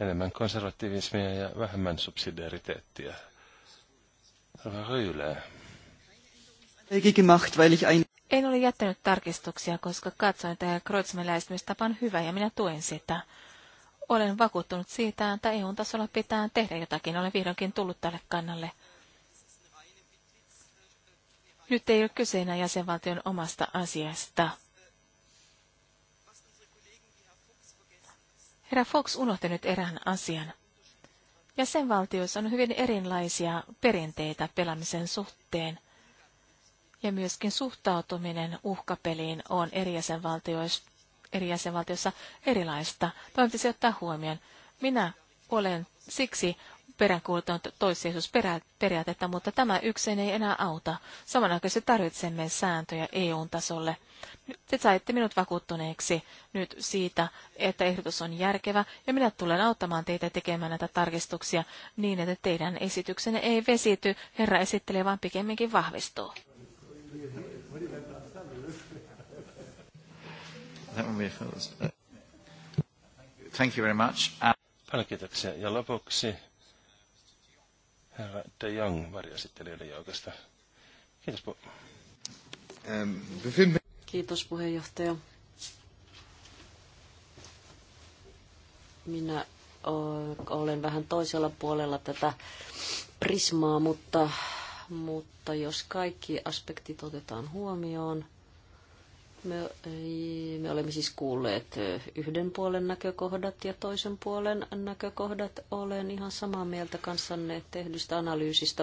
Enemmän konservatiivismia ja vähemmän subsidiariteettia. Ryylää. En ole jättänyt tarkistuksia, koska katsoin, että Kreutzmann lähestymistapa on hyvä ja minä tuen sitä. Olen vakuuttunut siitä, että EUn tasolla pitää tehdä jotakin. Olen vihdoinkin tullut tälle kannalle. Nyt ei ole kyse enää jäsenvaltion omasta asiasta. Herra Fox unohti nyt erään asian. Jäsenvaltioissa on hyvin erilaisia perinteitä pelaamisen suhteen, ja myöskin suhtautuminen uhkapeliin on eri jäsenvaltioissa eri jäsenvaltiossa erilaista. Tämä se ottaa huomioon. Minä olen siksi peräänkuuluttanut periaatetta, mutta tämä yksin ei enää auta. Samanaikaisesti tarvitsemme sääntöjä eu tasolle Te saitte minut vakuuttuneeksi nyt siitä, että ehdotus on järkevä, ja minä tulen auttamaan teitä tekemään näitä tarkistuksia niin, että teidän esityksenne ei vesity, herra esittelee, vaan pikemminkin vahvistuu. Uh, thank you very much. Uh, ja lopuksi herra De Jong, joukosta. Kiitos, pu- ähm, Kiitos puheenjohtaja. Minä olen vähän toisella puolella tätä prismaa, mutta, mutta jos kaikki aspektit otetaan huomioon, me, me olemme siis kuulleet yhden puolen näkökohdat ja toisen puolen näkökohdat. Olen ihan samaa mieltä kanssanne tehdystä analyysistä,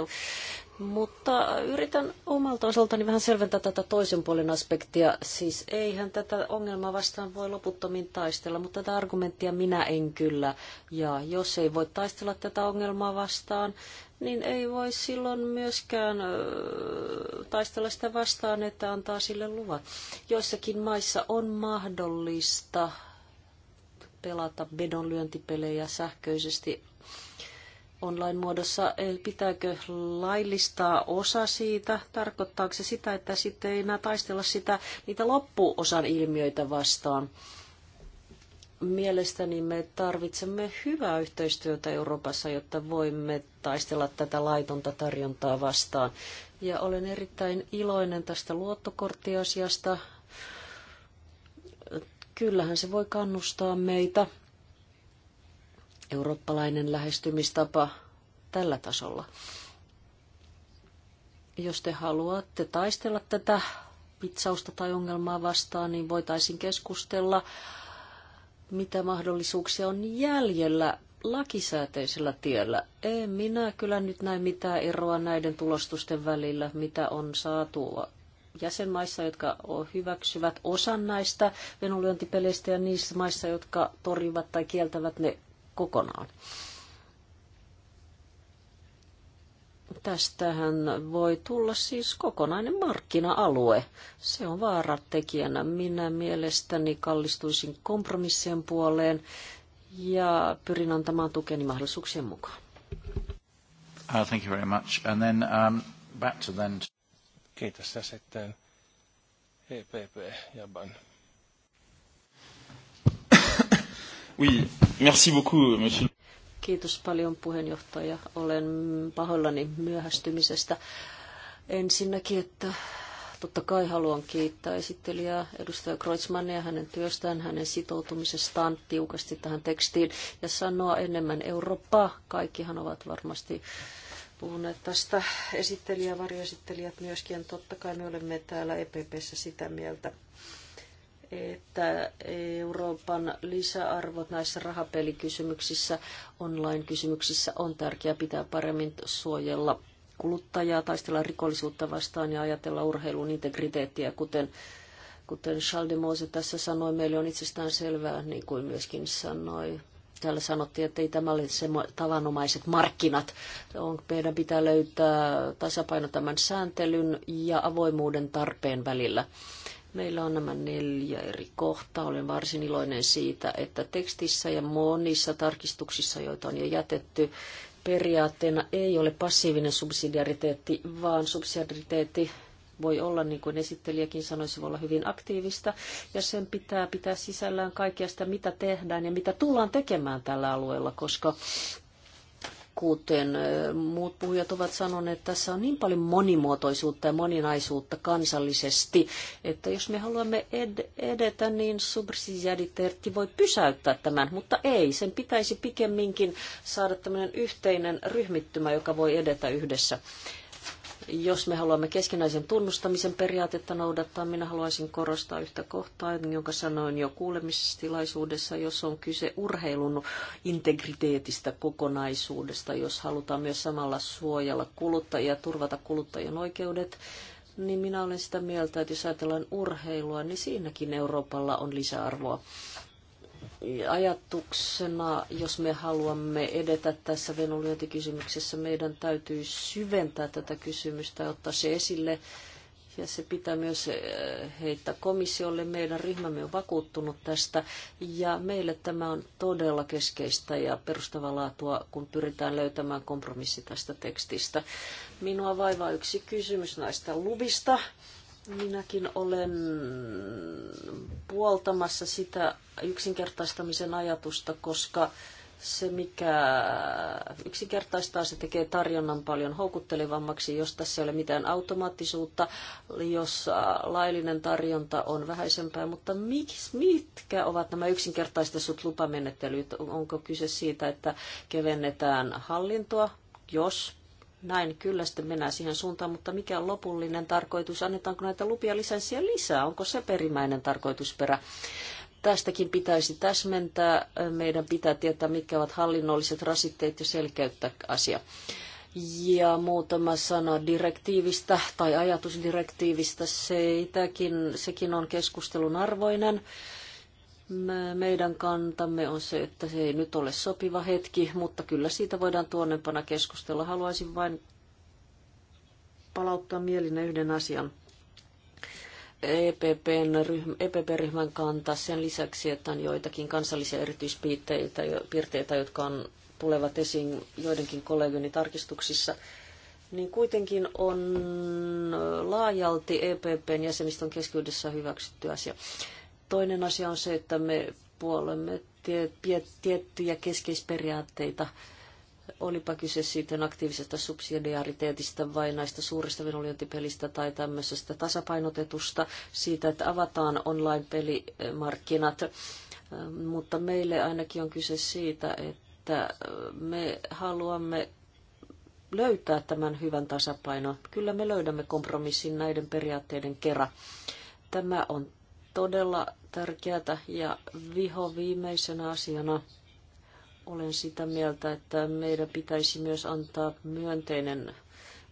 mutta yritän omalta osaltani vähän selventää tätä toisen puolen aspektia. Siis eihän tätä ongelmaa vastaan voi loputtomiin taistella, mutta tätä argumenttia minä en kyllä. Ja jos ei voi taistella tätä ongelmaa vastaan, niin ei voi silloin myöskään taistella sitä vastaan, että antaa sille luvat, Joissakin maissa on mahdollista pelata vedonlyöntipelejä sähköisesti online muodossa. Pitääkö laillistaa osa siitä? Tarkoittaako se sitä, että sitten ei enää taistella sitä, niitä loppuosan ilmiöitä vastaan? Mielestäni me tarvitsemme hyvää yhteistyötä Euroopassa, jotta voimme taistella tätä laitonta tarjontaa vastaan. Ja olen erittäin iloinen tästä luottokorttiasiasta. Kyllähän se voi kannustaa meitä. Eurooppalainen lähestymistapa tällä tasolla. Jos te haluatte taistella tätä pitsausta tai ongelmaa vastaan, niin voitaisiin keskustella mitä mahdollisuuksia on jäljellä lakisääteisellä tiellä. En minä kyllä nyt näe mitään eroa näiden tulostusten välillä, mitä on saatu jäsenmaissa, jotka hyväksyvät osan näistä venulyöntipeleistä ja niissä maissa, jotka torjuvat tai kieltävät ne kokonaan. Tästähän voi tulla siis kokonainen markkina-alue. Se on vaaratekijänä. Minä mielestäni kallistuisin kompromissien puoleen ja pyrin antamaan tukeni mahdollisuuksien mukaan. Uh, thank you very much. And then um, back to then. Kiitos ja sitten EPP Jaban. oui, merci beaucoup, monsieur. Kiitos paljon puheenjohtaja. Olen pahoillani myöhästymisestä. Ensinnäkin, että totta kai haluan kiittää esittelijää edustaja Kreutzmannia hänen työstään, hänen sitoutumisestaan tiukasti tähän tekstiin ja sanoa enemmän Eurooppaa. Kaikkihan ovat varmasti puhuneet tästä esittelijä, varjoesittelijät myöskin. Totta kai me olemme täällä EPPssä sitä mieltä, että Euroopan lisäarvot näissä rahapelikysymyksissä, online-kysymyksissä on tärkeää pitää paremmin suojella kuluttajaa, taistella rikollisuutta vastaan ja ajatella urheilun integriteettiä, kuten kuten Charles de Mose tässä sanoi, meille on itsestään selvää, niin kuin myöskin sanoi. Täällä sanottiin, että ei tämä ole se tavanomaiset markkinat. On, meidän pitää löytää tasapaino tämän sääntelyn ja avoimuuden tarpeen välillä. Meillä on nämä neljä eri kohtaa. Olen varsin iloinen siitä, että tekstissä ja monissa tarkistuksissa, joita on jo jätetty, periaatteena ei ole passiivinen subsidiariteetti, vaan subsidiariteetti voi olla, niin kuin esittelijäkin sanoi, se voi olla hyvin aktiivista, ja sen pitää pitää sisällään kaikkea sitä, mitä tehdään ja mitä tullaan tekemään tällä alueella, koska kuten muut puhujat ovat sanoneet, tässä on niin paljon monimuotoisuutta ja moninaisuutta kansallisesti, että jos me haluamme ed- edetä, niin subsidiariteetti voi pysäyttää tämän, mutta ei. Sen pitäisi pikemminkin saada tämmöinen yhteinen ryhmittymä, joka voi edetä yhdessä. Jos me haluamme keskinäisen tunnustamisen periaatetta noudattaa, minä haluaisin korostaa yhtä kohtaa, jonka sanoin jo kuulemistilaisuudessa, jos on kyse urheilun integriteetistä kokonaisuudesta, jos halutaan myös samalla suojella kuluttajia, turvata kuluttajien oikeudet, niin minä olen sitä mieltä, että jos ajatellaan urheilua, niin siinäkin Euroopalla on lisäarvoa ajatuksena, jos me haluamme edetä tässä venulyöntikysymyksessä, meidän täytyy syventää tätä kysymystä ja ottaa se esille. Ja se pitää myös eh, heittää komissiolle. Meidän ryhmämme on vakuuttunut tästä ja meille tämä on todella keskeistä ja perustavaa laatua, kun pyritään löytämään kompromissi tästä tekstistä. Minua vaivaa yksi kysymys näistä luvista. Minäkin olen puoltamassa sitä yksinkertaistamisen ajatusta, koska se, mikä yksinkertaistaa, se tekee tarjonnan paljon houkuttelevammaksi, jos tässä ei ole mitään automaattisuutta, jos laillinen tarjonta on vähäisempää. Mutta mitkä ovat nämä yksinkertaistetut lupamenettelyt? Onko kyse siitä, että kevennetään hallintoa, jos näin kyllä sitten mennään siihen suuntaan, mutta mikä on lopullinen tarkoitus? Annetaanko näitä lupia lisenssiä lisää? Onko se perimmäinen tarkoitusperä? Tästäkin pitäisi täsmentää. Meidän pitää tietää, mitkä ovat hallinnolliset rasitteet ja selkeyttää asia. Ja muutama sana direktiivistä tai ajatus direktiivistä. itäkin sekin on keskustelun arvoinen. Meidän kantamme on se, että se ei nyt ole sopiva hetki, mutta kyllä siitä voidaan tuonnempana keskustella. Haluaisin vain palauttaa mielinä yhden asian. EPPn ryhmä, EPP-ryhmän kanta sen lisäksi, että on joitakin kansallisia erityispiirteitä, jotka on, tulevat esiin joidenkin kollegani tarkistuksissa, niin kuitenkin on laajalti EPPn jäsenistön keskuudessa hyväksytty asia. Toinen asia on se, että me puolemme tiettyjä keskeisperiaatteita, olipa kyse siitä aktiivisesta subsidiariteetista vai näistä suurista vedonlyöntipelistä tai tämmöisestä tasapainotetusta, siitä, että avataan online-pelimarkkinat. Mutta meille ainakin on kyse siitä, että me haluamme löytää tämän hyvän tasapainon. Kyllä me löydämme kompromissin näiden periaatteiden kerran. Tämä on todella tärkeätä ja viho viimeisenä asiana olen sitä mieltä, että meidän pitäisi myös antaa myönteinen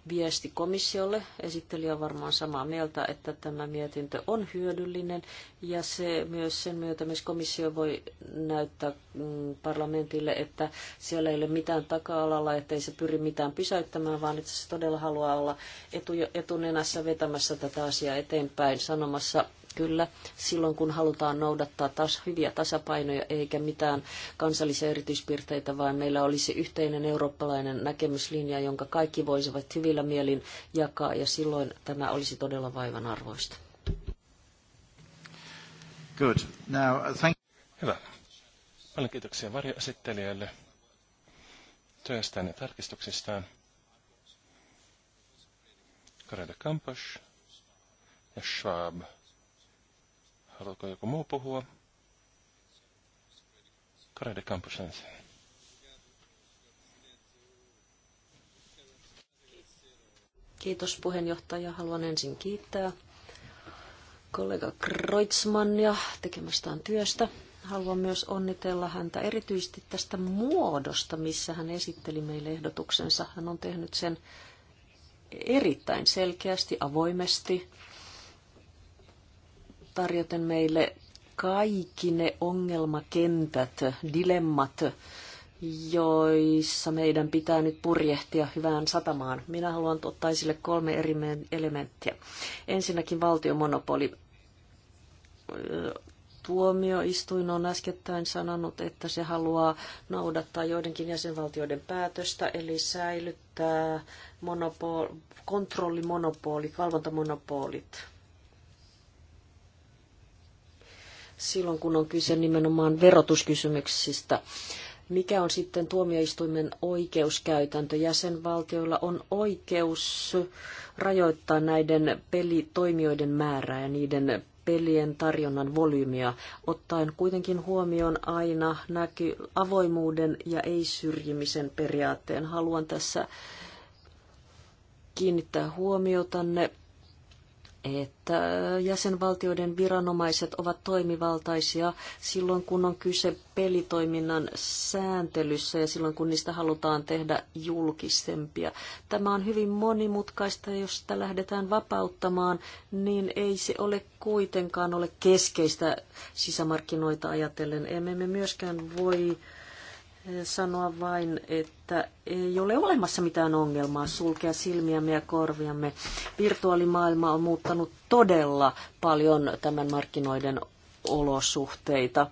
viesti komissiolle. Esittelijä on varmaan samaa mieltä, että tämä mietintö on hyödyllinen ja se myös sen myötä myös komissio voi näyttää mm, parlamentille, että siellä ei ole mitään taka-alalla, ettei se pyri mitään pysäyttämään, vaan että se todella haluaa olla etunenässä vetämässä tätä asiaa eteenpäin, sanomassa kyllä silloin, kun halutaan noudattaa taas hyviä tasapainoja eikä mitään kansallisia erityispiirteitä, vaan meillä olisi yhteinen eurooppalainen näkemyslinja, jonka kaikki voisivat hyvillä mielin jakaa ja silloin tämä olisi todella vaivan arvoista. Good. Now, uh, thank... Hyvä. Paljon kiitoksia varjoesittelijöille työstään ja tarkistuksistaan. Karel Kampos ja Schwab Haluatko joku muu puhua? Karede Campus Kiitos puheenjohtaja. Haluan ensin kiittää kollega Kreutzmannia tekemästään työstä. Haluan myös onnitella häntä erityisesti tästä muodosta, missä hän esitteli meille ehdotuksensa. Hän on tehnyt sen erittäin selkeästi, avoimesti tarjoten meille kaikki ne ongelmakentät, dilemmat, joissa meidän pitää nyt purjehtia hyvään satamaan. Minä haluan ottaa esille kolme eri elementtiä. Ensinnäkin valtiomonopoli. Tuomioistuin on äskettäin sanonut, että se haluaa noudattaa joidenkin jäsenvaltioiden päätöstä, eli säilyttää monopol- kontrollimonopolit, valvontamonopolit silloin, kun on kyse nimenomaan verotuskysymyksistä. Mikä on sitten tuomioistuimen oikeuskäytäntö? Jäsenvaltioilla on oikeus rajoittaa näiden pelitoimijoiden määrää ja niiden pelien tarjonnan volyymia, ottaen kuitenkin huomioon aina näky avoimuuden ja ei-syrjimisen periaatteen. Haluan tässä kiinnittää huomiotanne että jäsenvaltioiden viranomaiset ovat toimivaltaisia silloin, kun on kyse pelitoiminnan sääntelyssä ja silloin, kun niistä halutaan tehdä julkisempia. Tämä on hyvin monimutkaista ja jos sitä lähdetään vapauttamaan, niin ei se ole kuitenkaan ole keskeistä sisämarkkinoita ajatellen. Emme me myöskään voi äh, sanoa vain, että ei ole olemassa mitään ongelmaa sulkea silmiämme ja korviamme. Virtuaalimaailma on muuttanut todella paljon tämän markkinoiden olosuhteita.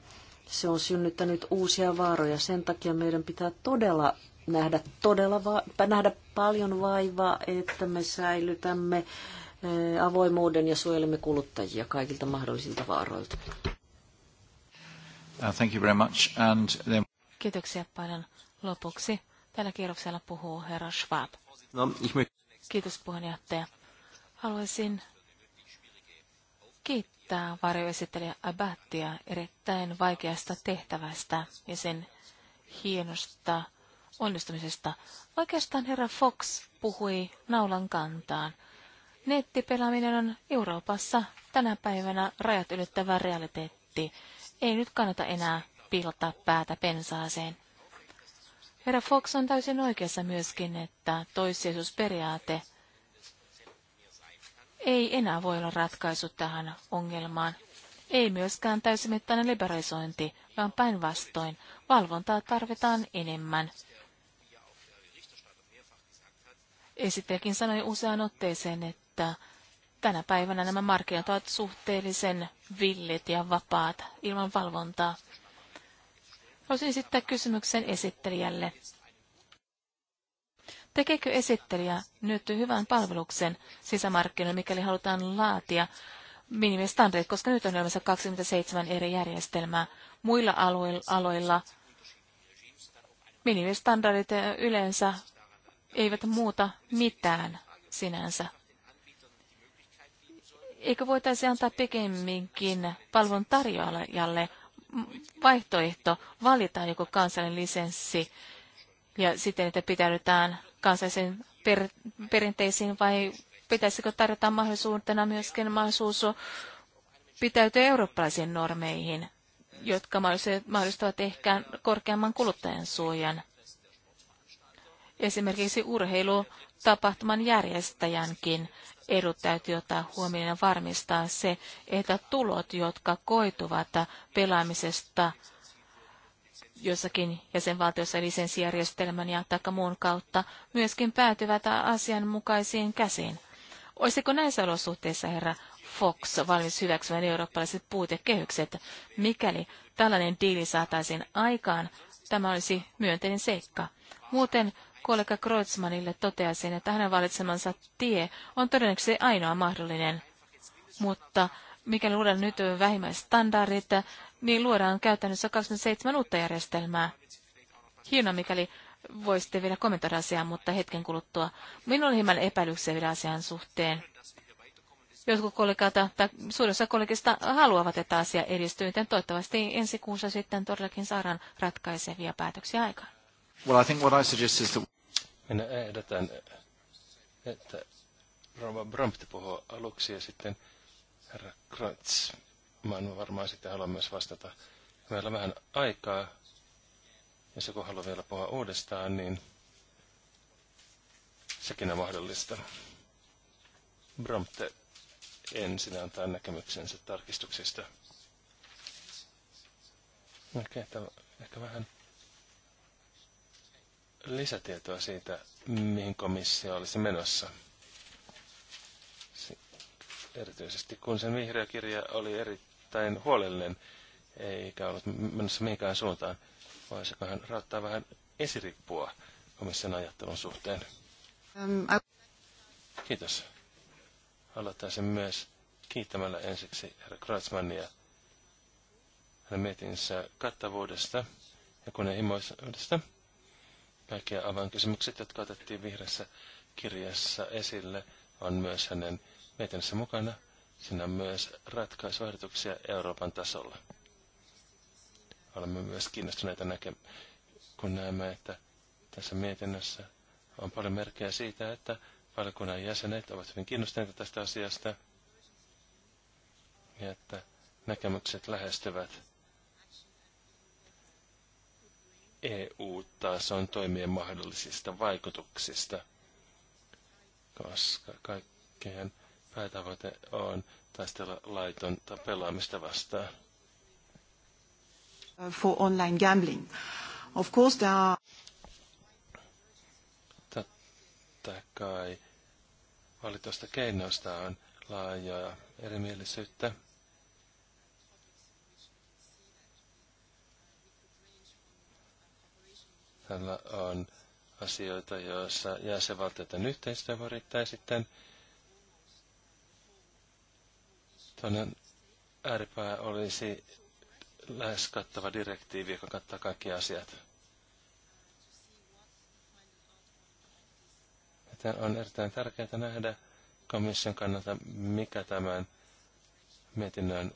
Se on synnyttänyt uusia vaaroja. Sen takia meidän pitää todella nähdä, todella va- nähdä paljon vaivaa, että me säilytämme eh, avoimuuden ja suojelemme kuluttajia kaikilta mahdollisilta vaaroilta. Uh, thank you very much. And then... Kiitoksia paljon. Lopuksi tällä kierroksella puhuu herra Schwab. No, ihme. Kiitos puheenjohtaja. Haluaisin kiittää varjoesittelijä Abattia erittäin vaikeasta tehtävästä ja sen hienosta onnistumisesta. Oikeastaan herra Fox puhui naulan kantaan. Nettipelaaminen on Euroopassa tänä päivänä rajat ylittävä realiteetti. Ei nyt kannata enää piilottaa päätä pensaaseen. Herra Fox on täysin oikeassa myöskin, että toissijaisuusperiaate ei enää voi olla ratkaisu tähän ongelmaan. Ei myöskään täysimittainen liberalisointi, vaan päinvastoin valvontaa tarvitaan enemmän. Esittäjäkin sanoi useaan otteeseen, että tänä päivänä nämä markkinat ovat suhteellisen villit ja vapaat ilman valvontaa. Haluaisin esittää kysymyksen esittelijälle. Tekeekö esittelijä nyt hyvän palveluksen sisämarkkinoille, mikäli halutaan laatia minimistandardit, koska nyt on olemassa 27 eri järjestelmää. Muilla aloilla minimistandardit yleensä eivät muuta mitään sinänsä. Eikö voitaisi antaa pikemminkin palvelun tarjoajalle vaihtoehto valita joku kansallinen lisenssi ja sitten, että pitäydytään kansallisen per, perinteisiin vai pitäisikö tarjota mahdollisuutena myöskin mahdollisuus pitäytyä eurooppalaisiin normeihin, jotka mahdollistavat ehkä korkeamman kuluttajan suojan. Esimerkiksi urheilutapahtuman järjestäjänkin edut täytyy ottaa huomioon ja varmistaa se, että tulot, jotka koituvat pelaamisesta jossakin jäsenvaltiossa lisenssijärjestelmän ja taikka muun kautta, myöskin päätyvät asianmukaisiin käsiin. Olisiko näissä olosuhteissa, herra Fox, valmis hyväksymään eurooppalaiset puutekehykset? Mikäli tällainen diili saataisiin aikaan, tämä olisi myönteinen seikka. Muuten kollega Kreutzmannille toteaisin, että hänen valitsemansa tie on todennäköisesti ainoa mahdollinen. Mutta mikäli luodaan nyt vähimmäistandardit, niin luodaan käytännössä 27 uutta järjestelmää. Hienoa, mikäli voisitte vielä kommentoida asiaa, mutta hetken kuluttua. Minulla on hieman epäilyksiä vielä asian suhteen. Jotkut kollegat tai suurin osa kollegista haluavat, että asia edistyy, joten toivottavasti ensi kuussa sitten todellakin saadaan ratkaisevia päätöksiä aikaan. Well, I think what I suggest is that mennä ehdotan, että Roma Brompti puhuu aluksi ja sitten herra en varmaan sitten halua myös vastata. Meillä on vähän aikaa, ja se kun haluaa vielä puhua uudestaan, niin sekin on mahdollista. Brompte ensin antaa näkemyksensä tarkistuksista. Okei, okay, tämä ehkä vähän lisätietoa siitä, mihin komissio olisi menossa. Erityisesti kun sen vihreä kirja oli erittäin huolellinen, eikä ollut menossa mihinkään suuntaan. Voisiko hän raottaa vähän esirippua komission ajattelun suhteen? Um, Kiitos. Aloittaisin myös kiittämällä ensiksi herra Kratzmannia hänen mietinsä kattavuudesta ja kunnianhimoisuudesta. Kaikkia avainkysymykset, jotka otettiin vihreässä kirjassa esille, on myös hänen mietinnössä mukana. Siinä on myös ratkaisuehdotuksia Euroopan tasolla. Olemme myös kiinnostuneita näkemään, kun näemme, että tässä mietinnössä on paljon merkkejä siitä, että valkunnan jäsenet ovat hyvin kiinnostuneita tästä asiasta ja että näkemykset lähestyvät EU-tason toimien mahdollisista vaikutuksista, koska kaikkien päätavoite on taistella laitonta pelaamista vastaan. For online gambling. Of course there are... Totta kai valitusta keinoista on laajaa erimielisyyttä. Tällä on asioita, joissa jäsenvaltioiden yhteistyö voi riittää sitten. Toinen ääripää olisi lähes kattava direktiivi, joka kattaa kaikki asiat. Joten on erittäin tärkeää nähdä komission kannalta, mikä tämän mietinnön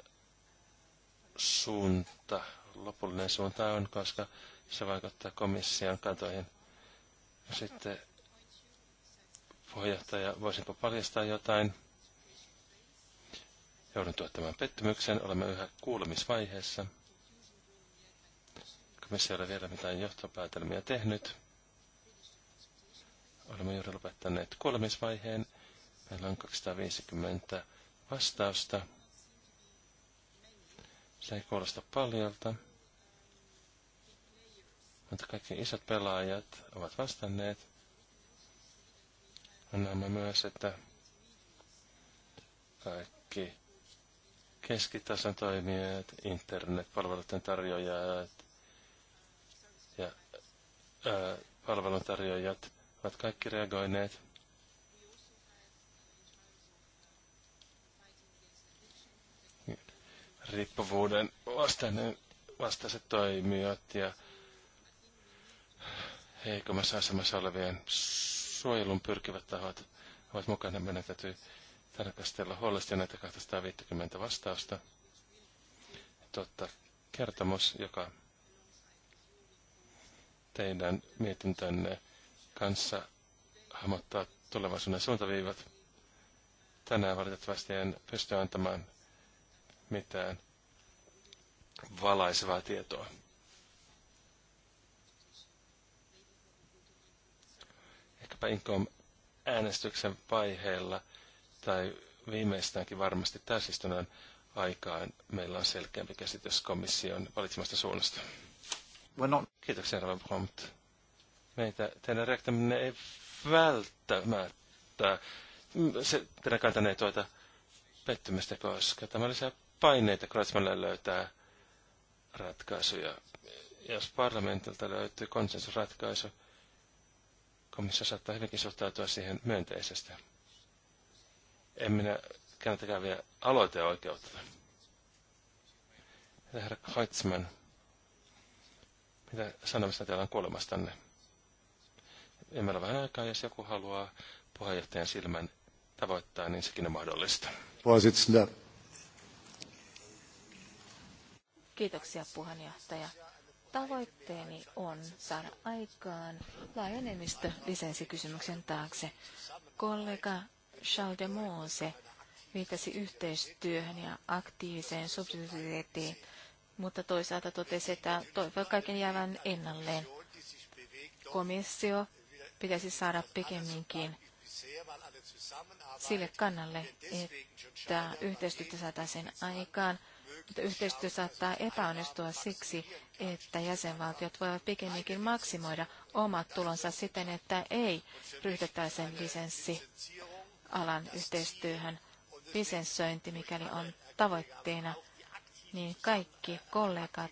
suunta, lopullinen suunta on, koska se vaikuttaa komission kantoihin. Sitten puheenjohtaja, voisinko paljastaa jotain? Joudun tuottamaan pettymyksen. Olemme yhä kuulemisvaiheessa. Komissio ei ole vielä mitään johtopäätelmiä tehnyt. Olemme juuri lopettaneet kuulemisvaiheen. Meillä on 250 vastausta. Se ei kuulosta paljolta mutta kaikki isot pelaajat ovat vastanneet. Näemme myös, että kaikki keskitason toimijat, internetpalveluiden tarjoajat ja ää, palveluntarjoajat ovat kaikki reagoineet. Riippuvuuden vastainen, vastaiset toimijat ja heikommassa asemassa olevien suojelun pyrkivät tahot ovat mukana. Meidän täytyy tarkastella huolesti näitä 250 vastausta. Totta, kertomus, joka teidän mietintänne kanssa hahmottaa tulevaisuuden suuntaviivat. Tänään valitettavasti en pysty antamaan mitään valaisevaa tietoa. ehkäpä Inkom äänestyksen vaiheella tai viimeistäänkin varmasti täysistunnan aikaan meillä on selkeämpi käsitys komission valitsemasta suunnasta. Bueno. Kiitoksia, Rava Prompt. Meitä teidän reaktaminen ei välttämättä, mm, se, teidän kantanne ei tuota pettymystä, koska tämä lisää paineita Kreutzmannille löytää ratkaisuja. Jos parlamentilta löytyy konsensusratkaisu, komissa saattaa hyvinkin suhtautua siihen myönteisesti. En minä kääntäkään vielä aloiteoikeutta. Herra Kreutzmann, mitä sanomista teillä on kuolemastanne? Emme vähän aikaa, jos joku haluaa puheenjohtajan silmän tavoittaa, niin sekin on mahdollista. Kiitoksia puheenjohtaja. Tavoitteeni on saada aikaan laaja enemmistö lisenssikysymyksen taakse. Kollega Charles de Mose viittasi yhteistyöhön ja aktiiviseen subsidiariteettiin, mutta toisaalta totesi, että toivoi kaiken jäävän ennalleen. Komissio pitäisi saada pikemminkin sille kannalle, että yhteistyötä saataisiin aikaan mutta yhteistyö saattaa epäonnistua siksi, että jäsenvaltiot voivat pikemminkin maksimoida omat tulonsa siten, että ei ryhdyttäisen lisenssialan yhteistyöhön. Lisenssointi, mikäli on tavoitteena, niin kaikki kollegat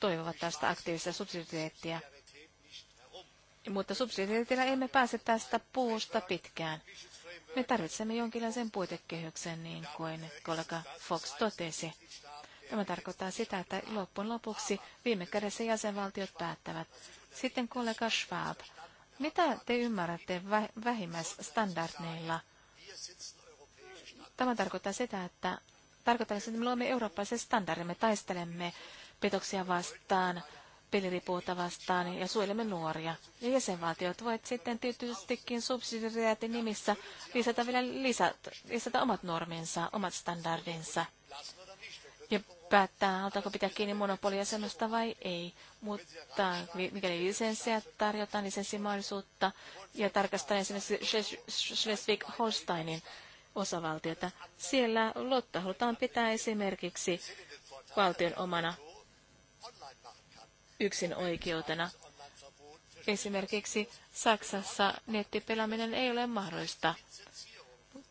toivovat tästä aktiivista subsidiariteettia. Mutta subsidiariteetillä emme pääse tästä puusta pitkään. Me tarvitsemme jonkinlaisen puitekehyksen, niin kuin kollega Fox totesi. Tämä tarkoittaa sitä, että loppujen lopuksi viime kädessä jäsenvaltiot päättävät. Sitten kollega Schwab, mitä te ymmärrätte vähimmäisstandardneilla? Tämä tarkoittaa sitä, että tarkoittaa, että me luomme eurooppalaisen standardin, me taistelemme petoksia vastaan, peliripuuta vastaan ja suojelemme nuoria. Ja jäsenvaltiot voivat sitten tietystikin subsidiariaatin nimissä lisätä vielä lisät, lisätä omat norminsa, omat standardinsa. Ja päättää, halutaanko pitää kiinni monopoliasemasta vai ei. Mutta mikäli lisenssiä tarjotaan, lisenssimahdollisuutta ja tarkastaa esimerkiksi Schleswig-Holsteinin osavaltiota. Siellä Lotta halutaan pitää esimerkiksi valtion omana yksin oikeutena. Esimerkiksi Saksassa nettipelaaminen ei ole mahdollista,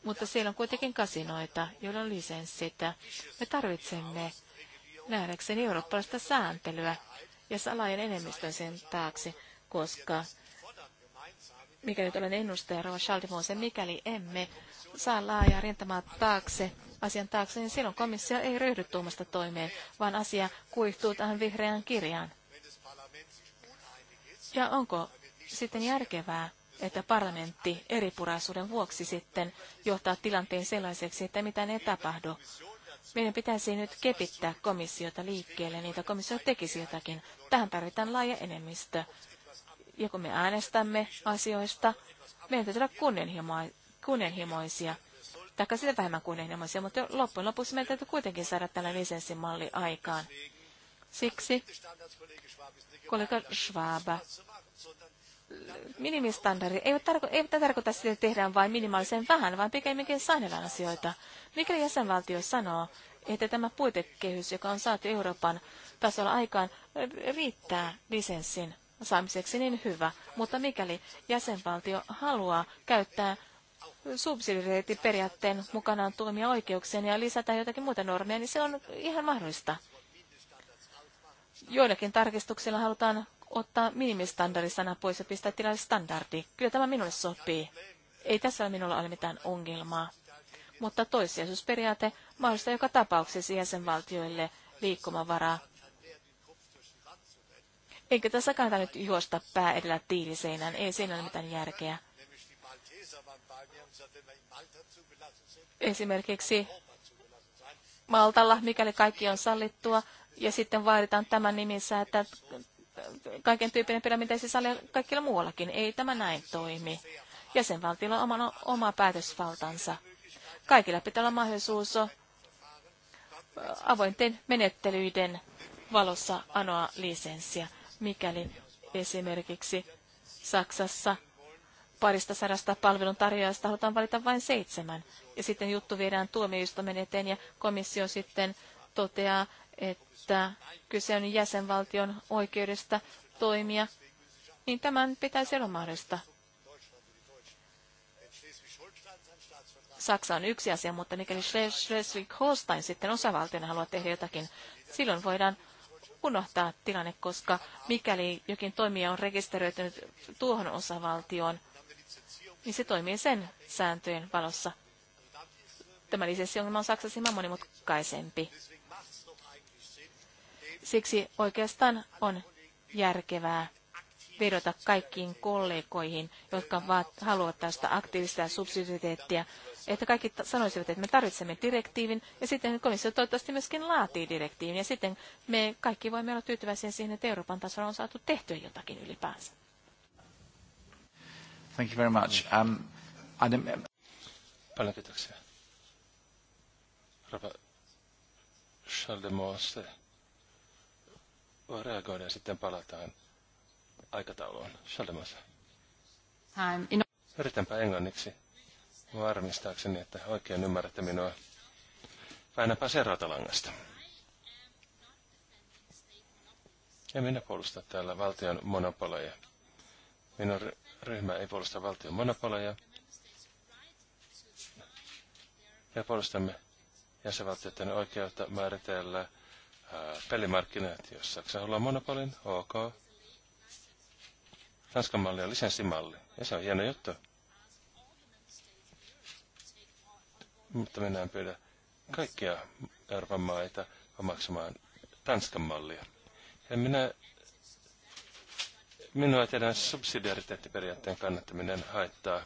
mutta siellä on kuitenkin kasinoita, joilla on lisenssit. Me tarvitsemme nähdäkseni eurooppalaista sääntelyä ja salajan enemmistön sen taakse, koska mikäli nyt olen ennustaja Rova Schaldemose, mikäli emme saa laajaa rintamaa taakse, asian taakse, niin silloin komissio ei ryhdy tuomasta toimeen, vaan asia kuihtuu tähän vihreään kirjaan. Ja onko sitten järkevää, että parlamentti eripuraisuuden vuoksi sitten johtaa tilanteen sellaiseksi, että mitään ei tapahdu? Meidän pitäisi nyt kepittää komissiota liikkeelle, niitä komissio tekisi jotakin. Tähän tarvitaan laaja enemmistö. Ja kun me äänestämme asioista, meidän täytyy olla kunnianhimo, kunnianhimoisia, Taikka sitä vähemmän kunnianhimoisia, mutta loppujen lopuksi meidän täytyy kuitenkin saada tällainen lisenssimalli aikaan. Siksi kollega Schwab, minimistandardi ei tarko- ei tarkoita sitä, että tehdään vain minimaalisen vähän, vaan pikemminkin sanellaan asioita. Mikäli jäsenvaltio sanoo, että tämä puitekehys, joka on saatu Euroopan tasolla aikaan, riittää lisenssin saamiseksi niin hyvä, mutta mikäli jäsenvaltio haluaa käyttää subsidiariteettiperiaatteen mukanaan tuomia oikeuksia ja lisätä jotakin muuta normia, niin se on ihan mahdollista joillakin tarkistuksilla halutaan ottaa minimistandardisana pois ja pistää tilalle standardi. Kyllä tämä minulle sopii. Ei tässä minulla ole mitään ongelmaa. Mutta toissijaisuusperiaate mahdollistaa joka tapauksessa jäsenvaltioille liikkumavaraa. Eikä tässä kannata nyt juosta pää edellä tiiliseinään. Ei siinä ole mitään järkeä. Esimerkiksi Maltalla, mikäli kaikki on sallittua, ja sitten vaaditaan tämän nimissä, että kaiken tyyppinen pidäminen ei ole kaikilla muuallakin. Ei tämä näin toimi. Jäsenvaltiolla on oma, oma päätösvaltansa. Kaikilla pitää olla mahdollisuus avointen menettelyiden valossa anoa lisenssiä, mikäli esimerkiksi Saksassa parista sadasta palveluntarjoajasta halutaan valita vain seitsemän. Ja sitten juttu viedään tuomioistuimen eteen ja komissio sitten toteaa, että kyse on jäsenvaltion oikeudesta toimia, niin tämän pitäisi olla mahdollista. Saksa on yksi asia, mutta mikäli Schleswig-Holstein sitten osavaltiona haluaa tehdä jotakin, silloin voidaan unohtaa tilanne, koska mikäli jokin toimija on rekisteröitynyt tuohon osavaltioon, niin se toimii sen sääntöjen valossa. Tämä lisenssiongelma on Saksassa hieman monimutkaisempi. Siksi oikeastaan on järkevää vedota kaikkiin kollegoihin, jotka vaat, haluavat tästä aktiivista subsidiariteettia, että kaikki sanoisivat, että me tarvitsemme direktiivin, ja sitten komissio toivottavasti myöskin laatii direktiivin, ja sitten me kaikki voimme olla tyytyväisiä siihen, että Euroopan tasolla on saatu tehtyä jotakin ylipäänsä. Thank you very much. Um, Adam... Paljon kiitoksia. Rapa... Charles de reagoida ja sitten palataan aikatauluun. Shaldemasa. Yritänpä englanniksi varmistaakseni, että oikein ymmärrätte minua. Väännäpä se rautalangasta. Ja minä puolusta täällä valtion monopoleja. Minun ryhmä ei puolusta valtion monopoleja. Ja puolustamme jäsenvaltioiden oikeutta määritellä Äh, pelimarkkinat, jos Saksa haluaa monopolin, ok. Tanskan malli on lisenssimalli, ja se on hieno juttu. Mutta minä en pyydä kaikkia Euroopan maita omaksumaan Tanskan mallia. Ja minä, minua tiedän subsidiariteettiperiaatteen kannattaminen haittaa.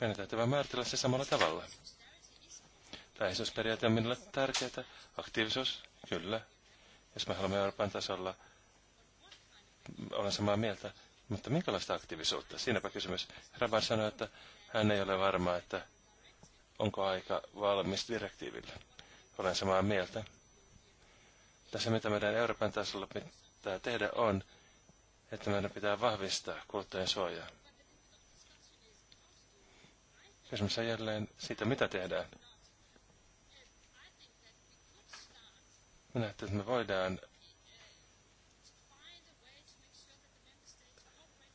Meidän täytyy vain määritellä se samalla tavalla. Läheisyysperiaate on minulle tärkeää. Aktiivisuus, kyllä. Jos me haluamme Euroopan tasolla, olen samaa mieltä. Mutta minkälaista aktiivisuutta? Siinäpä kysymys. Raban sanoi, että hän ei ole varma, että onko aika valmis direktiiville. Olen samaa mieltä. Tässä mitä meidän Euroopan tasolla pitää tehdä on, että meidän pitää vahvistaa kuluttajien suojaa. Kysymys on jälleen siitä, mitä tehdään. näette, että me voidaan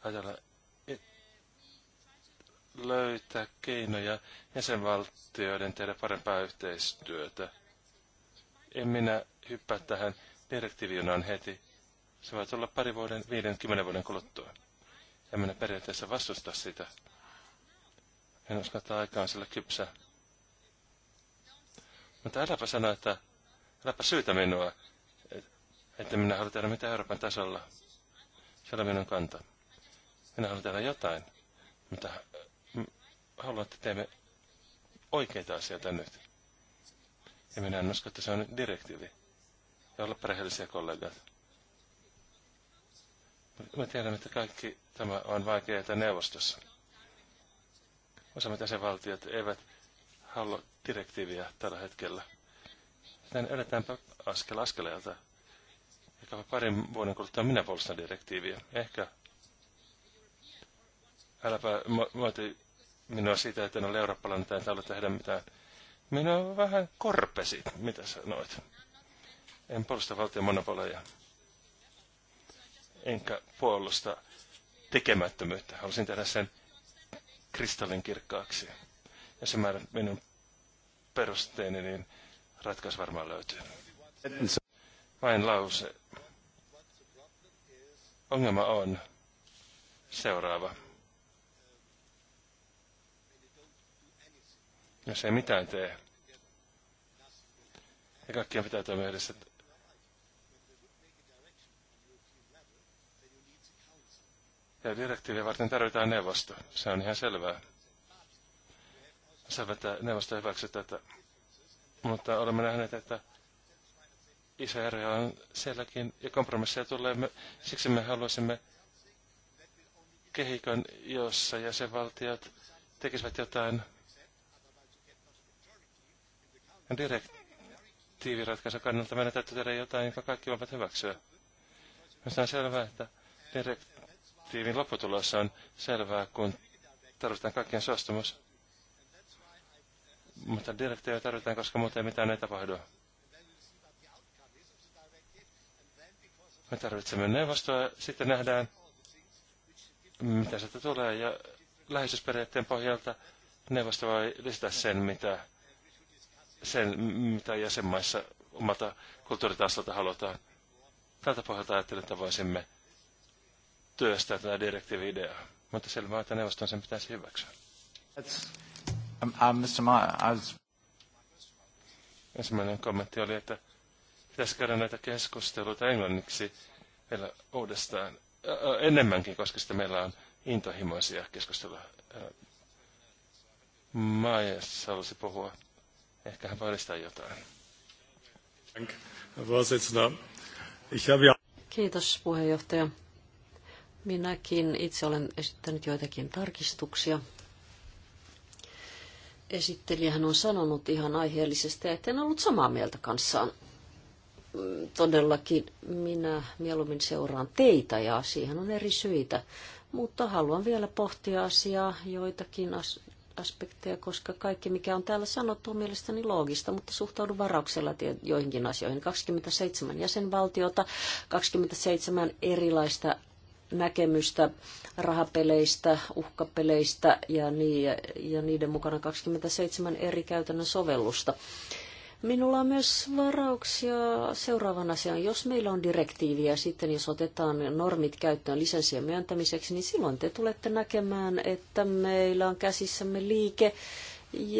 ajalla löytää keinoja jäsenvaltioiden tehdä parempaa yhteistyötä. En minä hyppää tähän direktiivijunaan heti. Se voi olla pari vuoden, kymmenen vuoden kuluttua. En minä periaatteessa vastusta sitä. En usko, että aika on sille kypsä. Mutta äläpä sano, että äläpä syytä minua, että minä haluan tehdä mitä Euroopan tasolla. Se on minun kanta. Minä haluan tehdä jotain, mitä haluan, että teemme oikeita asioita nyt. Ja minä en usko, että se on direktiivi. Ja olla perheellisiä kollegat. Me tiedämme, että kaikki tämä on vaikeaa neuvostossa. Osa mitä valtiot eivät halua direktiiviä tällä hetkellä. Joten eletäänpä askel askeleelta. Ehkä parin vuoden kuluttua minä puolustan direktiiviä. Ehkä. Äläpä moiti minua siitä, että en ole eurooppalainen tai en tehdä mitään. Minua vähän korpesi, mitä sanoit. En puolusta valtion monopoleja. Enkä puolusta tekemättömyyttä. Halusin tehdä sen kirkkaaksi. Ja se määrä minun perusteeni, niin ratkaisu varmaan löytyy. Vain lause. Ongelma on seuraava. Jos ei mitään tee, ja niin kaikkien pitää toimia yhdessä. Ja direktiiviä varten tarvitaan neuvosto. Se on ihan selvää. Selvä, että neuvosto hyväksytään, että mutta olemme nähneet, että iso ero on sielläkin ja kompromisseja tulee. Me, siksi me haluaisimme kehikon, jossa jäsenvaltiot tekisivät jotain direktiiviratkaisun kannalta. Meidän täytyy tehdä jotain, jonka kaikki voivat hyväksyä. Minusta on selvää, että direktiivin lopputulos on selvää, kun tarvitaan kaikkien suostumus. Mutta direktiivejä tarvitaan, koska muuten mitään ei tapahdu. Me tarvitsemme neuvostoa, sitten nähdään, mitä sieltä tulee, ja läheisyysperiaatteen pohjalta neuvosto voi lisätä sen, mitä, sen, mitä jäsenmaissa omalta kulttuuritasolta halutaan. Tältä pohjalta ajattelin, että voisimme työstää tätä direktiivi-ideaa, mutta selvää, että neuvoston sen pitäisi hyväksyä. Mr. Um, um, Meyer, I was... Ensimmäinen kommentti oli, että pitäisi käydä näitä keskusteluita englanniksi vielä uudestaan, äh, enemmänkin, koska sitten meillä on intohimoisia keskusteluja. Äh, Maes halusi puhua. Ehkä hän valistaa jotain. Kiitos puheenjohtaja. Minäkin itse olen esittänyt joitakin tarkistuksia Esittelijähän on sanonut ihan aiheellisesti, että en ollut samaa mieltä kanssaan. Mm, todellakin minä mieluummin seuraan teitä ja siihen on eri syitä. Mutta haluan vielä pohtia asiaa joitakin as- aspekteja, koska kaikki mikä on täällä sanottu on mielestäni loogista, mutta suhtaudun varauksella joihinkin asioihin. 27 jäsenvaltiota, 27 erilaista näkemystä rahapeleistä, uhkapeleistä ja, niin, ja niiden mukana 27 eri käytännön sovellusta. Minulla on myös varauksia seuraavan asian. Jos meillä on direktiivi ja sitten jos otetaan normit käyttöön lisenssien myöntämiseksi, niin silloin te tulette näkemään, että meillä on käsissämme liike,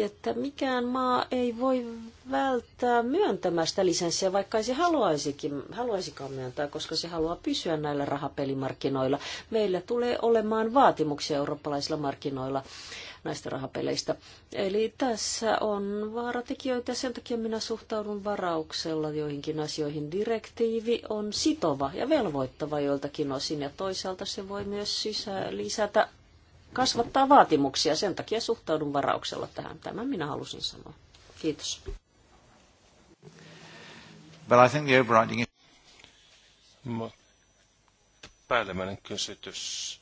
että mikään maa ei voi välttää myöntämästä lisenssiä, vaikka ei se haluaisikin, haluaisikaan myöntää, koska se haluaa pysyä näillä rahapelimarkkinoilla. Meillä tulee olemaan vaatimuksia eurooppalaisilla markkinoilla näistä rahapeleistä. Eli tässä on vaaratekijöitä ja sen takia minä suhtaudun varauksella joihinkin asioihin. Direktiivi on sitova ja velvoittava joiltakin osin ja toisaalta se voi myös sisä- lisätä kasvattaa vaatimuksia. Sen takia suhtaudun varauksella tähän. Tämän minä halusin sanoa. Kiitos. But I think the overriding... Päällimmäinen kysytys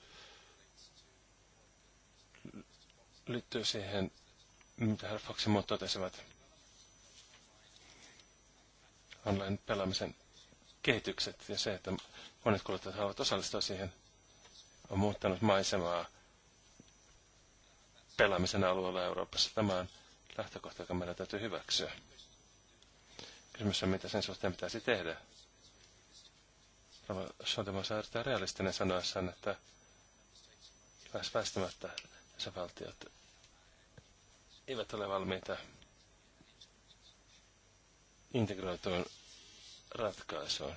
liittyy siihen, mitä Faxin muut totesivat online-pelaamisen kehitykset ja se, että monet kuluttajat haluavat osallistua siihen, on muuttanut maisemaa – pelaamisen alueella Euroopassa. Tämä on lähtökohta, joka meidän täytyy hyväksyä. Kysymys on, mitä sen suhteen pitäisi tehdä. Rava on erittäin realistinen sanoessaan, että lähes väistämättä jäsenvaltiot eivät ole valmiita integroituun ratkaisuun.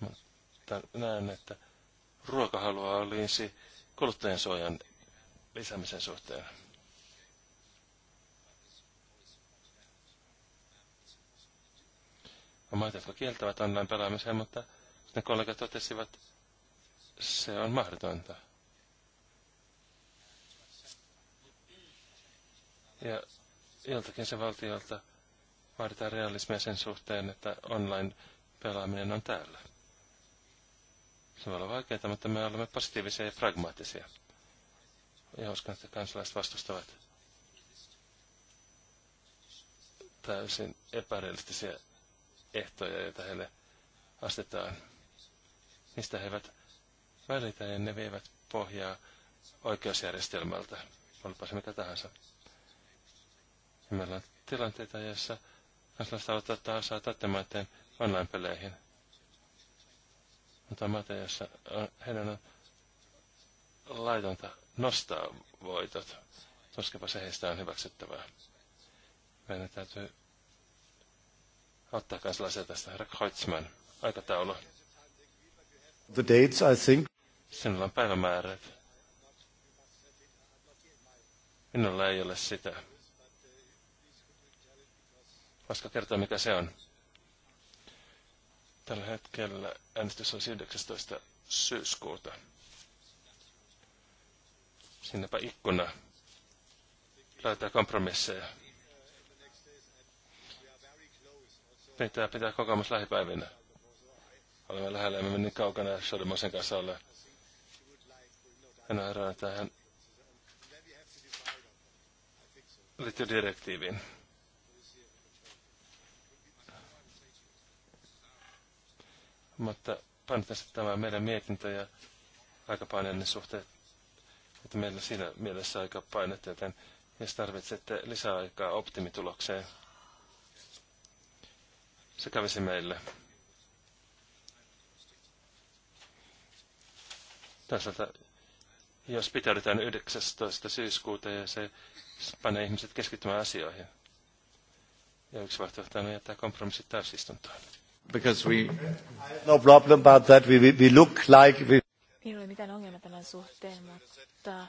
Mutta näen, että ruokahalua olisi suojan lisäämisen suhteen. On maita, jotka kieltävät online pelaamisen, mutta ne kollegat totesivat, se on mahdotonta. Ja joltakin se valtiolta vaaditaan realismia sen suhteen, että online-pelaaminen on täällä. Se voi olla vaikeaa, mutta me olemme positiivisia ja pragmaattisia että kansalaiset vastustavat täysin epärealistisia ehtoja, joita heille astetaan. Niistä he eivät välitä ja ne vievät pohjaa oikeusjärjestelmältä, olipa se mitä tahansa. Ja meillä on tilanteita, joissa kansalaiset aloittavat taas tatemaiden online-peleihin. Mutta maata, jossa heidän on laitonta nostaa voitot. Tuskinpa se heistä on hyväksyttävää. Meidän täytyy ottaa kansalaisia tästä. Herra Kreutzmann, aikataulu. The dates, I think. Sinulla on päivämäärät. Minulla ei ole sitä. Voisiko kertoa, mikä se on? Tällä hetkellä äänestys on 19. syyskuuta. Sinnepä ikkuna löytää kompromisseja. Pitää pitää kokemus lähipäivinä. Olemme lähellä, emme niin kaukana Shodimosen kanssa ole. Hän arvaa tähän liittyy direktiiviin. Mutta painotan sitten tämä meidän mietintö ja aikapaineen suhteet että meillä siinä mielessä aika painet, joten jos tarvitsette lisää aikaa optimitulokseen, se kävisi meille. Toisaalta, jos pitäydytään 19. syyskuuta ja se panee ihmiset keskittymään asioihin. Ja yksi vaihtoehto on jättää kompromissit täysistuntoon. Because we... No problem about that. We, we, we look like... We... Minulla ei ole mitään ongelma tämän suhteen, mutta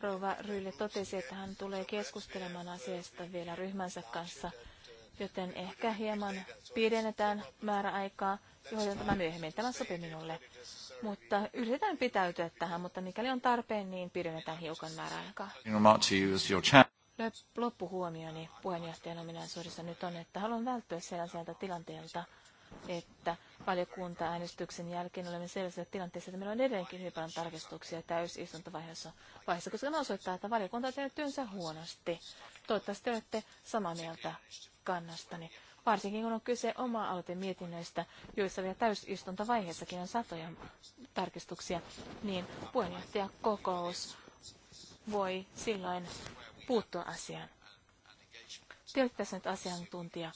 rouva Ryyle totesi, että hän tulee keskustelemaan asiasta vielä ryhmänsä kanssa, joten ehkä hieman pidennetään määräaikaa johon tämä myöhemmin. Tämä sopii minulle. Mutta yritetään pitäytyä tähän, mutta mikäli on tarpeen, niin pidennetään hiukan määräaikaa. Loppuhuomioni puheenjohtajan ominaisuudessa nyt on, että haluan välttyä sellaiselta tilanteelta, että valiokunta-äänestyksen jälkeen olemme sellaisessa tilanteessa, että meillä on edelleenkin hyvin paljon tarkistuksia täysistuntovaiheessa, vaiheessa, koska ne osoittaa, että valiokunta on tehnyt työnsä huonosti. Toivottavasti olette samaa mieltä kannastani, varsinkin kun on kyse oma-aloitemietinnöistä, joissa vielä täysistuntovaiheessakin on satoja tarkistuksia, niin puheenjohtajakokous voi silloin puuttua asiaan. Te olette tässä nyt asiantuntija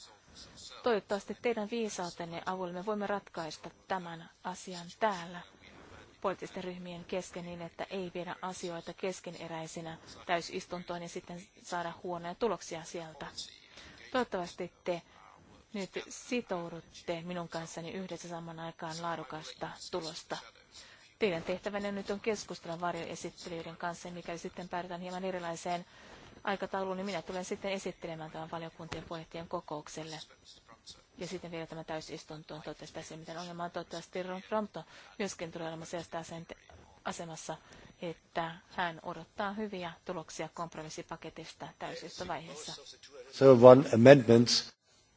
Toivottavasti teidän viisautenne avulla me voimme ratkaista tämän asian täällä poliittisten ryhmien kesken niin, että ei viedä asioita keskeneräisinä täysistuntoon ja sitten saada huonoja tuloksia sieltä. Toivottavasti te nyt sitoudutte minun kanssani yhdessä saman aikaan laadukasta tulosta. Teidän tehtävänne nyt on keskustella varjoesittelijöiden kanssa, mikäli sitten päädytään hieman erilaiseen aikatauluun, niin minä tulen sitten esittelemään tämän valiokuntien puheenjohtajan kokoukselle. Ja sitten vielä tämä täysistuntoon toivottavasti tässä miten on Toivottavasti Ron Prompto myöskin tulee olemaan sellaista asemassa, että hän odottaa hyviä tuloksia kompromissipaketista täysistovaiheessa.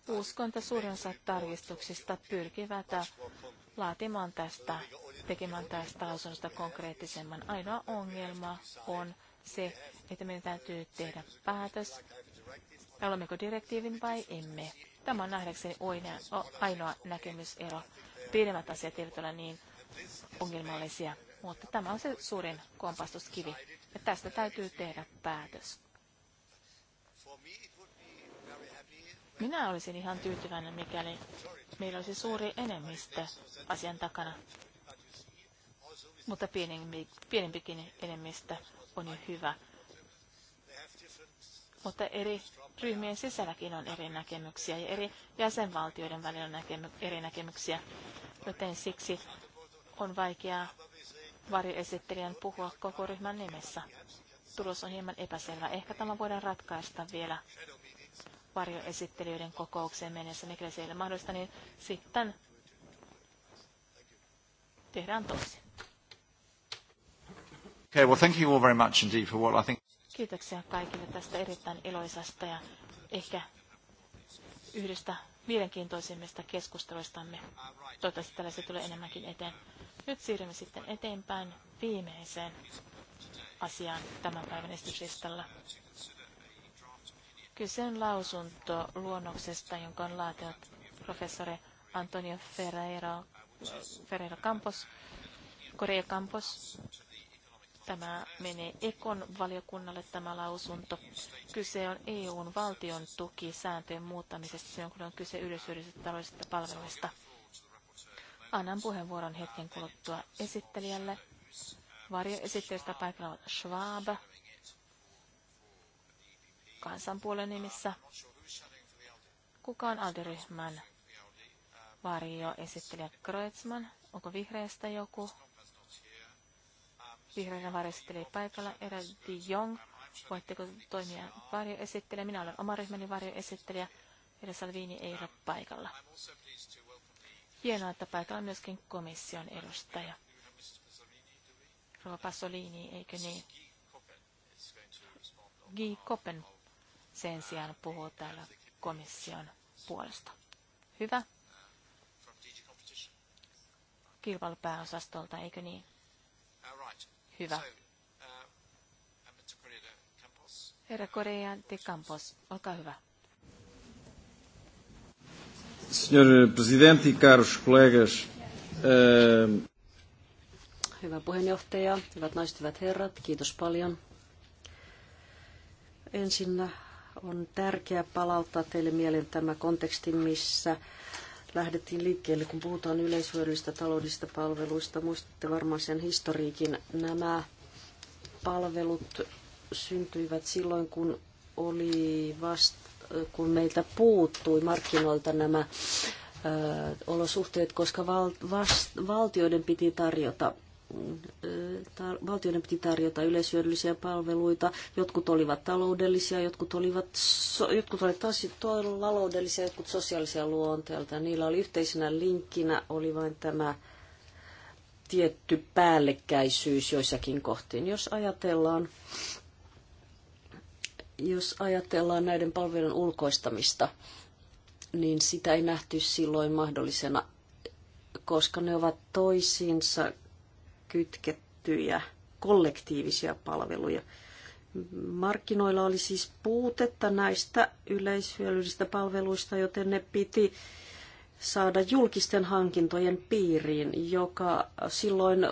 Uskon, että suurin osa tarkistuksista pyrkivät laatimaan tästä, tekemään tästä lausunnosta konkreettisemman. Ainoa ongelma on se, että meidän täytyy tehdä päätös, haluammeko direktiivin vai emme. Tämä on nähdäkseni ainoa näkemysero. Pienemmät asiat eivät ole niin ongelmallisia, mutta tämä on se suurin kompastuskivi. Ja tästä täytyy tehdä päätös. Minä olisin ihan tyytyväinen, mikäli meillä olisi suuri enemmistö asian takana mutta pienempikin enemmistö on jo hyvä. Mutta eri ryhmien sisälläkin on eri näkemyksiä ja eri jäsenvaltioiden välillä on näkemy- eri näkemyksiä, joten siksi on vaikeaa varjoesittelijän puhua koko ryhmän nimessä. Tulos on hieman epäselvä. Ehkä tämä voidaan ratkaista vielä varjoesittelijöiden kokoukseen mennessä, mikä se ei ole mahdollista, niin sitten tehdään toisin. Okay, well, thank you all very much indeed for what I think. Kiitoksia kaikille tästä erittäin iloisesta ja ehkä yhdestä mielenkiintoisimmista keskusteluistamme. Toivottavasti tällaisia tulee enemmänkin eteen. Nyt siirrymme sitten eteenpäin viimeiseen asiaan tämän päivän esityslistalla. Kyse on lausunto luonnoksesta, jonka on laatinut professori Antonio Ferreira, Ferreira Campos, Korea Campos, Tämä menee Ekon valiokunnalle tämä lausunto. Kyse on EUn valtion tukisääntöjen muuttamisesta, silloin kun on kyse yleishyödyllisistä taloudellisista palveluista. Annan puheenvuoron hetken kuluttua esittelijälle. Varjoesittelystä paikalla on Schwab kansanpuolen nimissä. Kuka on Alderyhmän varjoesittelijä Kreutzmann? Onko vihreästä joku? Vihreiden varjosteli paikalla. Erä de Jong, voitteko toimia varjoesittelijä? Minä olen oma ryhmäni varjoesittelijä. Erä Salvini ei ole paikalla. Hienoa, että paikalla on myöskin komission edustaja. Rova Pasolini, eikö niin? Guy Koppen sen sijaan puhuu täällä komission puolesta. Hyvä. Kilpailupääosastolta, eikö niin? Hyvä. Uh, Herra de Campos, olkaa hyvä. Signor Presidente, e caros collegas. Uh, hyvä puheenjohtaja, hyvät naiset, hyvät herrat, kiitos paljon. Ensinnä on tärkeää palauttaa teille mieleen tämä konteksti, missä lähdettiin liikkeelle, kun puhutaan yleishyödyllistä taloudellisista palveluista. Muistatte varmaan sen historiikin. Nämä palvelut syntyivät silloin, kun oli vasta, kun meiltä puuttui markkinoilta nämä ö, olosuhteet, koska val, vast, valtioiden piti tarjota valtioiden piti tarjota yleishyödyllisiä palveluita. Jotkut olivat taloudellisia, jotkut olivat, so, jotkut olivat taas taloudellisia, jotkut sosiaalisia luonteelta. Niillä oli yhteisenä linkkinä oli vain tämä tietty päällekkäisyys joissakin kohtiin. Jos ajatellaan, jos ajatellaan näiden palvelujen ulkoistamista, niin sitä ei nähty silloin mahdollisena, koska ne ovat toisiinsa kytkettyjä kollektiivisia palveluja. Markkinoilla oli siis puutetta näistä yleishyödyllisistä palveluista, joten ne piti saada julkisten hankintojen piiriin, joka silloin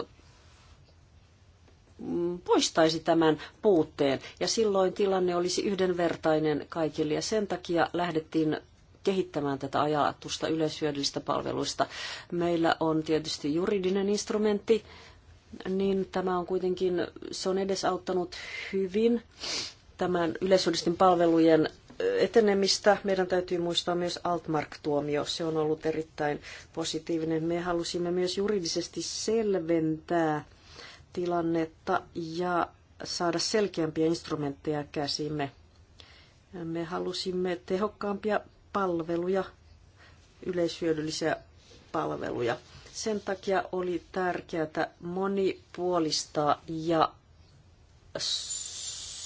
poistaisi tämän puutteen. Ja silloin tilanne olisi yhdenvertainen kaikille ja sen takia lähdettiin kehittämään tätä ajatusta yleishyödyllistä palveluista. Meillä on tietysti juridinen instrumentti, niin tämä on kuitenkin, se on edesauttanut hyvin tämän yleisöllisten palvelujen etenemistä. Meidän täytyy muistaa myös Altmark-tuomio. Se on ollut erittäin positiivinen. Me halusimme myös juridisesti selventää tilannetta ja saada selkeämpiä instrumentteja käsimme. Me halusimme tehokkaampia palveluja, yleishyödyllisiä palveluja. Sen takia oli tärkeää monipuolistaa ja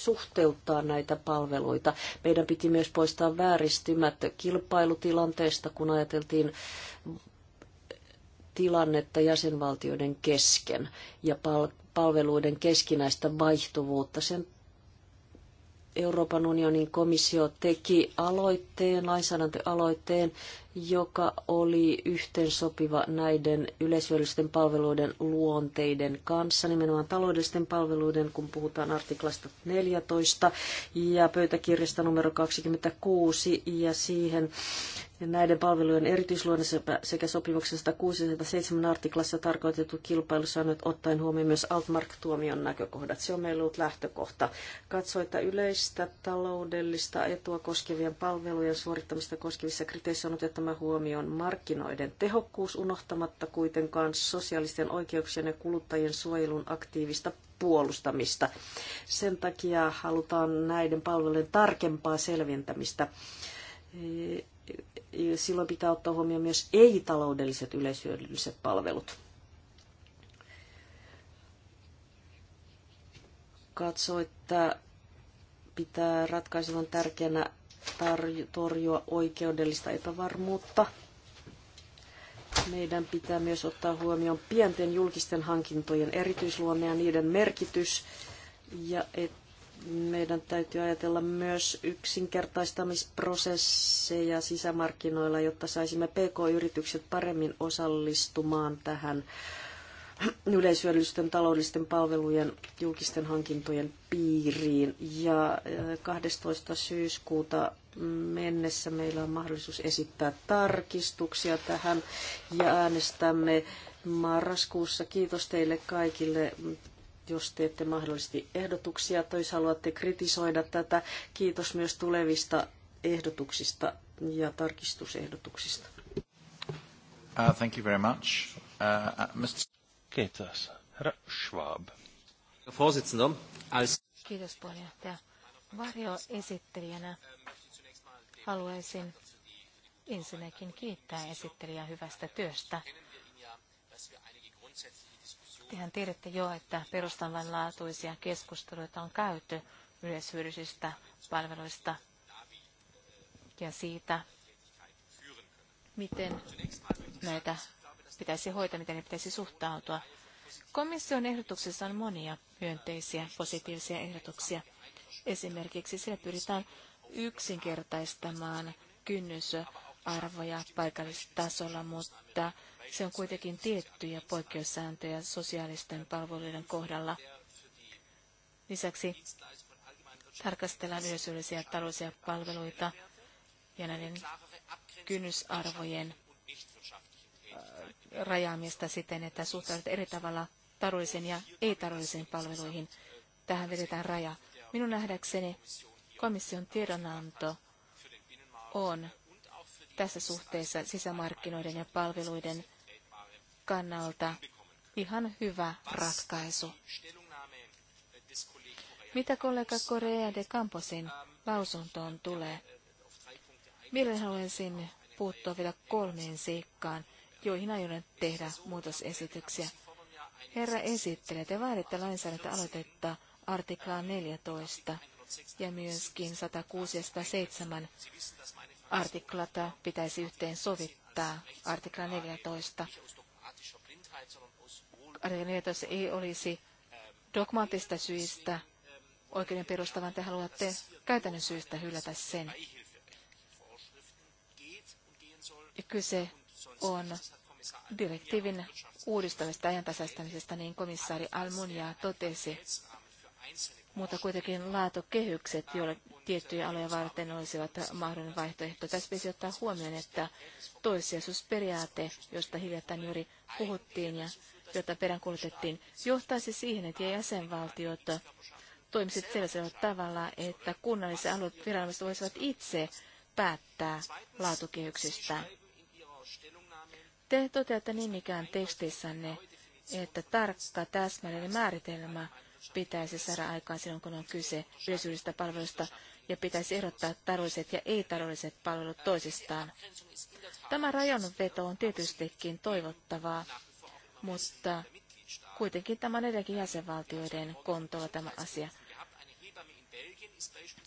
suhteuttaa näitä palveluita. Meidän piti myös poistaa vääristymät kilpailutilanteesta, kun ajateltiin tilannetta jäsenvaltioiden kesken ja palveluiden keskinäistä vaihtuvuutta. Sen Euroopan unionin komissio teki aloitteen, lainsäädäntöaloitteen, joka oli yhteensopiva näiden yleisöllisten palveluiden luonteiden kanssa, nimenomaan taloudellisten palveluiden, kun puhutaan artiklasta 14 ja pöytäkirjasta numero 26 ja siihen näiden palvelujen erityisluonnossa sekä sopimuksen 167 artiklassa tarkoitettu kilpailusäännöt ottaen huomioon myös Altmark-tuomion näkökohdat. Se on meillä ollut lähtökohta. että yleistä taloudellista etua koskevien palvelujen suorittamista koskevissa kriteereissä on otettu tämä huomioon markkinoiden tehokkuus unohtamatta kuitenkaan sosiaalisten oikeuksien ja kuluttajien suojelun aktiivista puolustamista. Sen takia halutaan näiden palvelujen tarkempaa selventämistä. E, e, silloin pitää ottaa huomioon myös ei-taloudelliset yleishyödylliset palvelut. Katso, että pitää ratkaisevan tärkeänä torjua oikeudellista epävarmuutta. Meidän pitää myös ottaa huomioon pienten julkisten hankintojen erityisluonne ja niiden merkitys. Ja et meidän täytyy ajatella myös yksinkertaistamisprosesseja sisämarkkinoilla, jotta saisimme PK-yritykset paremmin osallistumaan tähän yleishyödyllisten taloudellisten palvelujen julkisten hankintojen piiriin. Ja 12. Eh, syyskuuta mennessä meillä on mahdollisuus esittää tarkistuksia tähän ja äänestämme marraskuussa. Kiitos teille kaikille jos teette mahdollisesti ehdotuksia tai jos haluatte kritisoida tätä. Kiitos myös tulevista ehdotuksista ja tarkistusehdotuksista. Uh, thank you very much. Uh, uh Mr. Kiitos. Herra Schwab. Kiitos puheenjohtaja. Varjoesittelijänä haluaisin ensinnäkin kiittää esittelijää hyvästä työstä. Tehän tiedätte jo, että perustavanlaatuisia keskusteluita on käyty yleishyödyllisistä palveluista ja siitä, miten näitä pitäisi hoitaa, miten ne pitäisi suhtautua. Komission ehdotuksessa on monia myönteisiä, positiivisia ehdotuksia. Esimerkiksi sillä pyritään yksinkertaistamaan kynnysarvoja paikallistasolla, mutta se on kuitenkin tiettyjä poikkeussääntöjä sosiaalisten palveluiden kohdalla. Lisäksi tarkastellaan yleisöllisiä taloudellisia palveluita ja näiden kynnysarvojen rajaamista siten, että suhtaudutaan eri tavalla taloudellisiin ja ei-taloudellisiin palveluihin. Tähän vedetään raja. Minun nähdäkseni komission tiedonanto on tässä suhteessa sisämarkkinoiden ja palveluiden kannalta ihan hyvä ratkaisu. Mitä kollega Korea de Camposin lausuntoon tulee? Mielelläni haluaisin puuttua vielä kolmeen seikkaan, joihin aion tehdä muutosesityksiä. Herra esittelee, te vaaditte lainsäädäntöaloitetta artiklaan 14 ja myöskin 106 ja 107 artiklata pitäisi yhteen sovittaa. Artikla 14. Artikla 14 ei olisi dogmaattista syistä oikeuden perustavan te haluatte käytännön syistä hylätä sen. Ja kyse on direktiivin uudistamista ja ajantasaistamisesta, niin komissaari Almunia totesi, mutta kuitenkin laatokehykset, joilla tiettyjä aloja varten olisivat mahdollinen vaihtoehto. Tässä pitäisi ottaa huomioon, että toissijaisuusperiaate, josta hiljattain juuri puhuttiin ja jota peräänkuulutettiin, johtaisi siihen, että jäsenvaltiot toimisivat sellaisella tavalla, että kunnalliset alueviranomaiset voisivat itse päättää laatukehyksistä. Te toteatte niin ikään tekstissänne, että tarkka täsmällinen määritelmä pitäisi saada aikaan silloin, kun on kyse yleisyydestä palvelusta, ja pitäisi erottaa taloudelliset ja ei-taloudelliset palvelut toisistaan. Tämä rajanveto on tietystikin toivottavaa, mutta kuitenkin tämä on edelläkin jäsenvaltioiden kontolla tämä asia.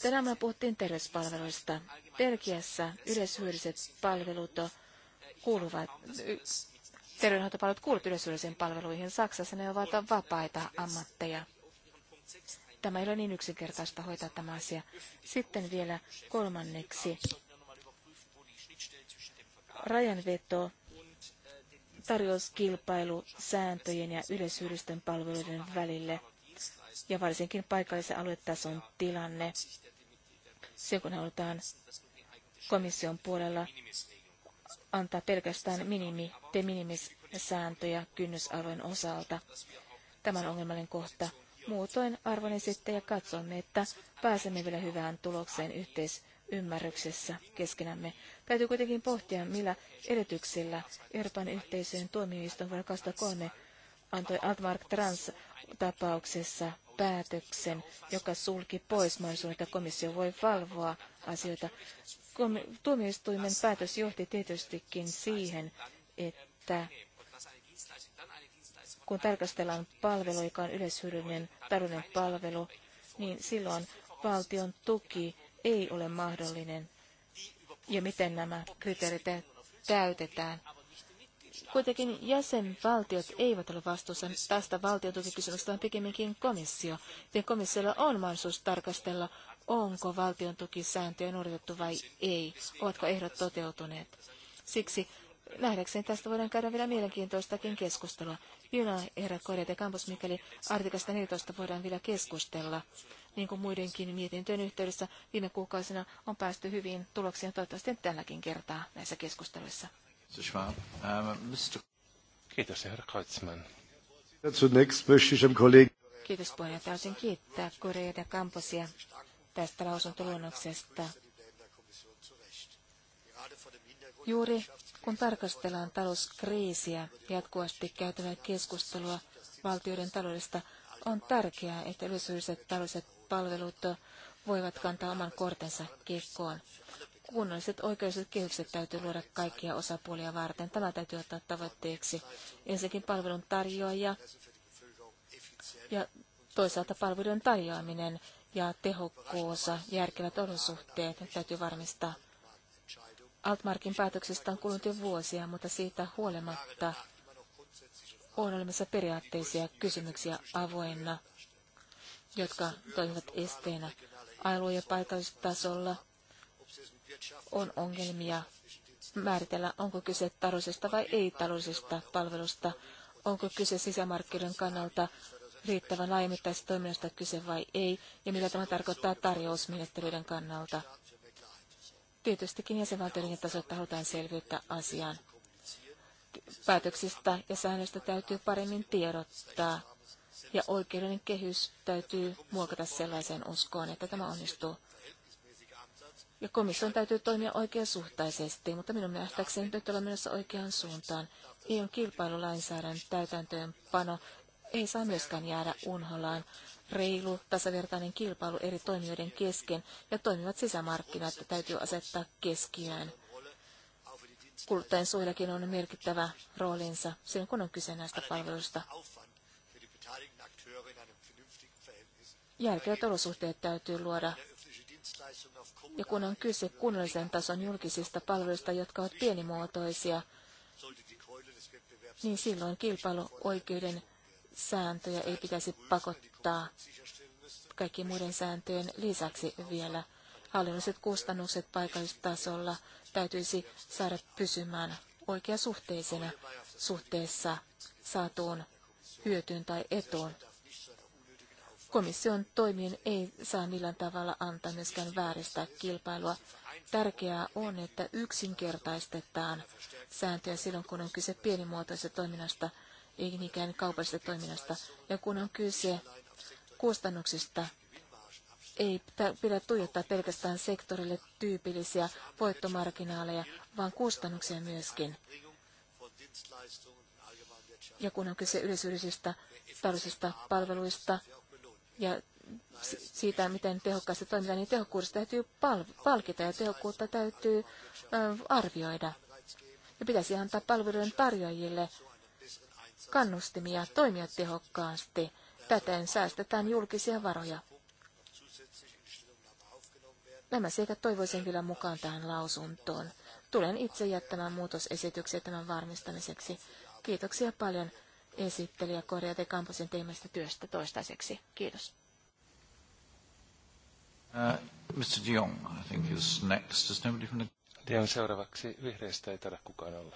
Tänään me puhuttiin terveyspalveluista. Belgiassa yleishyödylliset palvelut kuuluvat, terveydenhoitopalvelut kuuluvat yleisöllisiin palveluihin. Saksassa ne ovat vapaita ammatteja. Tämä ei ole niin yksinkertaista hoitaa tämä asia. Sitten vielä kolmanneksi. Rajanveto tarjouskilpailu sääntöjen ja yleisyydisten palveluiden välille ja varsinkin paikallisen aluetason tilanne. Se kun halutaan komission puolella antaa pelkästään minimi, de minimis sääntöjä kynnysarvojen osalta. Tämän ongelmallinen kohta. Muutoin arvon esittäjä katsomme, että pääsemme vielä hyvään tulokseen yhteisymmärryksessä keskenämme. Täytyy kuitenkin pohtia, millä edellytyksillä Euroopan yhteisöjen tuomioistuin vuonna 2003 antoi Altmark Trans tapauksessa päätöksen, joka sulki pois mahdollisuuden, että komissio voi valvoa asioita. Tuomioistuimen päätös johti tietystikin siihen, että kun tarkastellaan palvelu, joka on yleishyödyllinen taloudellinen palvelu, niin silloin valtion tuki ei ole mahdollinen. Ja miten nämä kriteerit täytetään? Kuitenkin jäsenvaltiot eivät ole vastuussa tästä valtiotukikysymyksestä, vaan pikemminkin komissio. Ja komissiolla on mahdollisuus tarkastella onko valtion tukisääntöjä noudatettu vai ei, ovatko ehdot toteutuneet. Siksi nähdäkseni tästä voidaan käydä vielä mielenkiintoistakin keskustelua. Vielä herra korjat ja kampus, mikäli artikasta 14 voidaan vielä keskustella. Niin kuin muidenkin mietintöjen yhteydessä viime kuukausina on päästy hyvin tuloksiin toivottavasti tälläkin kertaa näissä keskusteluissa. Um, Kiitos, herra Kaitsman. Kiitos puheenjohtaja. Täysin kiittää Korea ja Kamposia tästä lausuntoluonnoksesta. Juuri kun tarkastellaan talouskriisiä jatkuvasti käytävää keskustelua valtioiden taloudesta, on tärkeää, että yleisölliset taloudelliset palvelut voivat kantaa oman kortensa kekkoon. Kunnalliset oikeudelliset kehykset täytyy luoda kaikkia osapuolia varten. Tämä täytyy ottaa tavoitteeksi. Ensinnäkin palvelun tarjoaja ja toisaalta palvelujen tarjoaminen ja tehokkuus, järkevät olosuhteet täytyy varmistaa. Altmarkin päätöksestä on kulunut jo vuosia, mutta siitä huolimatta on olemassa periaatteisia kysymyksiä avoinna, jotka toimivat esteenä. Alue- ja paikallistasolla on ongelmia määritellä, onko kyse taloudellisesta vai ei-taloudellisesta palvelusta, onko kyse sisämarkkinoiden kannalta riittävän laajamittaisesta toiminnasta kyse vai ei, ja mitä tämä tarkoittaa tarjousmenettelyiden kannalta. Tietystikin jäsenvaltioiden tasolta halutaan selvyyttä asiaan. Päätöksistä ja säännöistä täytyy paremmin tiedottaa, ja oikeuden kehys täytyy muokata sellaiseen uskoon, että tämä onnistuu. Ja komission täytyy toimia oikeasuhtaisesti, mutta minun mielestäni nyt ollaan menossa oikeaan suuntaan. EUn kilpailulainsäädännön täytäntöönpano ei saa myöskään jäädä unholaan. Reilu, tasavertainen kilpailu eri toimijoiden kesken ja toimivat sisämarkkinat täytyy asettaa keskiään. Kuluttajan suojellakin on merkittävä roolinsa silloin, kun on kyse näistä palveluista. Järkevät olosuhteet täytyy luoda. Ja kun on kyse kunnallisen tason julkisista palveluista, jotka ovat pienimuotoisia, niin silloin kilpailuoikeuden sääntöjä ei pitäisi pakottaa kaikki muiden sääntöjen lisäksi vielä. Hallinnolliset kustannukset paikallistasolla täytyisi saada pysymään oikeasuhteisena suhteessa saatuun hyötyyn tai etuun. Komission toimiin ei saa millään tavalla antaa myöskään vääristää kilpailua. Tärkeää on, että yksinkertaistetaan sääntöjä silloin, kun on kyse pienimuotoisesta toiminnasta – ei niinkään kaupallisesta toiminnasta. Ja kun on kyse kustannuksista, ei pidä tuijottaa pelkästään sektorille tyypillisiä voittomarginaaleja, vaan kustannuksia myöskin. Ja kun on kyse yleisyydellisistä tarvitsista palveluista ja siitä, miten tehokkaasti toimitaan, niin tehokkuudesta täytyy pal- palkita ja tehokkuutta täytyy arvioida. Ja pitäisi antaa palveluiden tarjoajille kannustimia toimia tehokkaasti. Täten säästetään julkisia varoja. Nämä seikat toivoisin vielä mukaan tähän lausuntoon. Tulen itse jättämään muutosesityksiä tämän varmistamiseksi. Kiitoksia paljon esittelijä Korea de Kamposin teemästä työstä toistaiseksi. Kiitos. Uh, Mr. De Jong, I think is next. Is nobody from the... De Jong seuraavaksi. Vihreistä ei taida kukaan olla.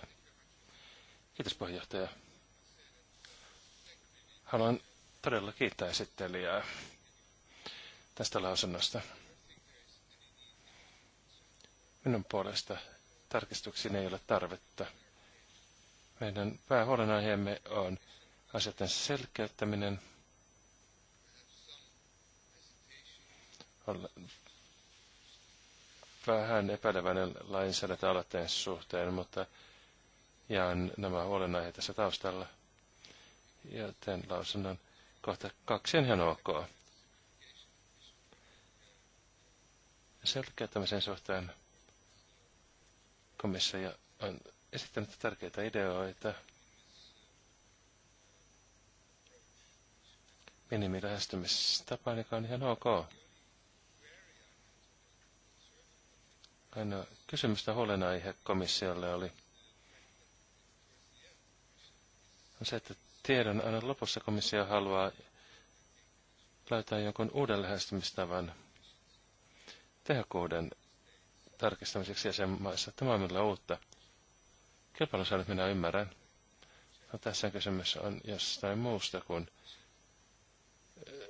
Kiitos puheenjohtaja. Haluan todella kiittää esittelijää tästä lausunnosta. Minun puolesta tarkistuksiin ei ole tarvetta. Meidän päähuolenaiheemme on asioiden selkeyttäminen. Olen vähän epäileväinen lainsäädäntöaloitteen suhteen, mutta jaan nämä huolenaiheet tässä taustalla joten lausunnon kohta kaksi on ihan ok. Selkeyttämisen suhteen komissio on esittänyt tärkeitä ideoita. Minimilähestymistapa, joka on ihan ok. Ainoa kysymystä huolenaihe komissiolle oli on se, että tiedon lopussa komissio haluaa löytää jonkun uuden lähestymistavan tehokkuuden tarkistamiseksi jäsenmaissa. Tämä on meillä uutta. Kilpailusäännöt minä ymmärrän. No, tässä kysymys on jostain muusta kuin eh,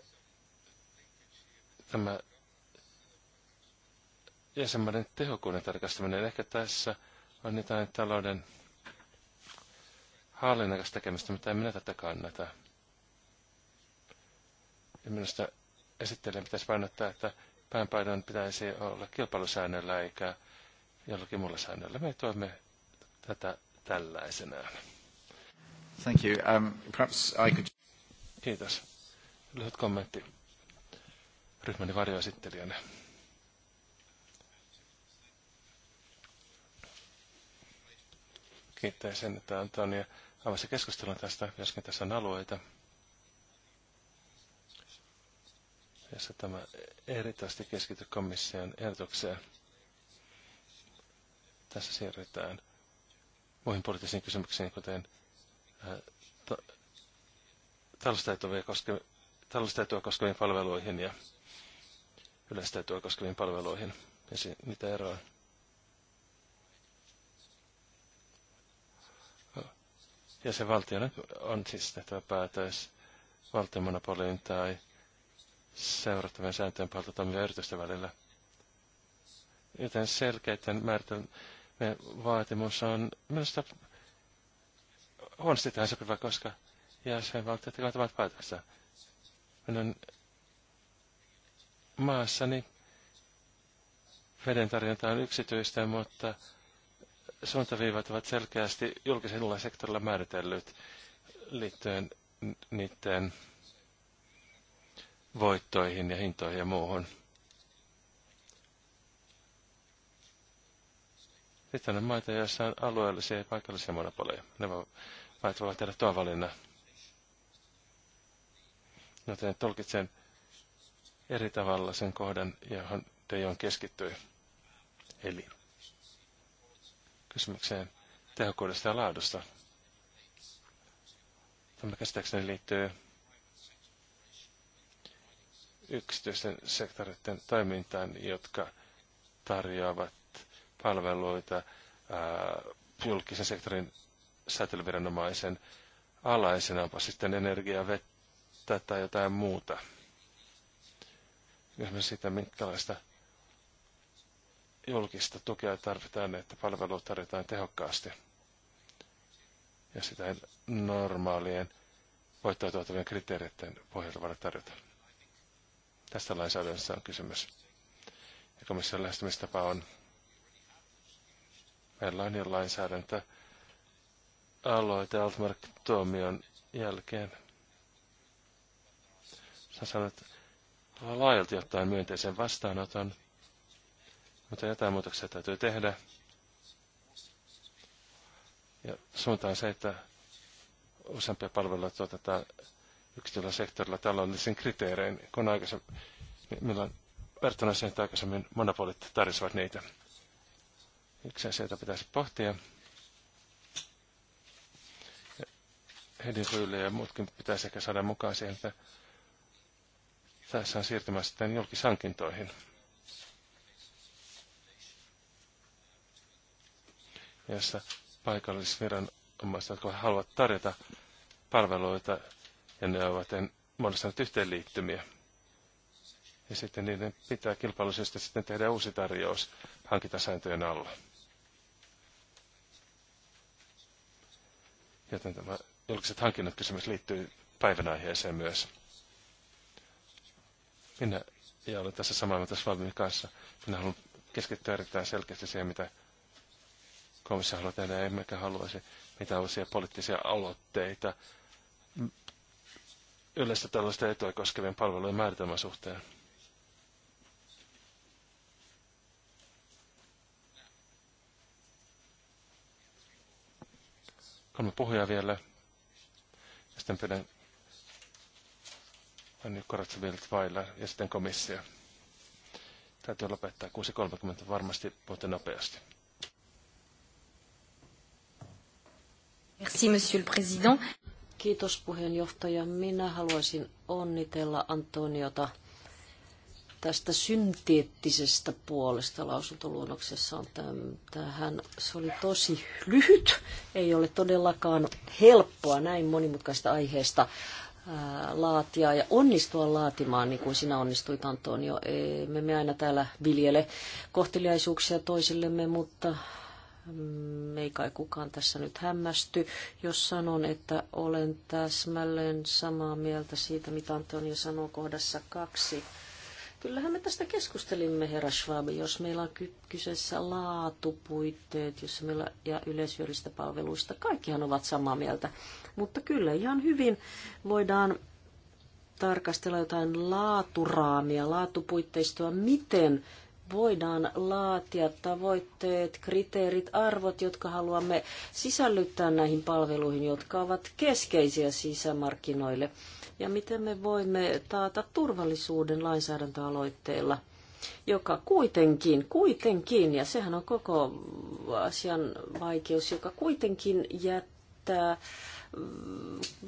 tämä jäsenmaiden tehokkuuden tarkastaminen. Ehkä tässä on jotain talouden hallinnan kanssa tekemistä, mutta en minä tätä kannata. Ja minusta esittelijän pitäisi painottaa, että päänpaidon pitäisi olla kilpailusäännöllä eikä jollakin muulla säännöllä. Me toimme tätä tällaisenaan. Thank you. Um, perhaps I could... Kiitos. Lyhyt kommentti ryhmäni varjoesittelijänä. Kiittää sen, että Antonia avasi keskustelun tästä, joskin tässä on alueita, jossa tämä erityisesti keskity komission ehdotukseen. Tässä siirrytään muihin poliittisiin kysymyksiin, kuten taloustaitoa koskeviin palveluihin ja yleistaitoa koskeviin palveluihin ja niitä eroa. Ja se valtio on siis tehtävä päätös valtionmonopoliin tai seurattavien sääntöjen puolta toimivien yritysten välillä. Joten selkeiden määritelmien vaatimus on minusta huonosti tähän sopiva, koska jäsenvaltiot tekevät omat päätöksensä. Minun maassani veden tarjonta on yksityistä, mutta suuntaviivat ovat selkeästi julkisella sektorilla määritellyt liittyen niiden voittoihin ja hintoihin ja muuhun. Sitten on maita, joissa on alueellisia ja paikallisia monopoleja. Ne voivat voivat tehdä tuon valinnan. Joten tulkitsen eri tavalla sen kohdan, johon Deion keskittyi. Eli kysymykseen tehokkuudesta ja laadusta. Tämä käsittääkseni liittyy yksityisten sektoreiden toimintaan, jotka tarjoavat palveluita ää, julkisen sektorin säätelyviranomaisen alaisena, onpa sitten energiaa, vettä tai jotain muuta. Esimerkiksi sitä, minkälaista julkista tukea tarvitaan, että palvelua tarjotaan tehokkaasti. Ja sitä normaalien voittoa tuottavien kriteereiden pohjalta voida tarjota. Tästä lainsäädännössä on kysymys. Ja komission lähestymistapa on, meillä on jo lainsäädäntö aloite Altmark-tuomion jälkeen. Sä sanoit laajalti ottaen myönteisen vastaanoton – mutta jotain muutoksia täytyy tehdä. Ja suunta on se, että useampia palveluja tuotetaan yksityisellä sektorilla taloudellisin kriteerein, kun aikaisemmin, niin milloin verrattuna siihen, että aikaisemmin monopolit tarjosivat niitä. Yksi asia, pitäisi pohtia. Hedin Ryyli ja muutkin pitäisi ehkä saada mukaan siihen, että tässä on siirtymässä sitten julkishankintoihin. jossa paikallisviranomaiset, jotka haluavat tarjota palveluita, ja ne ovat muodostaneet yhteenliittymiä. Ja sitten niiden pitää kilpailusyistä sitten tehdä uusi tarjous hankintasääntöjen alla. Joten tämä julkiset hankinnat kysymys liittyy päivän aiheeseen myös. Minä ja olen tässä samaa mieltä Schwabin kanssa. Minä haluan keskittyä erittäin selkeästi siihen, mitä komissio haluaa tehdä, emmekä haluaisi mitään uusia poliittisia aloitteita yleistä tällaista etua koskevien palvelujen määritelmän suhteen. Kolme puhujaa vielä. Ja sitten pidän Anni Koratsavilt vailla ja sitten komissio. Täytyy lopettaa 6.30 varmasti, mutta nopeasti. Merci, monsieur le président. Kiitos puheenjohtaja. Minä haluaisin onnitella Antoniota tästä synteettisestä puolesta lausuntoluonnoksessa tähän, se oli tosi lyhyt, ei ole todellakaan helppoa näin monimutkaista aiheesta laatia ja onnistua laatimaan, niin kuin sinä onnistuit Antonio. Me me aina täällä viljele kohteliaisuuksia toisillemme, mutta meikä ei kukaan tässä nyt hämmästy, jos sanon, että olen täsmälleen samaa mieltä siitä, mitä Antonia sanoo kohdassa kaksi. Kyllähän me tästä keskustelimme, herra Schwab, jos meillä on kyseessä laatupuitteet jos meillä, ja yleisyöristä palveluista. Kaikkihan ovat samaa mieltä, mutta kyllä ihan hyvin voidaan tarkastella jotain laaturaamia, laatupuitteistoa, miten voidaan laatia tavoitteet, kriteerit, arvot, jotka haluamme sisällyttää näihin palveluihin, jotka ovat keskeisiä sisämarkkinoille. Ja miten me voimme taata turvallisuuden lainsäädäntöaloitteella, joka kuitenkin, kuitenkin, ja sehän on koko asian vaikeus, joka kuitenkin jättää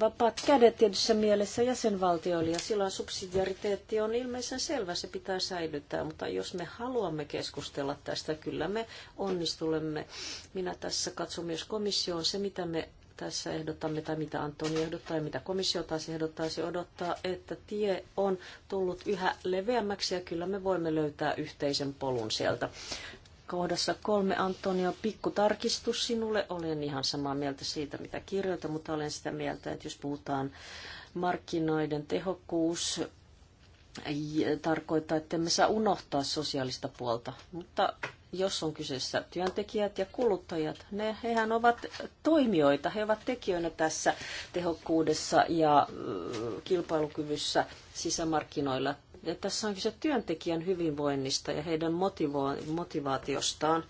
vapaat kädet tietyssä mielessä jäsenvaltioille ja silloin subsidiariteetti on ilmeisen selvä, se pitää säilyttää, mutta jos me haluamme keskustella tästä, kyllä me onnistulemme. Minä tässä katson myös komissioon se, mitä me tässä ehdotamme tai mitä Antoni ehdottaa ja mitä komissio taas ehdottaisi odottaa, että tie on tullut yhä leveämmäksi ja kyllä me voimme löytää yhteisen polun sieltä kohdassa kolme, Antonio, pikku tarkistus sinulle. Olen ihan samaa mieltä siitä, mitä kirjoita, mutta olen sitä mieltä, että jos puhutaan markkinoiden tehokkuus, tarkoittaa, että emme saa unohtaa sosiaalista puolta. Mutta jos on kyseessä työntekijät ja kuluttajat, ne, hehän ovat toimijoita, he ovat tekijöinä tässä tehokkuudessa ja kilpailukyvyssä sisämarkkinoilla tässä on kyse työntekijän hyvinvoinnista ja heidän motivaatiostaan.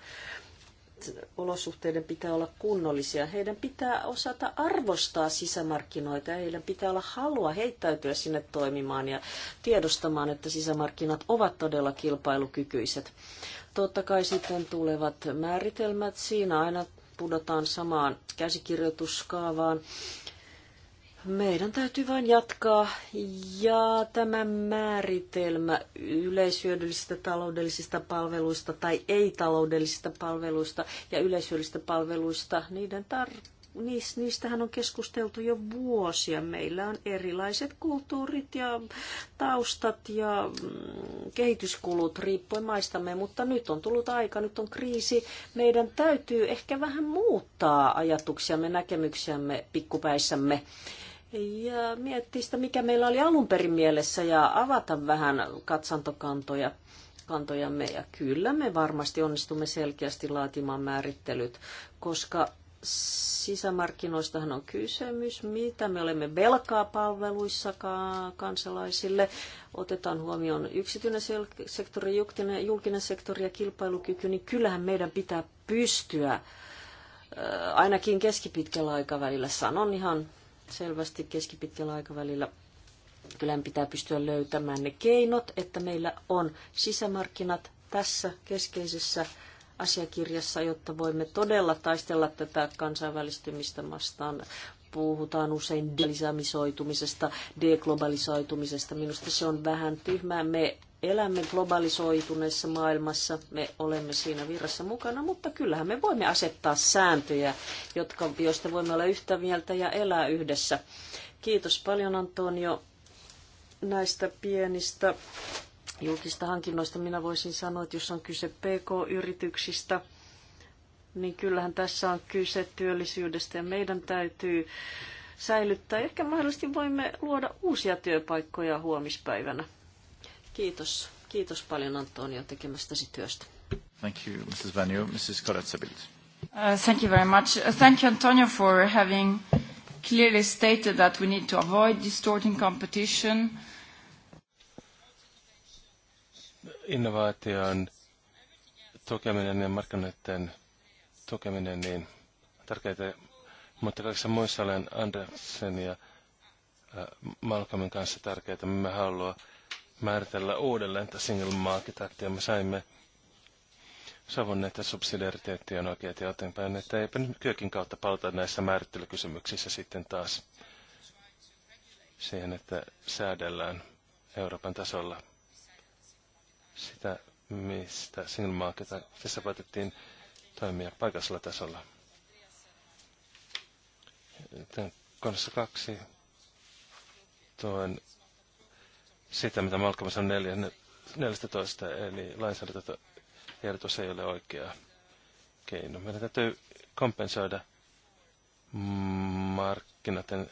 Olosuhteiden pitää olla kunnollisia. Heidän pitää osata arvostaa sisämarkkinoita ja heidän pitää olla halua heittäytyä sinne toimimaan ja tiedostamaan, että sisämarkkinat ovat todella kilpailukykyiset. Totta kai sitten tulevat määritelmät. Siinä aina pudotaan samaan käsikirjoituskaavaan meidän täytyy vain jatkaa ja tämä määritelmä yleishyödyllisistä taloudellisista palveluista tai ei-taloudellisista palveluista ja yleishyödyllisistä palveluista, niiden tar- niistähän on keskusteltu jo vuosia. Meillä on erilaiset kulttuurit ja taustat ja mm, kehityskulut riippuen maistamme, mutta nyt on tullut aika, nyt on kriisi. Meidän täytyy ehkä vähän muuttaa ajatuksiamme, näkemyksiämme pikkupäissämme ja miettiä sitä, mikä meillä oli alun perin mielessä ja avata vähän katsantokantoja kantojamme. Ja kyllä me varmasti onnistumme selkeästi laatimaan määrittelyt, koska sisämarkkinoistahan on kysymys, mitä me olemme velkaa palveluissa kansalaisille. Otetaan huomioon yksityinen sektori, julkinen sektori ja kilpailukyky, niin kyllähän meidän pitää pystyä ainakin keskipitkällä aikavälillä, sanon ihan selvästi keskipitkällä aikavälillä kyllä pitää pystyä löytämään ne keinot, että meillä on sisämarkkinat tässä keskeisessä asiakirjassa, jotta voimme todella taistella tätä kansainvälistymistä vastaan, puhutaan usein lisäämisoitumisesta, deglobalisoitumisesta. Minusta se on vähän tyhmää. Me elämme globalisoituneessa maailmassa, me olemme siinä virrassa mukana, mutta kyllähän me voimme asettaa sääntöjä, jotka, joista voimme olla yhtä mieltä ja elää yhdessä. Kiitos paljon Antonio näistä pienistä julkista hankinnoista. Minä voisin sanoa, että jos on kyse PK-yrityksistä, niin kyllähän tässä on kyse työllisyydestä ja meidän täytyy säilyttää. Ehkä mahdollisesti voimme luoda uusia työpaikkoja huomispäivänä. Kiitos. Kiitos paljon Antonio tekemästäsi työstä. Thank you, Mrs. Vanio. Mrs. Koratsabilt. Uh, thank you very much. Uh, thank you, Antonio, for having clearly stated that we need to avoid distorting competition. Innovaation tukeminen ja markkinoiden tukeminen niin tärkeitä. mutta kaikissa muissa olen Andersen ja Malcolmin kanssa tärkeitä. Me haluamme määritellä uudelleen tätä single market actia. Me saimme savun, että subsidiariteetti on oikein ja otenpäin. että eipä nyt kyökin kautta palata näissä määrittelykysymyksissä sitten taas siihen, että säädellään Euroopan tasolla sitä, mistä single market actissa päätettiin toimia paikallisella tasolla. Kohdassa kaksi tuon sitä, mitä Malcolm on neljä, 14, eli lainsäädäntöehdotus ei ole oikea keino. Meidän täytyy kompensoida markkinoiden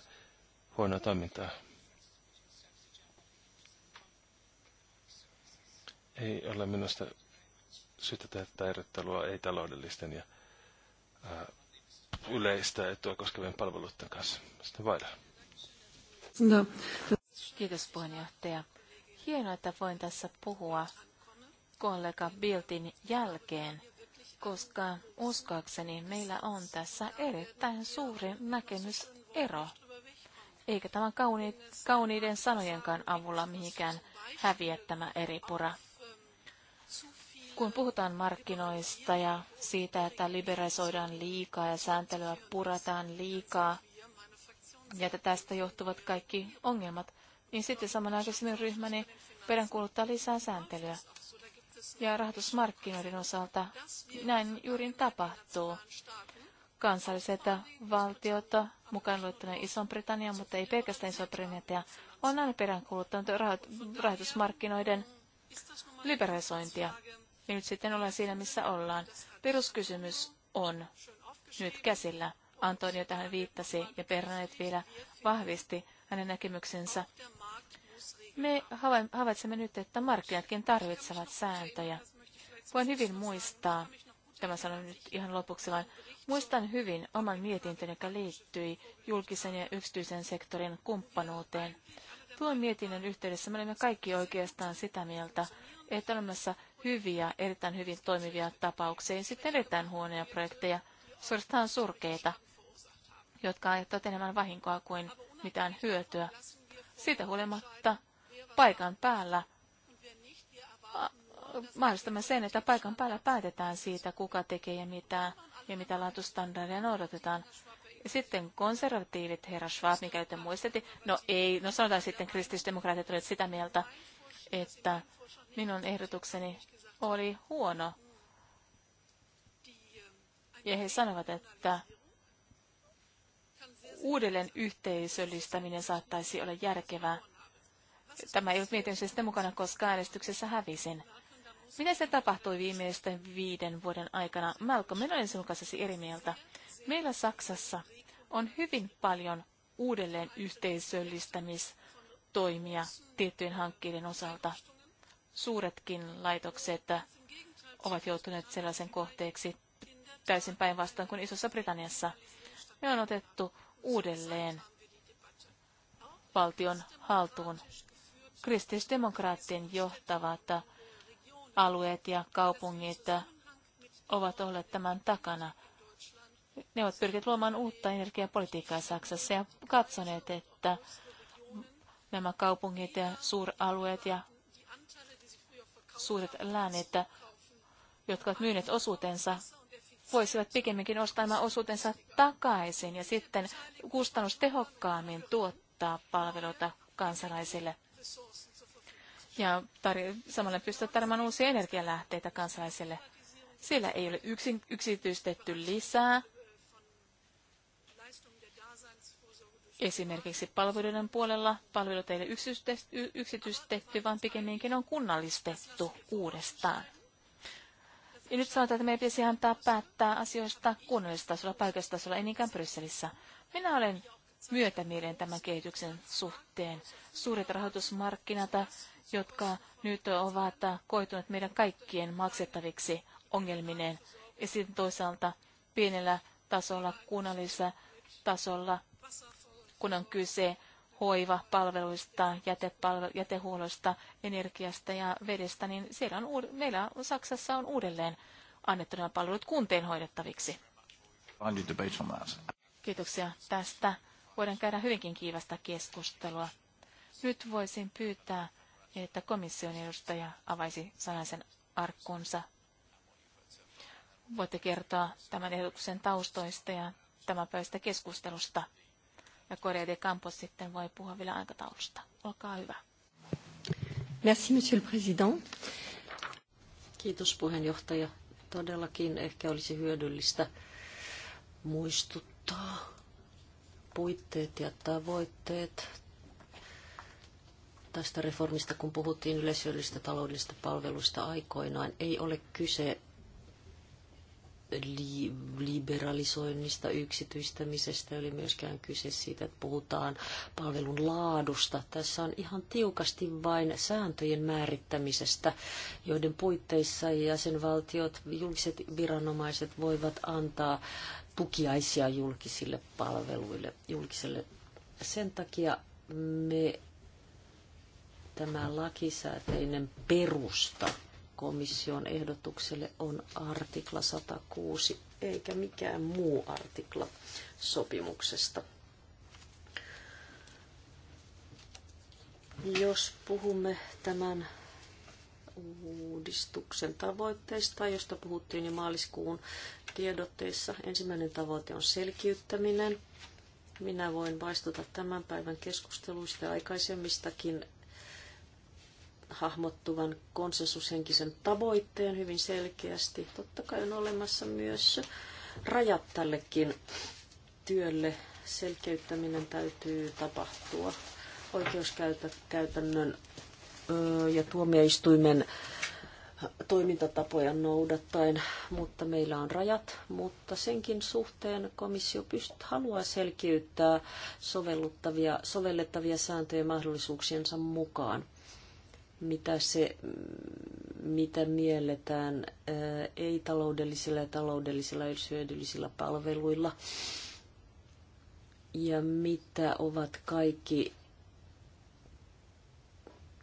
huonoa toimintaa. Ei ole minusta syytä tehdä erottelua ei-taloudellisten ja ää, yleistä etua koskevien palveluiden kanssa. Sitten vaihda. No. Kiitos puheenjohtaja. Hienoa, että voin tässä puhua kollega Biltin jälkeen, koska uskoakseni meillä on tässä erittäin suuri näkemysero. Eikä tämän kauniiden sanojenkaan avulla mihinkään häviä tämä eri pura. Kun puhutaan markkinoista ja siitä, että liberalisoidaan liikaa ja sääntelyä purataan liikaa, ja että tästä johtuvat kaikki ongelmat, niin sitten samanaikaisesti minun ryhmäni peräänkuuluttaa lisää sääntelyä. Ja rahoitusmarkkinoiden osalta näin juuri tapahtuu. Kansalliset valtiot, mukaan luettuna Iso-Britannia, mutta ei pelkästään Iso-Britannia, on aina peräänkuuluttanut rahoitusmarkkinoiden liberalisointia. Ja nyt sitten ollaan siinä, missä ollaan. Peruskysymys on nyt käsillä. Antonio tähän viittasi ja Bernanet vielä vahvisti hänen näkemyksensä. Me havaitsemme nyt, että markkinatkin tarvitsevat sääntöjä. Voin hyvin muistaa, tämä sanon nyt ihan lopuksi vain, muistan hyvin oman mietintöni, joka liittyi julkisen ja yksityisen sektorin kumppanuuteen. Tuon mietinnön yhteydessä me olimme kaikki oikeastaan sitä mieltä, että olemassa hyviä, erittäin hyvin toimivia tapauksia ja sitten erittäin huonoja projekteja, suorastaan surkeita, jotka aiheuttavat enemmän vahinkoa kuin mitään hyötyä. Siitä huolimatta paikan päällä mahdollistamme sen, että paikan päällä päätetään siitä, kuka tekee ja mitä, ja mitä laatustandardia noudatetaan. Sitten konservatiivit, herra Schwab, mikä te muistettiin, no ei, no sanotaan sitten kristillisdemokraatit olivat sitä mieltä, että minun ehdotukseni oli huono. Ja he sanovat, että uudelleen yhteisöllistäminen saattaisi olla järkevää. Tämä ei ollut mietinnössä mukana, koska äänestyksessä hävisin. Mitä se tapahtui viimeisten viiden vuoden aikana? Malko, minä olen sinun kanssasi eri mieltä. Meillä Saksassa on hyvin paljon uudelleen yhteisöllistämistä toimia tiettyjen hankkeiden osalta. Suuretkin laitokset ovat joutuneet sellaisen kohteeksi täysin päinvastoin kuin Isossa Britanniassa. Me on otettu uudelleen valtion haltuun. Kristillisdemokraattien johtavat alueet ja kaupungit ovat olleet tämän takana. Ne ovat pyrkineet luomaan uutta energiapolitiikkaa Saksassa ja katsoneet, että nämä kaupungit ja suuralueet ja suuret läänet, jotka ovat myyneet osuutensa, voisivat pikemminkin ostaa nämä osuutensa takaisin ja sitten kustannustehokkaammin tuottaa palveluita kansalaisille. Ja tar- samalla pystyä tarjoamaan uusia energialähteitä kansalaisille. Siellä ei ole yksin, yksityistetty lisää Esimerkiksi palveluiden puolella palvelut ei ole yksityistetty, vaan pikemminkin on kunnallistettu uudestaan. Ja nyt sanotaan, että meidän pitäisi antaa päättää asioista kunnallistasolla, paikallistasolla, ei niinkään Brysselissä. Minä olen myötämielen tämän kehityksen suhteen. Suuret rahoitusmarkkinat, jotka nyt ovat koituneet meidän kaikkien maksettaviksi ongelmineen. Ja sitten toisaalta pienellä tasolla, kunnallisella tasolla kun on kyse hoivapalveluista, jätepalvelu, jätehuollosta, energiasta ja vedestä, niin siellä on, meillä Saksassa on uudelleen annettu nämä palvelut kunteen hoidettaviksi. Kiitoksia tästä. Voidaan käydä hyvinkin kiivasta keskustelua. Nyt voisin pyytää, että komission edustaja avaisi sanaisen arkkunsa. Voitte kertoa tämän ehdotuksen taustoista ja tämän päivästä keskustelusta. Ja Korea de Campos sitten voi puhua vielä aikataulusta. Olkaa hyvä. Merci, monsieur le président. Kiitos puheenjohtaja. Todellakin ehkä olisi hyödyllistä muistuttaa puitteet ja tavoitteet tästä reformista, kun puhuttiin yleisöllisistä taloudellista palveluista aikoinaan, ei ole kyse li- liberalisoinnista, yksityistämisestä, oli myöskään kyse siitä, että puhutaan palvelun laadusta. Tässä on ihan tiukasti vain sääntöjen määrittämisestä, joiden puitteissa jäsenvaltiot, julkiset viranomaiset voivat antaa tukiaisia julkisille palveluille, julkiselle. Sen takia me tämä lakisääteinen perusta komission ehdotukselle on artikla 106, eikä mikään muu artikla sopimuksesta. Jos puhumme tämän uudistuksen tavoitteista, josta puhuttiin jo maaliskuun tiedotteissa, ensimmäinen tavoite on selkiyttäminen. Minä voin vaistuta tämän päivän keskusteluista ja aikaisemmistakin hahmottuvan konsensushenkisen tavoitteen hyvin selkeästi. Totta kai on olemassa myös rajat tällekin työlle. Selkeyttäminen täytyy tapahtua oikeuskäytännön ja tuomioistuimen toimintatapoja noudattaen, mutta meillä on rajat, mutta senkin suhteen komissio pyst- haluaa selkiyttää sovellettavia sääntöjä mahdollisuuksiensa mukaan mitä se, mitä mielletään ei-taloudellisilla ja taloudellisilla ja hyödyllisillä palveluilla ja mitä ovat kaikki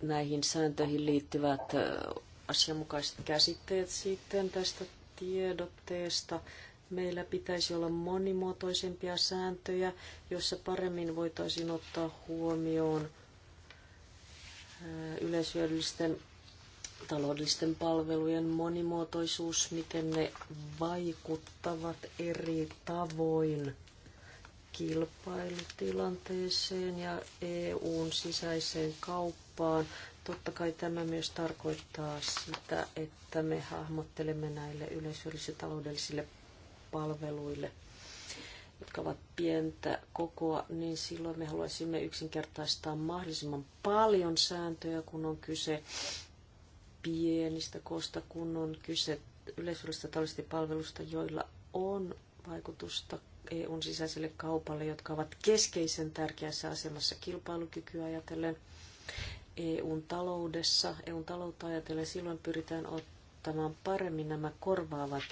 näihin sääntöihin liittyvät asianmukaiset käsitteet sitten tästä tiedotteesta. Meillä pitäisi olla monimuotoisempia sääntöjä, joissa paremmin voitaisiin ottaa huomioon yleishyödyllisten taloudellisten palvelujen monimuotoisuus, miten ne vaikuttavat eri tavoin kilpailutilanteeseen ja EUn sisäiseen kauppaan. Totta kai tämä myös tarkoittaa sitä, että me hahmottelemme näille yleisöllisille taloudellisille palveluille – jotka ovat pientä kokoa, niin silloin me haluaisimme yksinkertaistaa mahdollisimman paljon sääntöjä, kun on kyse pienistä koosta, kun on kyse yleisöllisistä taloudellisesta palvelusta, joilla on vaikutusta EUn sisäiselle kaupalle, jotka ovat keskeisen tärkeässä asemassa kilpailukykyä ajatellen EUn taloudessa, EUn taloutta ajatellen. Silloin pyritään ottamaan paremmin nämä korvaavat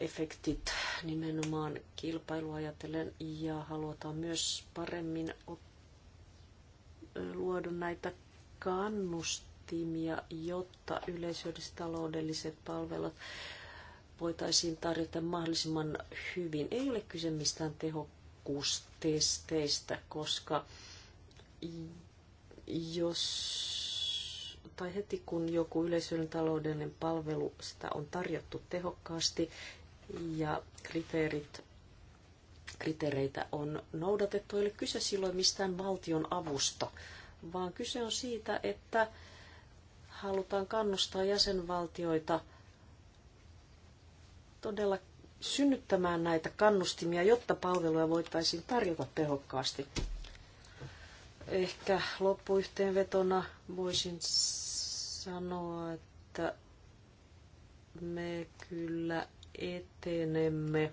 efektit nimenomaan kilpailua ajatellen ja halutaan myös paremmin luoda näitä kannustimia, jotta taloudelliset palvelut voitaisiin tarjota mahdollisimman hyvin. Ei ole kyse mistään tehokkuustesteistä, koska jos tai heti kun joku yleisöllinen taloudellinen palvelu sitä on tarjottu tehokkaasti, ja kriteerit, kriteereitä on noudatettu. Ei ole kyse silloin mistään valtion avusta, vaan kyse on siitä, että halutaan kannustaa jäsenvaltioita todella synnyttämään näitä kannustimia, jotta palveluja voitaisiin tarjota tehokkaasti. Ehkä loppuyhteenvetona voisin sanoa, että me kyllä etenemme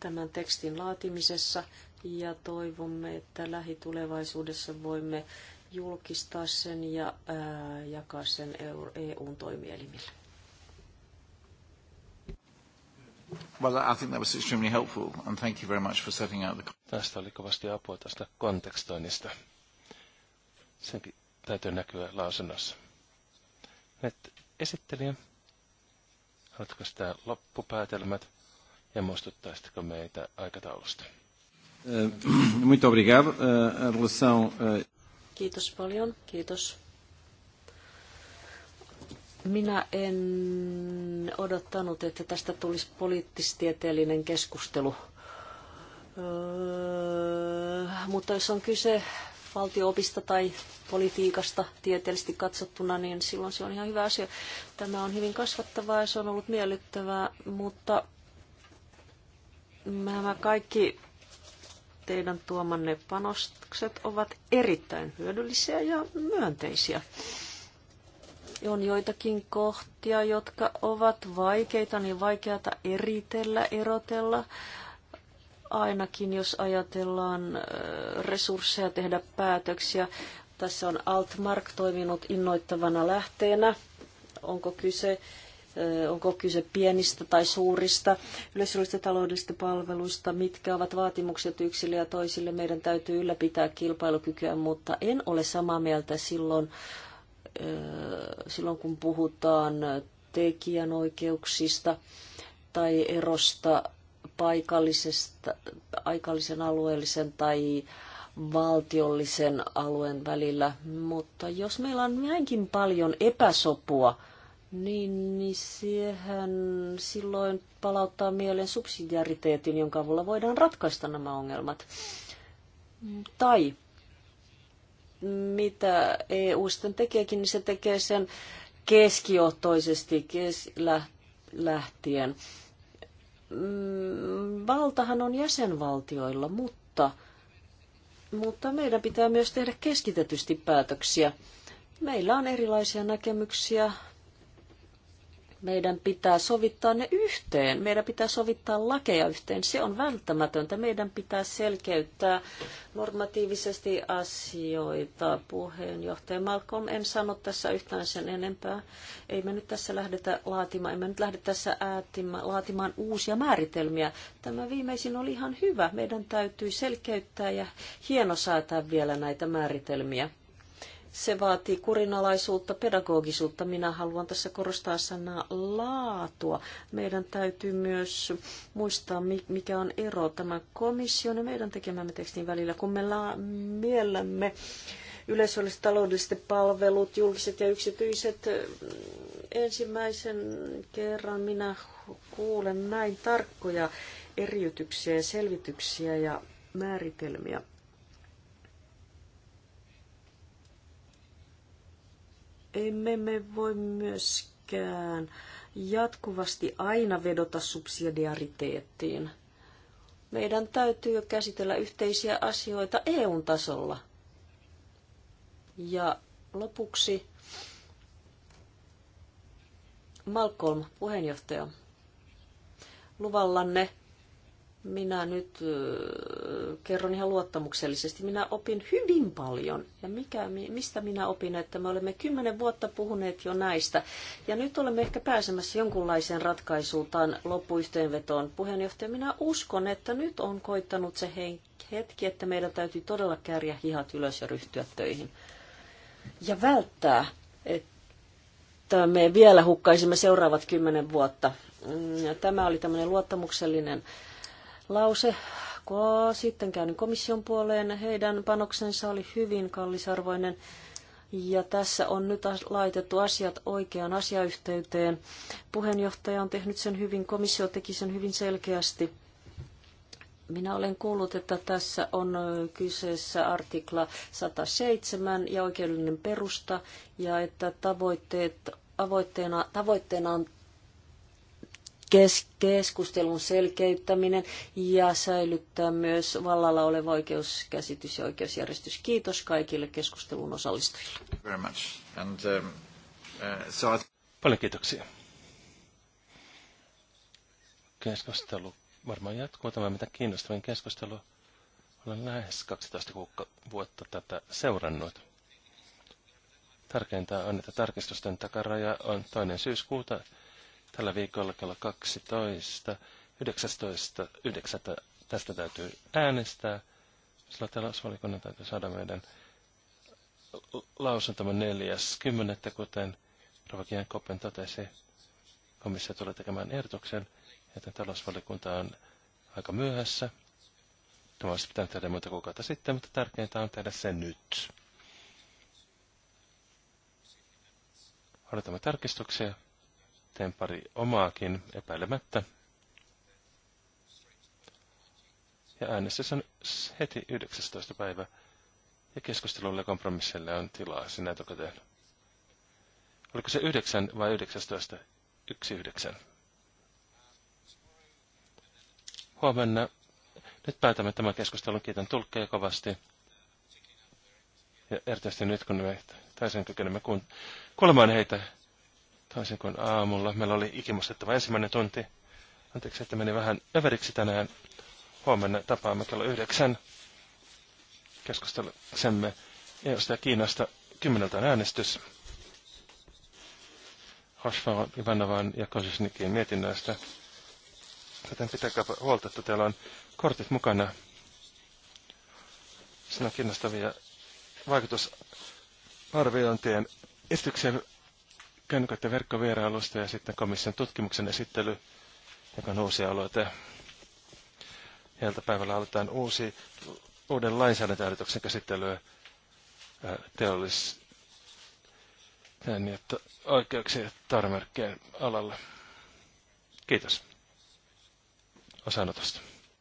tämän tekstin laatimisessa ja toivomme, että lähitulevaisuudessa voimme julkistaa sen ja ää, äh, jakaa sen EUn toimielimille. Well, I think that was extremely helpful, and thank you very much for setting out the... Tästä oli kovasti apua tästä kontekstoinnista. Senkin täytyy näkyä lausunnossa. Nyt esittelijä. Haluatko sitä loppupäätelmät ja muistuttaisitko meitä aikataulusta? Eh, muito obrigado. Eh, eh, Kiitos paljon. Kiitos. Minä en odottanut, että tästä tulisi poliittistieteellinen keskustelu. Öö, mutta jos on kyse valtioopista tai politiikasta tieteellisesti katsottuna, niin silloin se on ihan hyvä asia. Tämä on hyvin kasvattavaa ja se on ollut miellyttävää, mutta nämä kaikki teidän tuomanne panostukset ovat erittäin hyödyllisiä ja myönteisiä. On joitakin kohtia, jotka ovat vaikeita, niin vaikeata eritellä, erotella ainakin jos ajatellaan resursseja tehdä päätöksiä. Tässä on Altmark toiminut innoittavana lähteenä. Onko kyse, onko kyse pienistä tai suurista yleisöllisistä taloudellisista palveluista, mitkä ovat vaatimukset yksille ja toisille. Meidän täytyy ylläpitää kilpailukykyä, mutta en ole samaa mieltä silloin, silloin kun puhutaan tekijänoikeuksista tai erosta paikallisesta, paikallisen alueellisen tai valtiollisen alueen välillä, mutta jos meillä on näinkin paljon epäsopua, niin, niin siihen silloin palauttaa mieleen subsidiariteetin, jonka avulla voidaan ratkaista nämä ongelmat. Tai mitä EU sitten tekeekin, niin se tekee sen keskiohtoisesti kes- lähtien mm, valtahan on jäsenvaltioilla, mutta, mutta meidän pitää myös tehdä keskitetysti päätöksiä. Meillä on erilaisia näkemyksiä meidän pitää sovittaa ne yhteen. Meidän pitää sovittaa lakeja yhteen. Se on välttämätöntä. Meidän pitää selkeyttää normatiivisesti asioita. Puheenjohtaja Malcolm, en sano tässä yhtään sen enempää. Ei me nyt tässä lähdetä laatimaan, ei me nyt lähde tässä äätimään, laatimaan uusia määritelmiä. Tämä viimeisin oli ihan hyvä. Meidän täytyy selkeyttää ja hienosäätää vielä näitä määritelmiä se vaatii kurinalaisuutta, pedagogisuutta. Minä haluan tässä korostaa sanaa laatua. Meidän täytyy myös muistaa, mikä on ero tämän komission ja meidän tekemämme tekstin välillä, kun me la- miellämme yleisölliset taloudelliset palvelut, julkiset ja yksityiset. Ensimmäisen kerran minä kuulen näin tarkkoja eriytyksiä ja selvityksiä ja määritelmiä. emme me voi myöskään jatkuvasti aina vedota subsidiariteettiin. Meidän täytyy käsitellä yhteisiä asioita EU-tasolla. Ja lopuksi Malcolm, puheenjohtaja, luvallanne minä nyt kerron ihan luottamuksellisesti, minä opin hyvin paljon. Ja mikä, mistä minä opin, että me olemme kymmenen vuotta puhuneet jo näistä. Ja nyt olemme ehkä pääsemässä jonkunlaiseen ratkaisuutaan loppuyhteenvetoon. Puheenjohtaja, minä uskon, että nyt on koittanut se hetki, että meidän täytyy todella kärjä hihat ylös ja ryhtyä töihin. Ja välttää, että me vielä hukkaisimme seuraavat kymmenen vuotta. Mm, tämä oli tämmöinen luottamuksellinen lause. Sitten käyn komission puoleen. Heidän panoksensa oli hyvin kallisarvoinen. Ja tässä on nyt laitettu asiat oikeaan asiayhteyteen. Puheenjohtaja on tehnyt sen hyvin, komissio teki sen hyvin selkeästi. Minä olen kuullut, että tässä on kyseessä artikla 107 ja oikeudellinen perusta, ja että tavoitteet, tavoitteena on kes- keskustelun selkeyttäminen ja säilyttää myös vallalla oleva oikeuskäsitys ja oikeusjärjestys. Kiitos kaikille keskustelun osallistujille. Very much. And, um, uh, so I... Paljon kiitoksia. Keskustelu varmaan jatkuu tämä mitä kiinnostavin keskustelu. Olen lähes 12 vuotta tätä seurannut. Tärkeintä on, että tarkistusten takaraja on toinen syyskuuta tällä viikolla kello 12. 19. 9. tästä täytyy äänestää. Sillä talousvalikunnan täytyy saada meidän lausuntomme 40 kuten Rovakian Koppen totesi. Komissio tulee tekemään ehdotuksen, että talousvalikunta on aika myöhässä. Tämä olisi pitänyt tehdä muuta kuukautta sitten, mutta tärkeintä on tehdä se nyt. Odotamme tarkistuksia. Tempari pari omaakin epäilemättä. Ja äänestys on heti 19. päivä. Ja keskustelulle ja on tilaa sinä etukäteen. Oliko se 9 vai 19? 19. Huomenna. Nyt päätämme tämän keskustelun. Kiitän tulkkeja kovasti. Ja erityisesti nyt, kun me täysin kykenemme kuulemaan heitä toisin kuin aamulla. Meillä oli ikimustettava ensimmäinen tunti. Anteeksi, että meni vähän överiksi tänään. Huomenna tapaamme kello yhdeksän. EU-sta e ja Kiinasta. Kymmeneltä on äänestys. Hoshvaro Ivanovan ja Kosisnikin mietinnöistä. Joten pitäkää huolta, että teillä on kortit mukana. Siinä on kiinnostavia vaikutusarviointien esityksiä kännyköiden verkkovierailusta ja sitten komission tutkimuksen esittely, joka on uusi aloite. Iltapäivällä aloitetaan uusi, uuden lainsäädäntöehdotuksen käsittelyä teollis, niin, että oikeuksien tarmerkkien alalla. Kiitos osanotosta.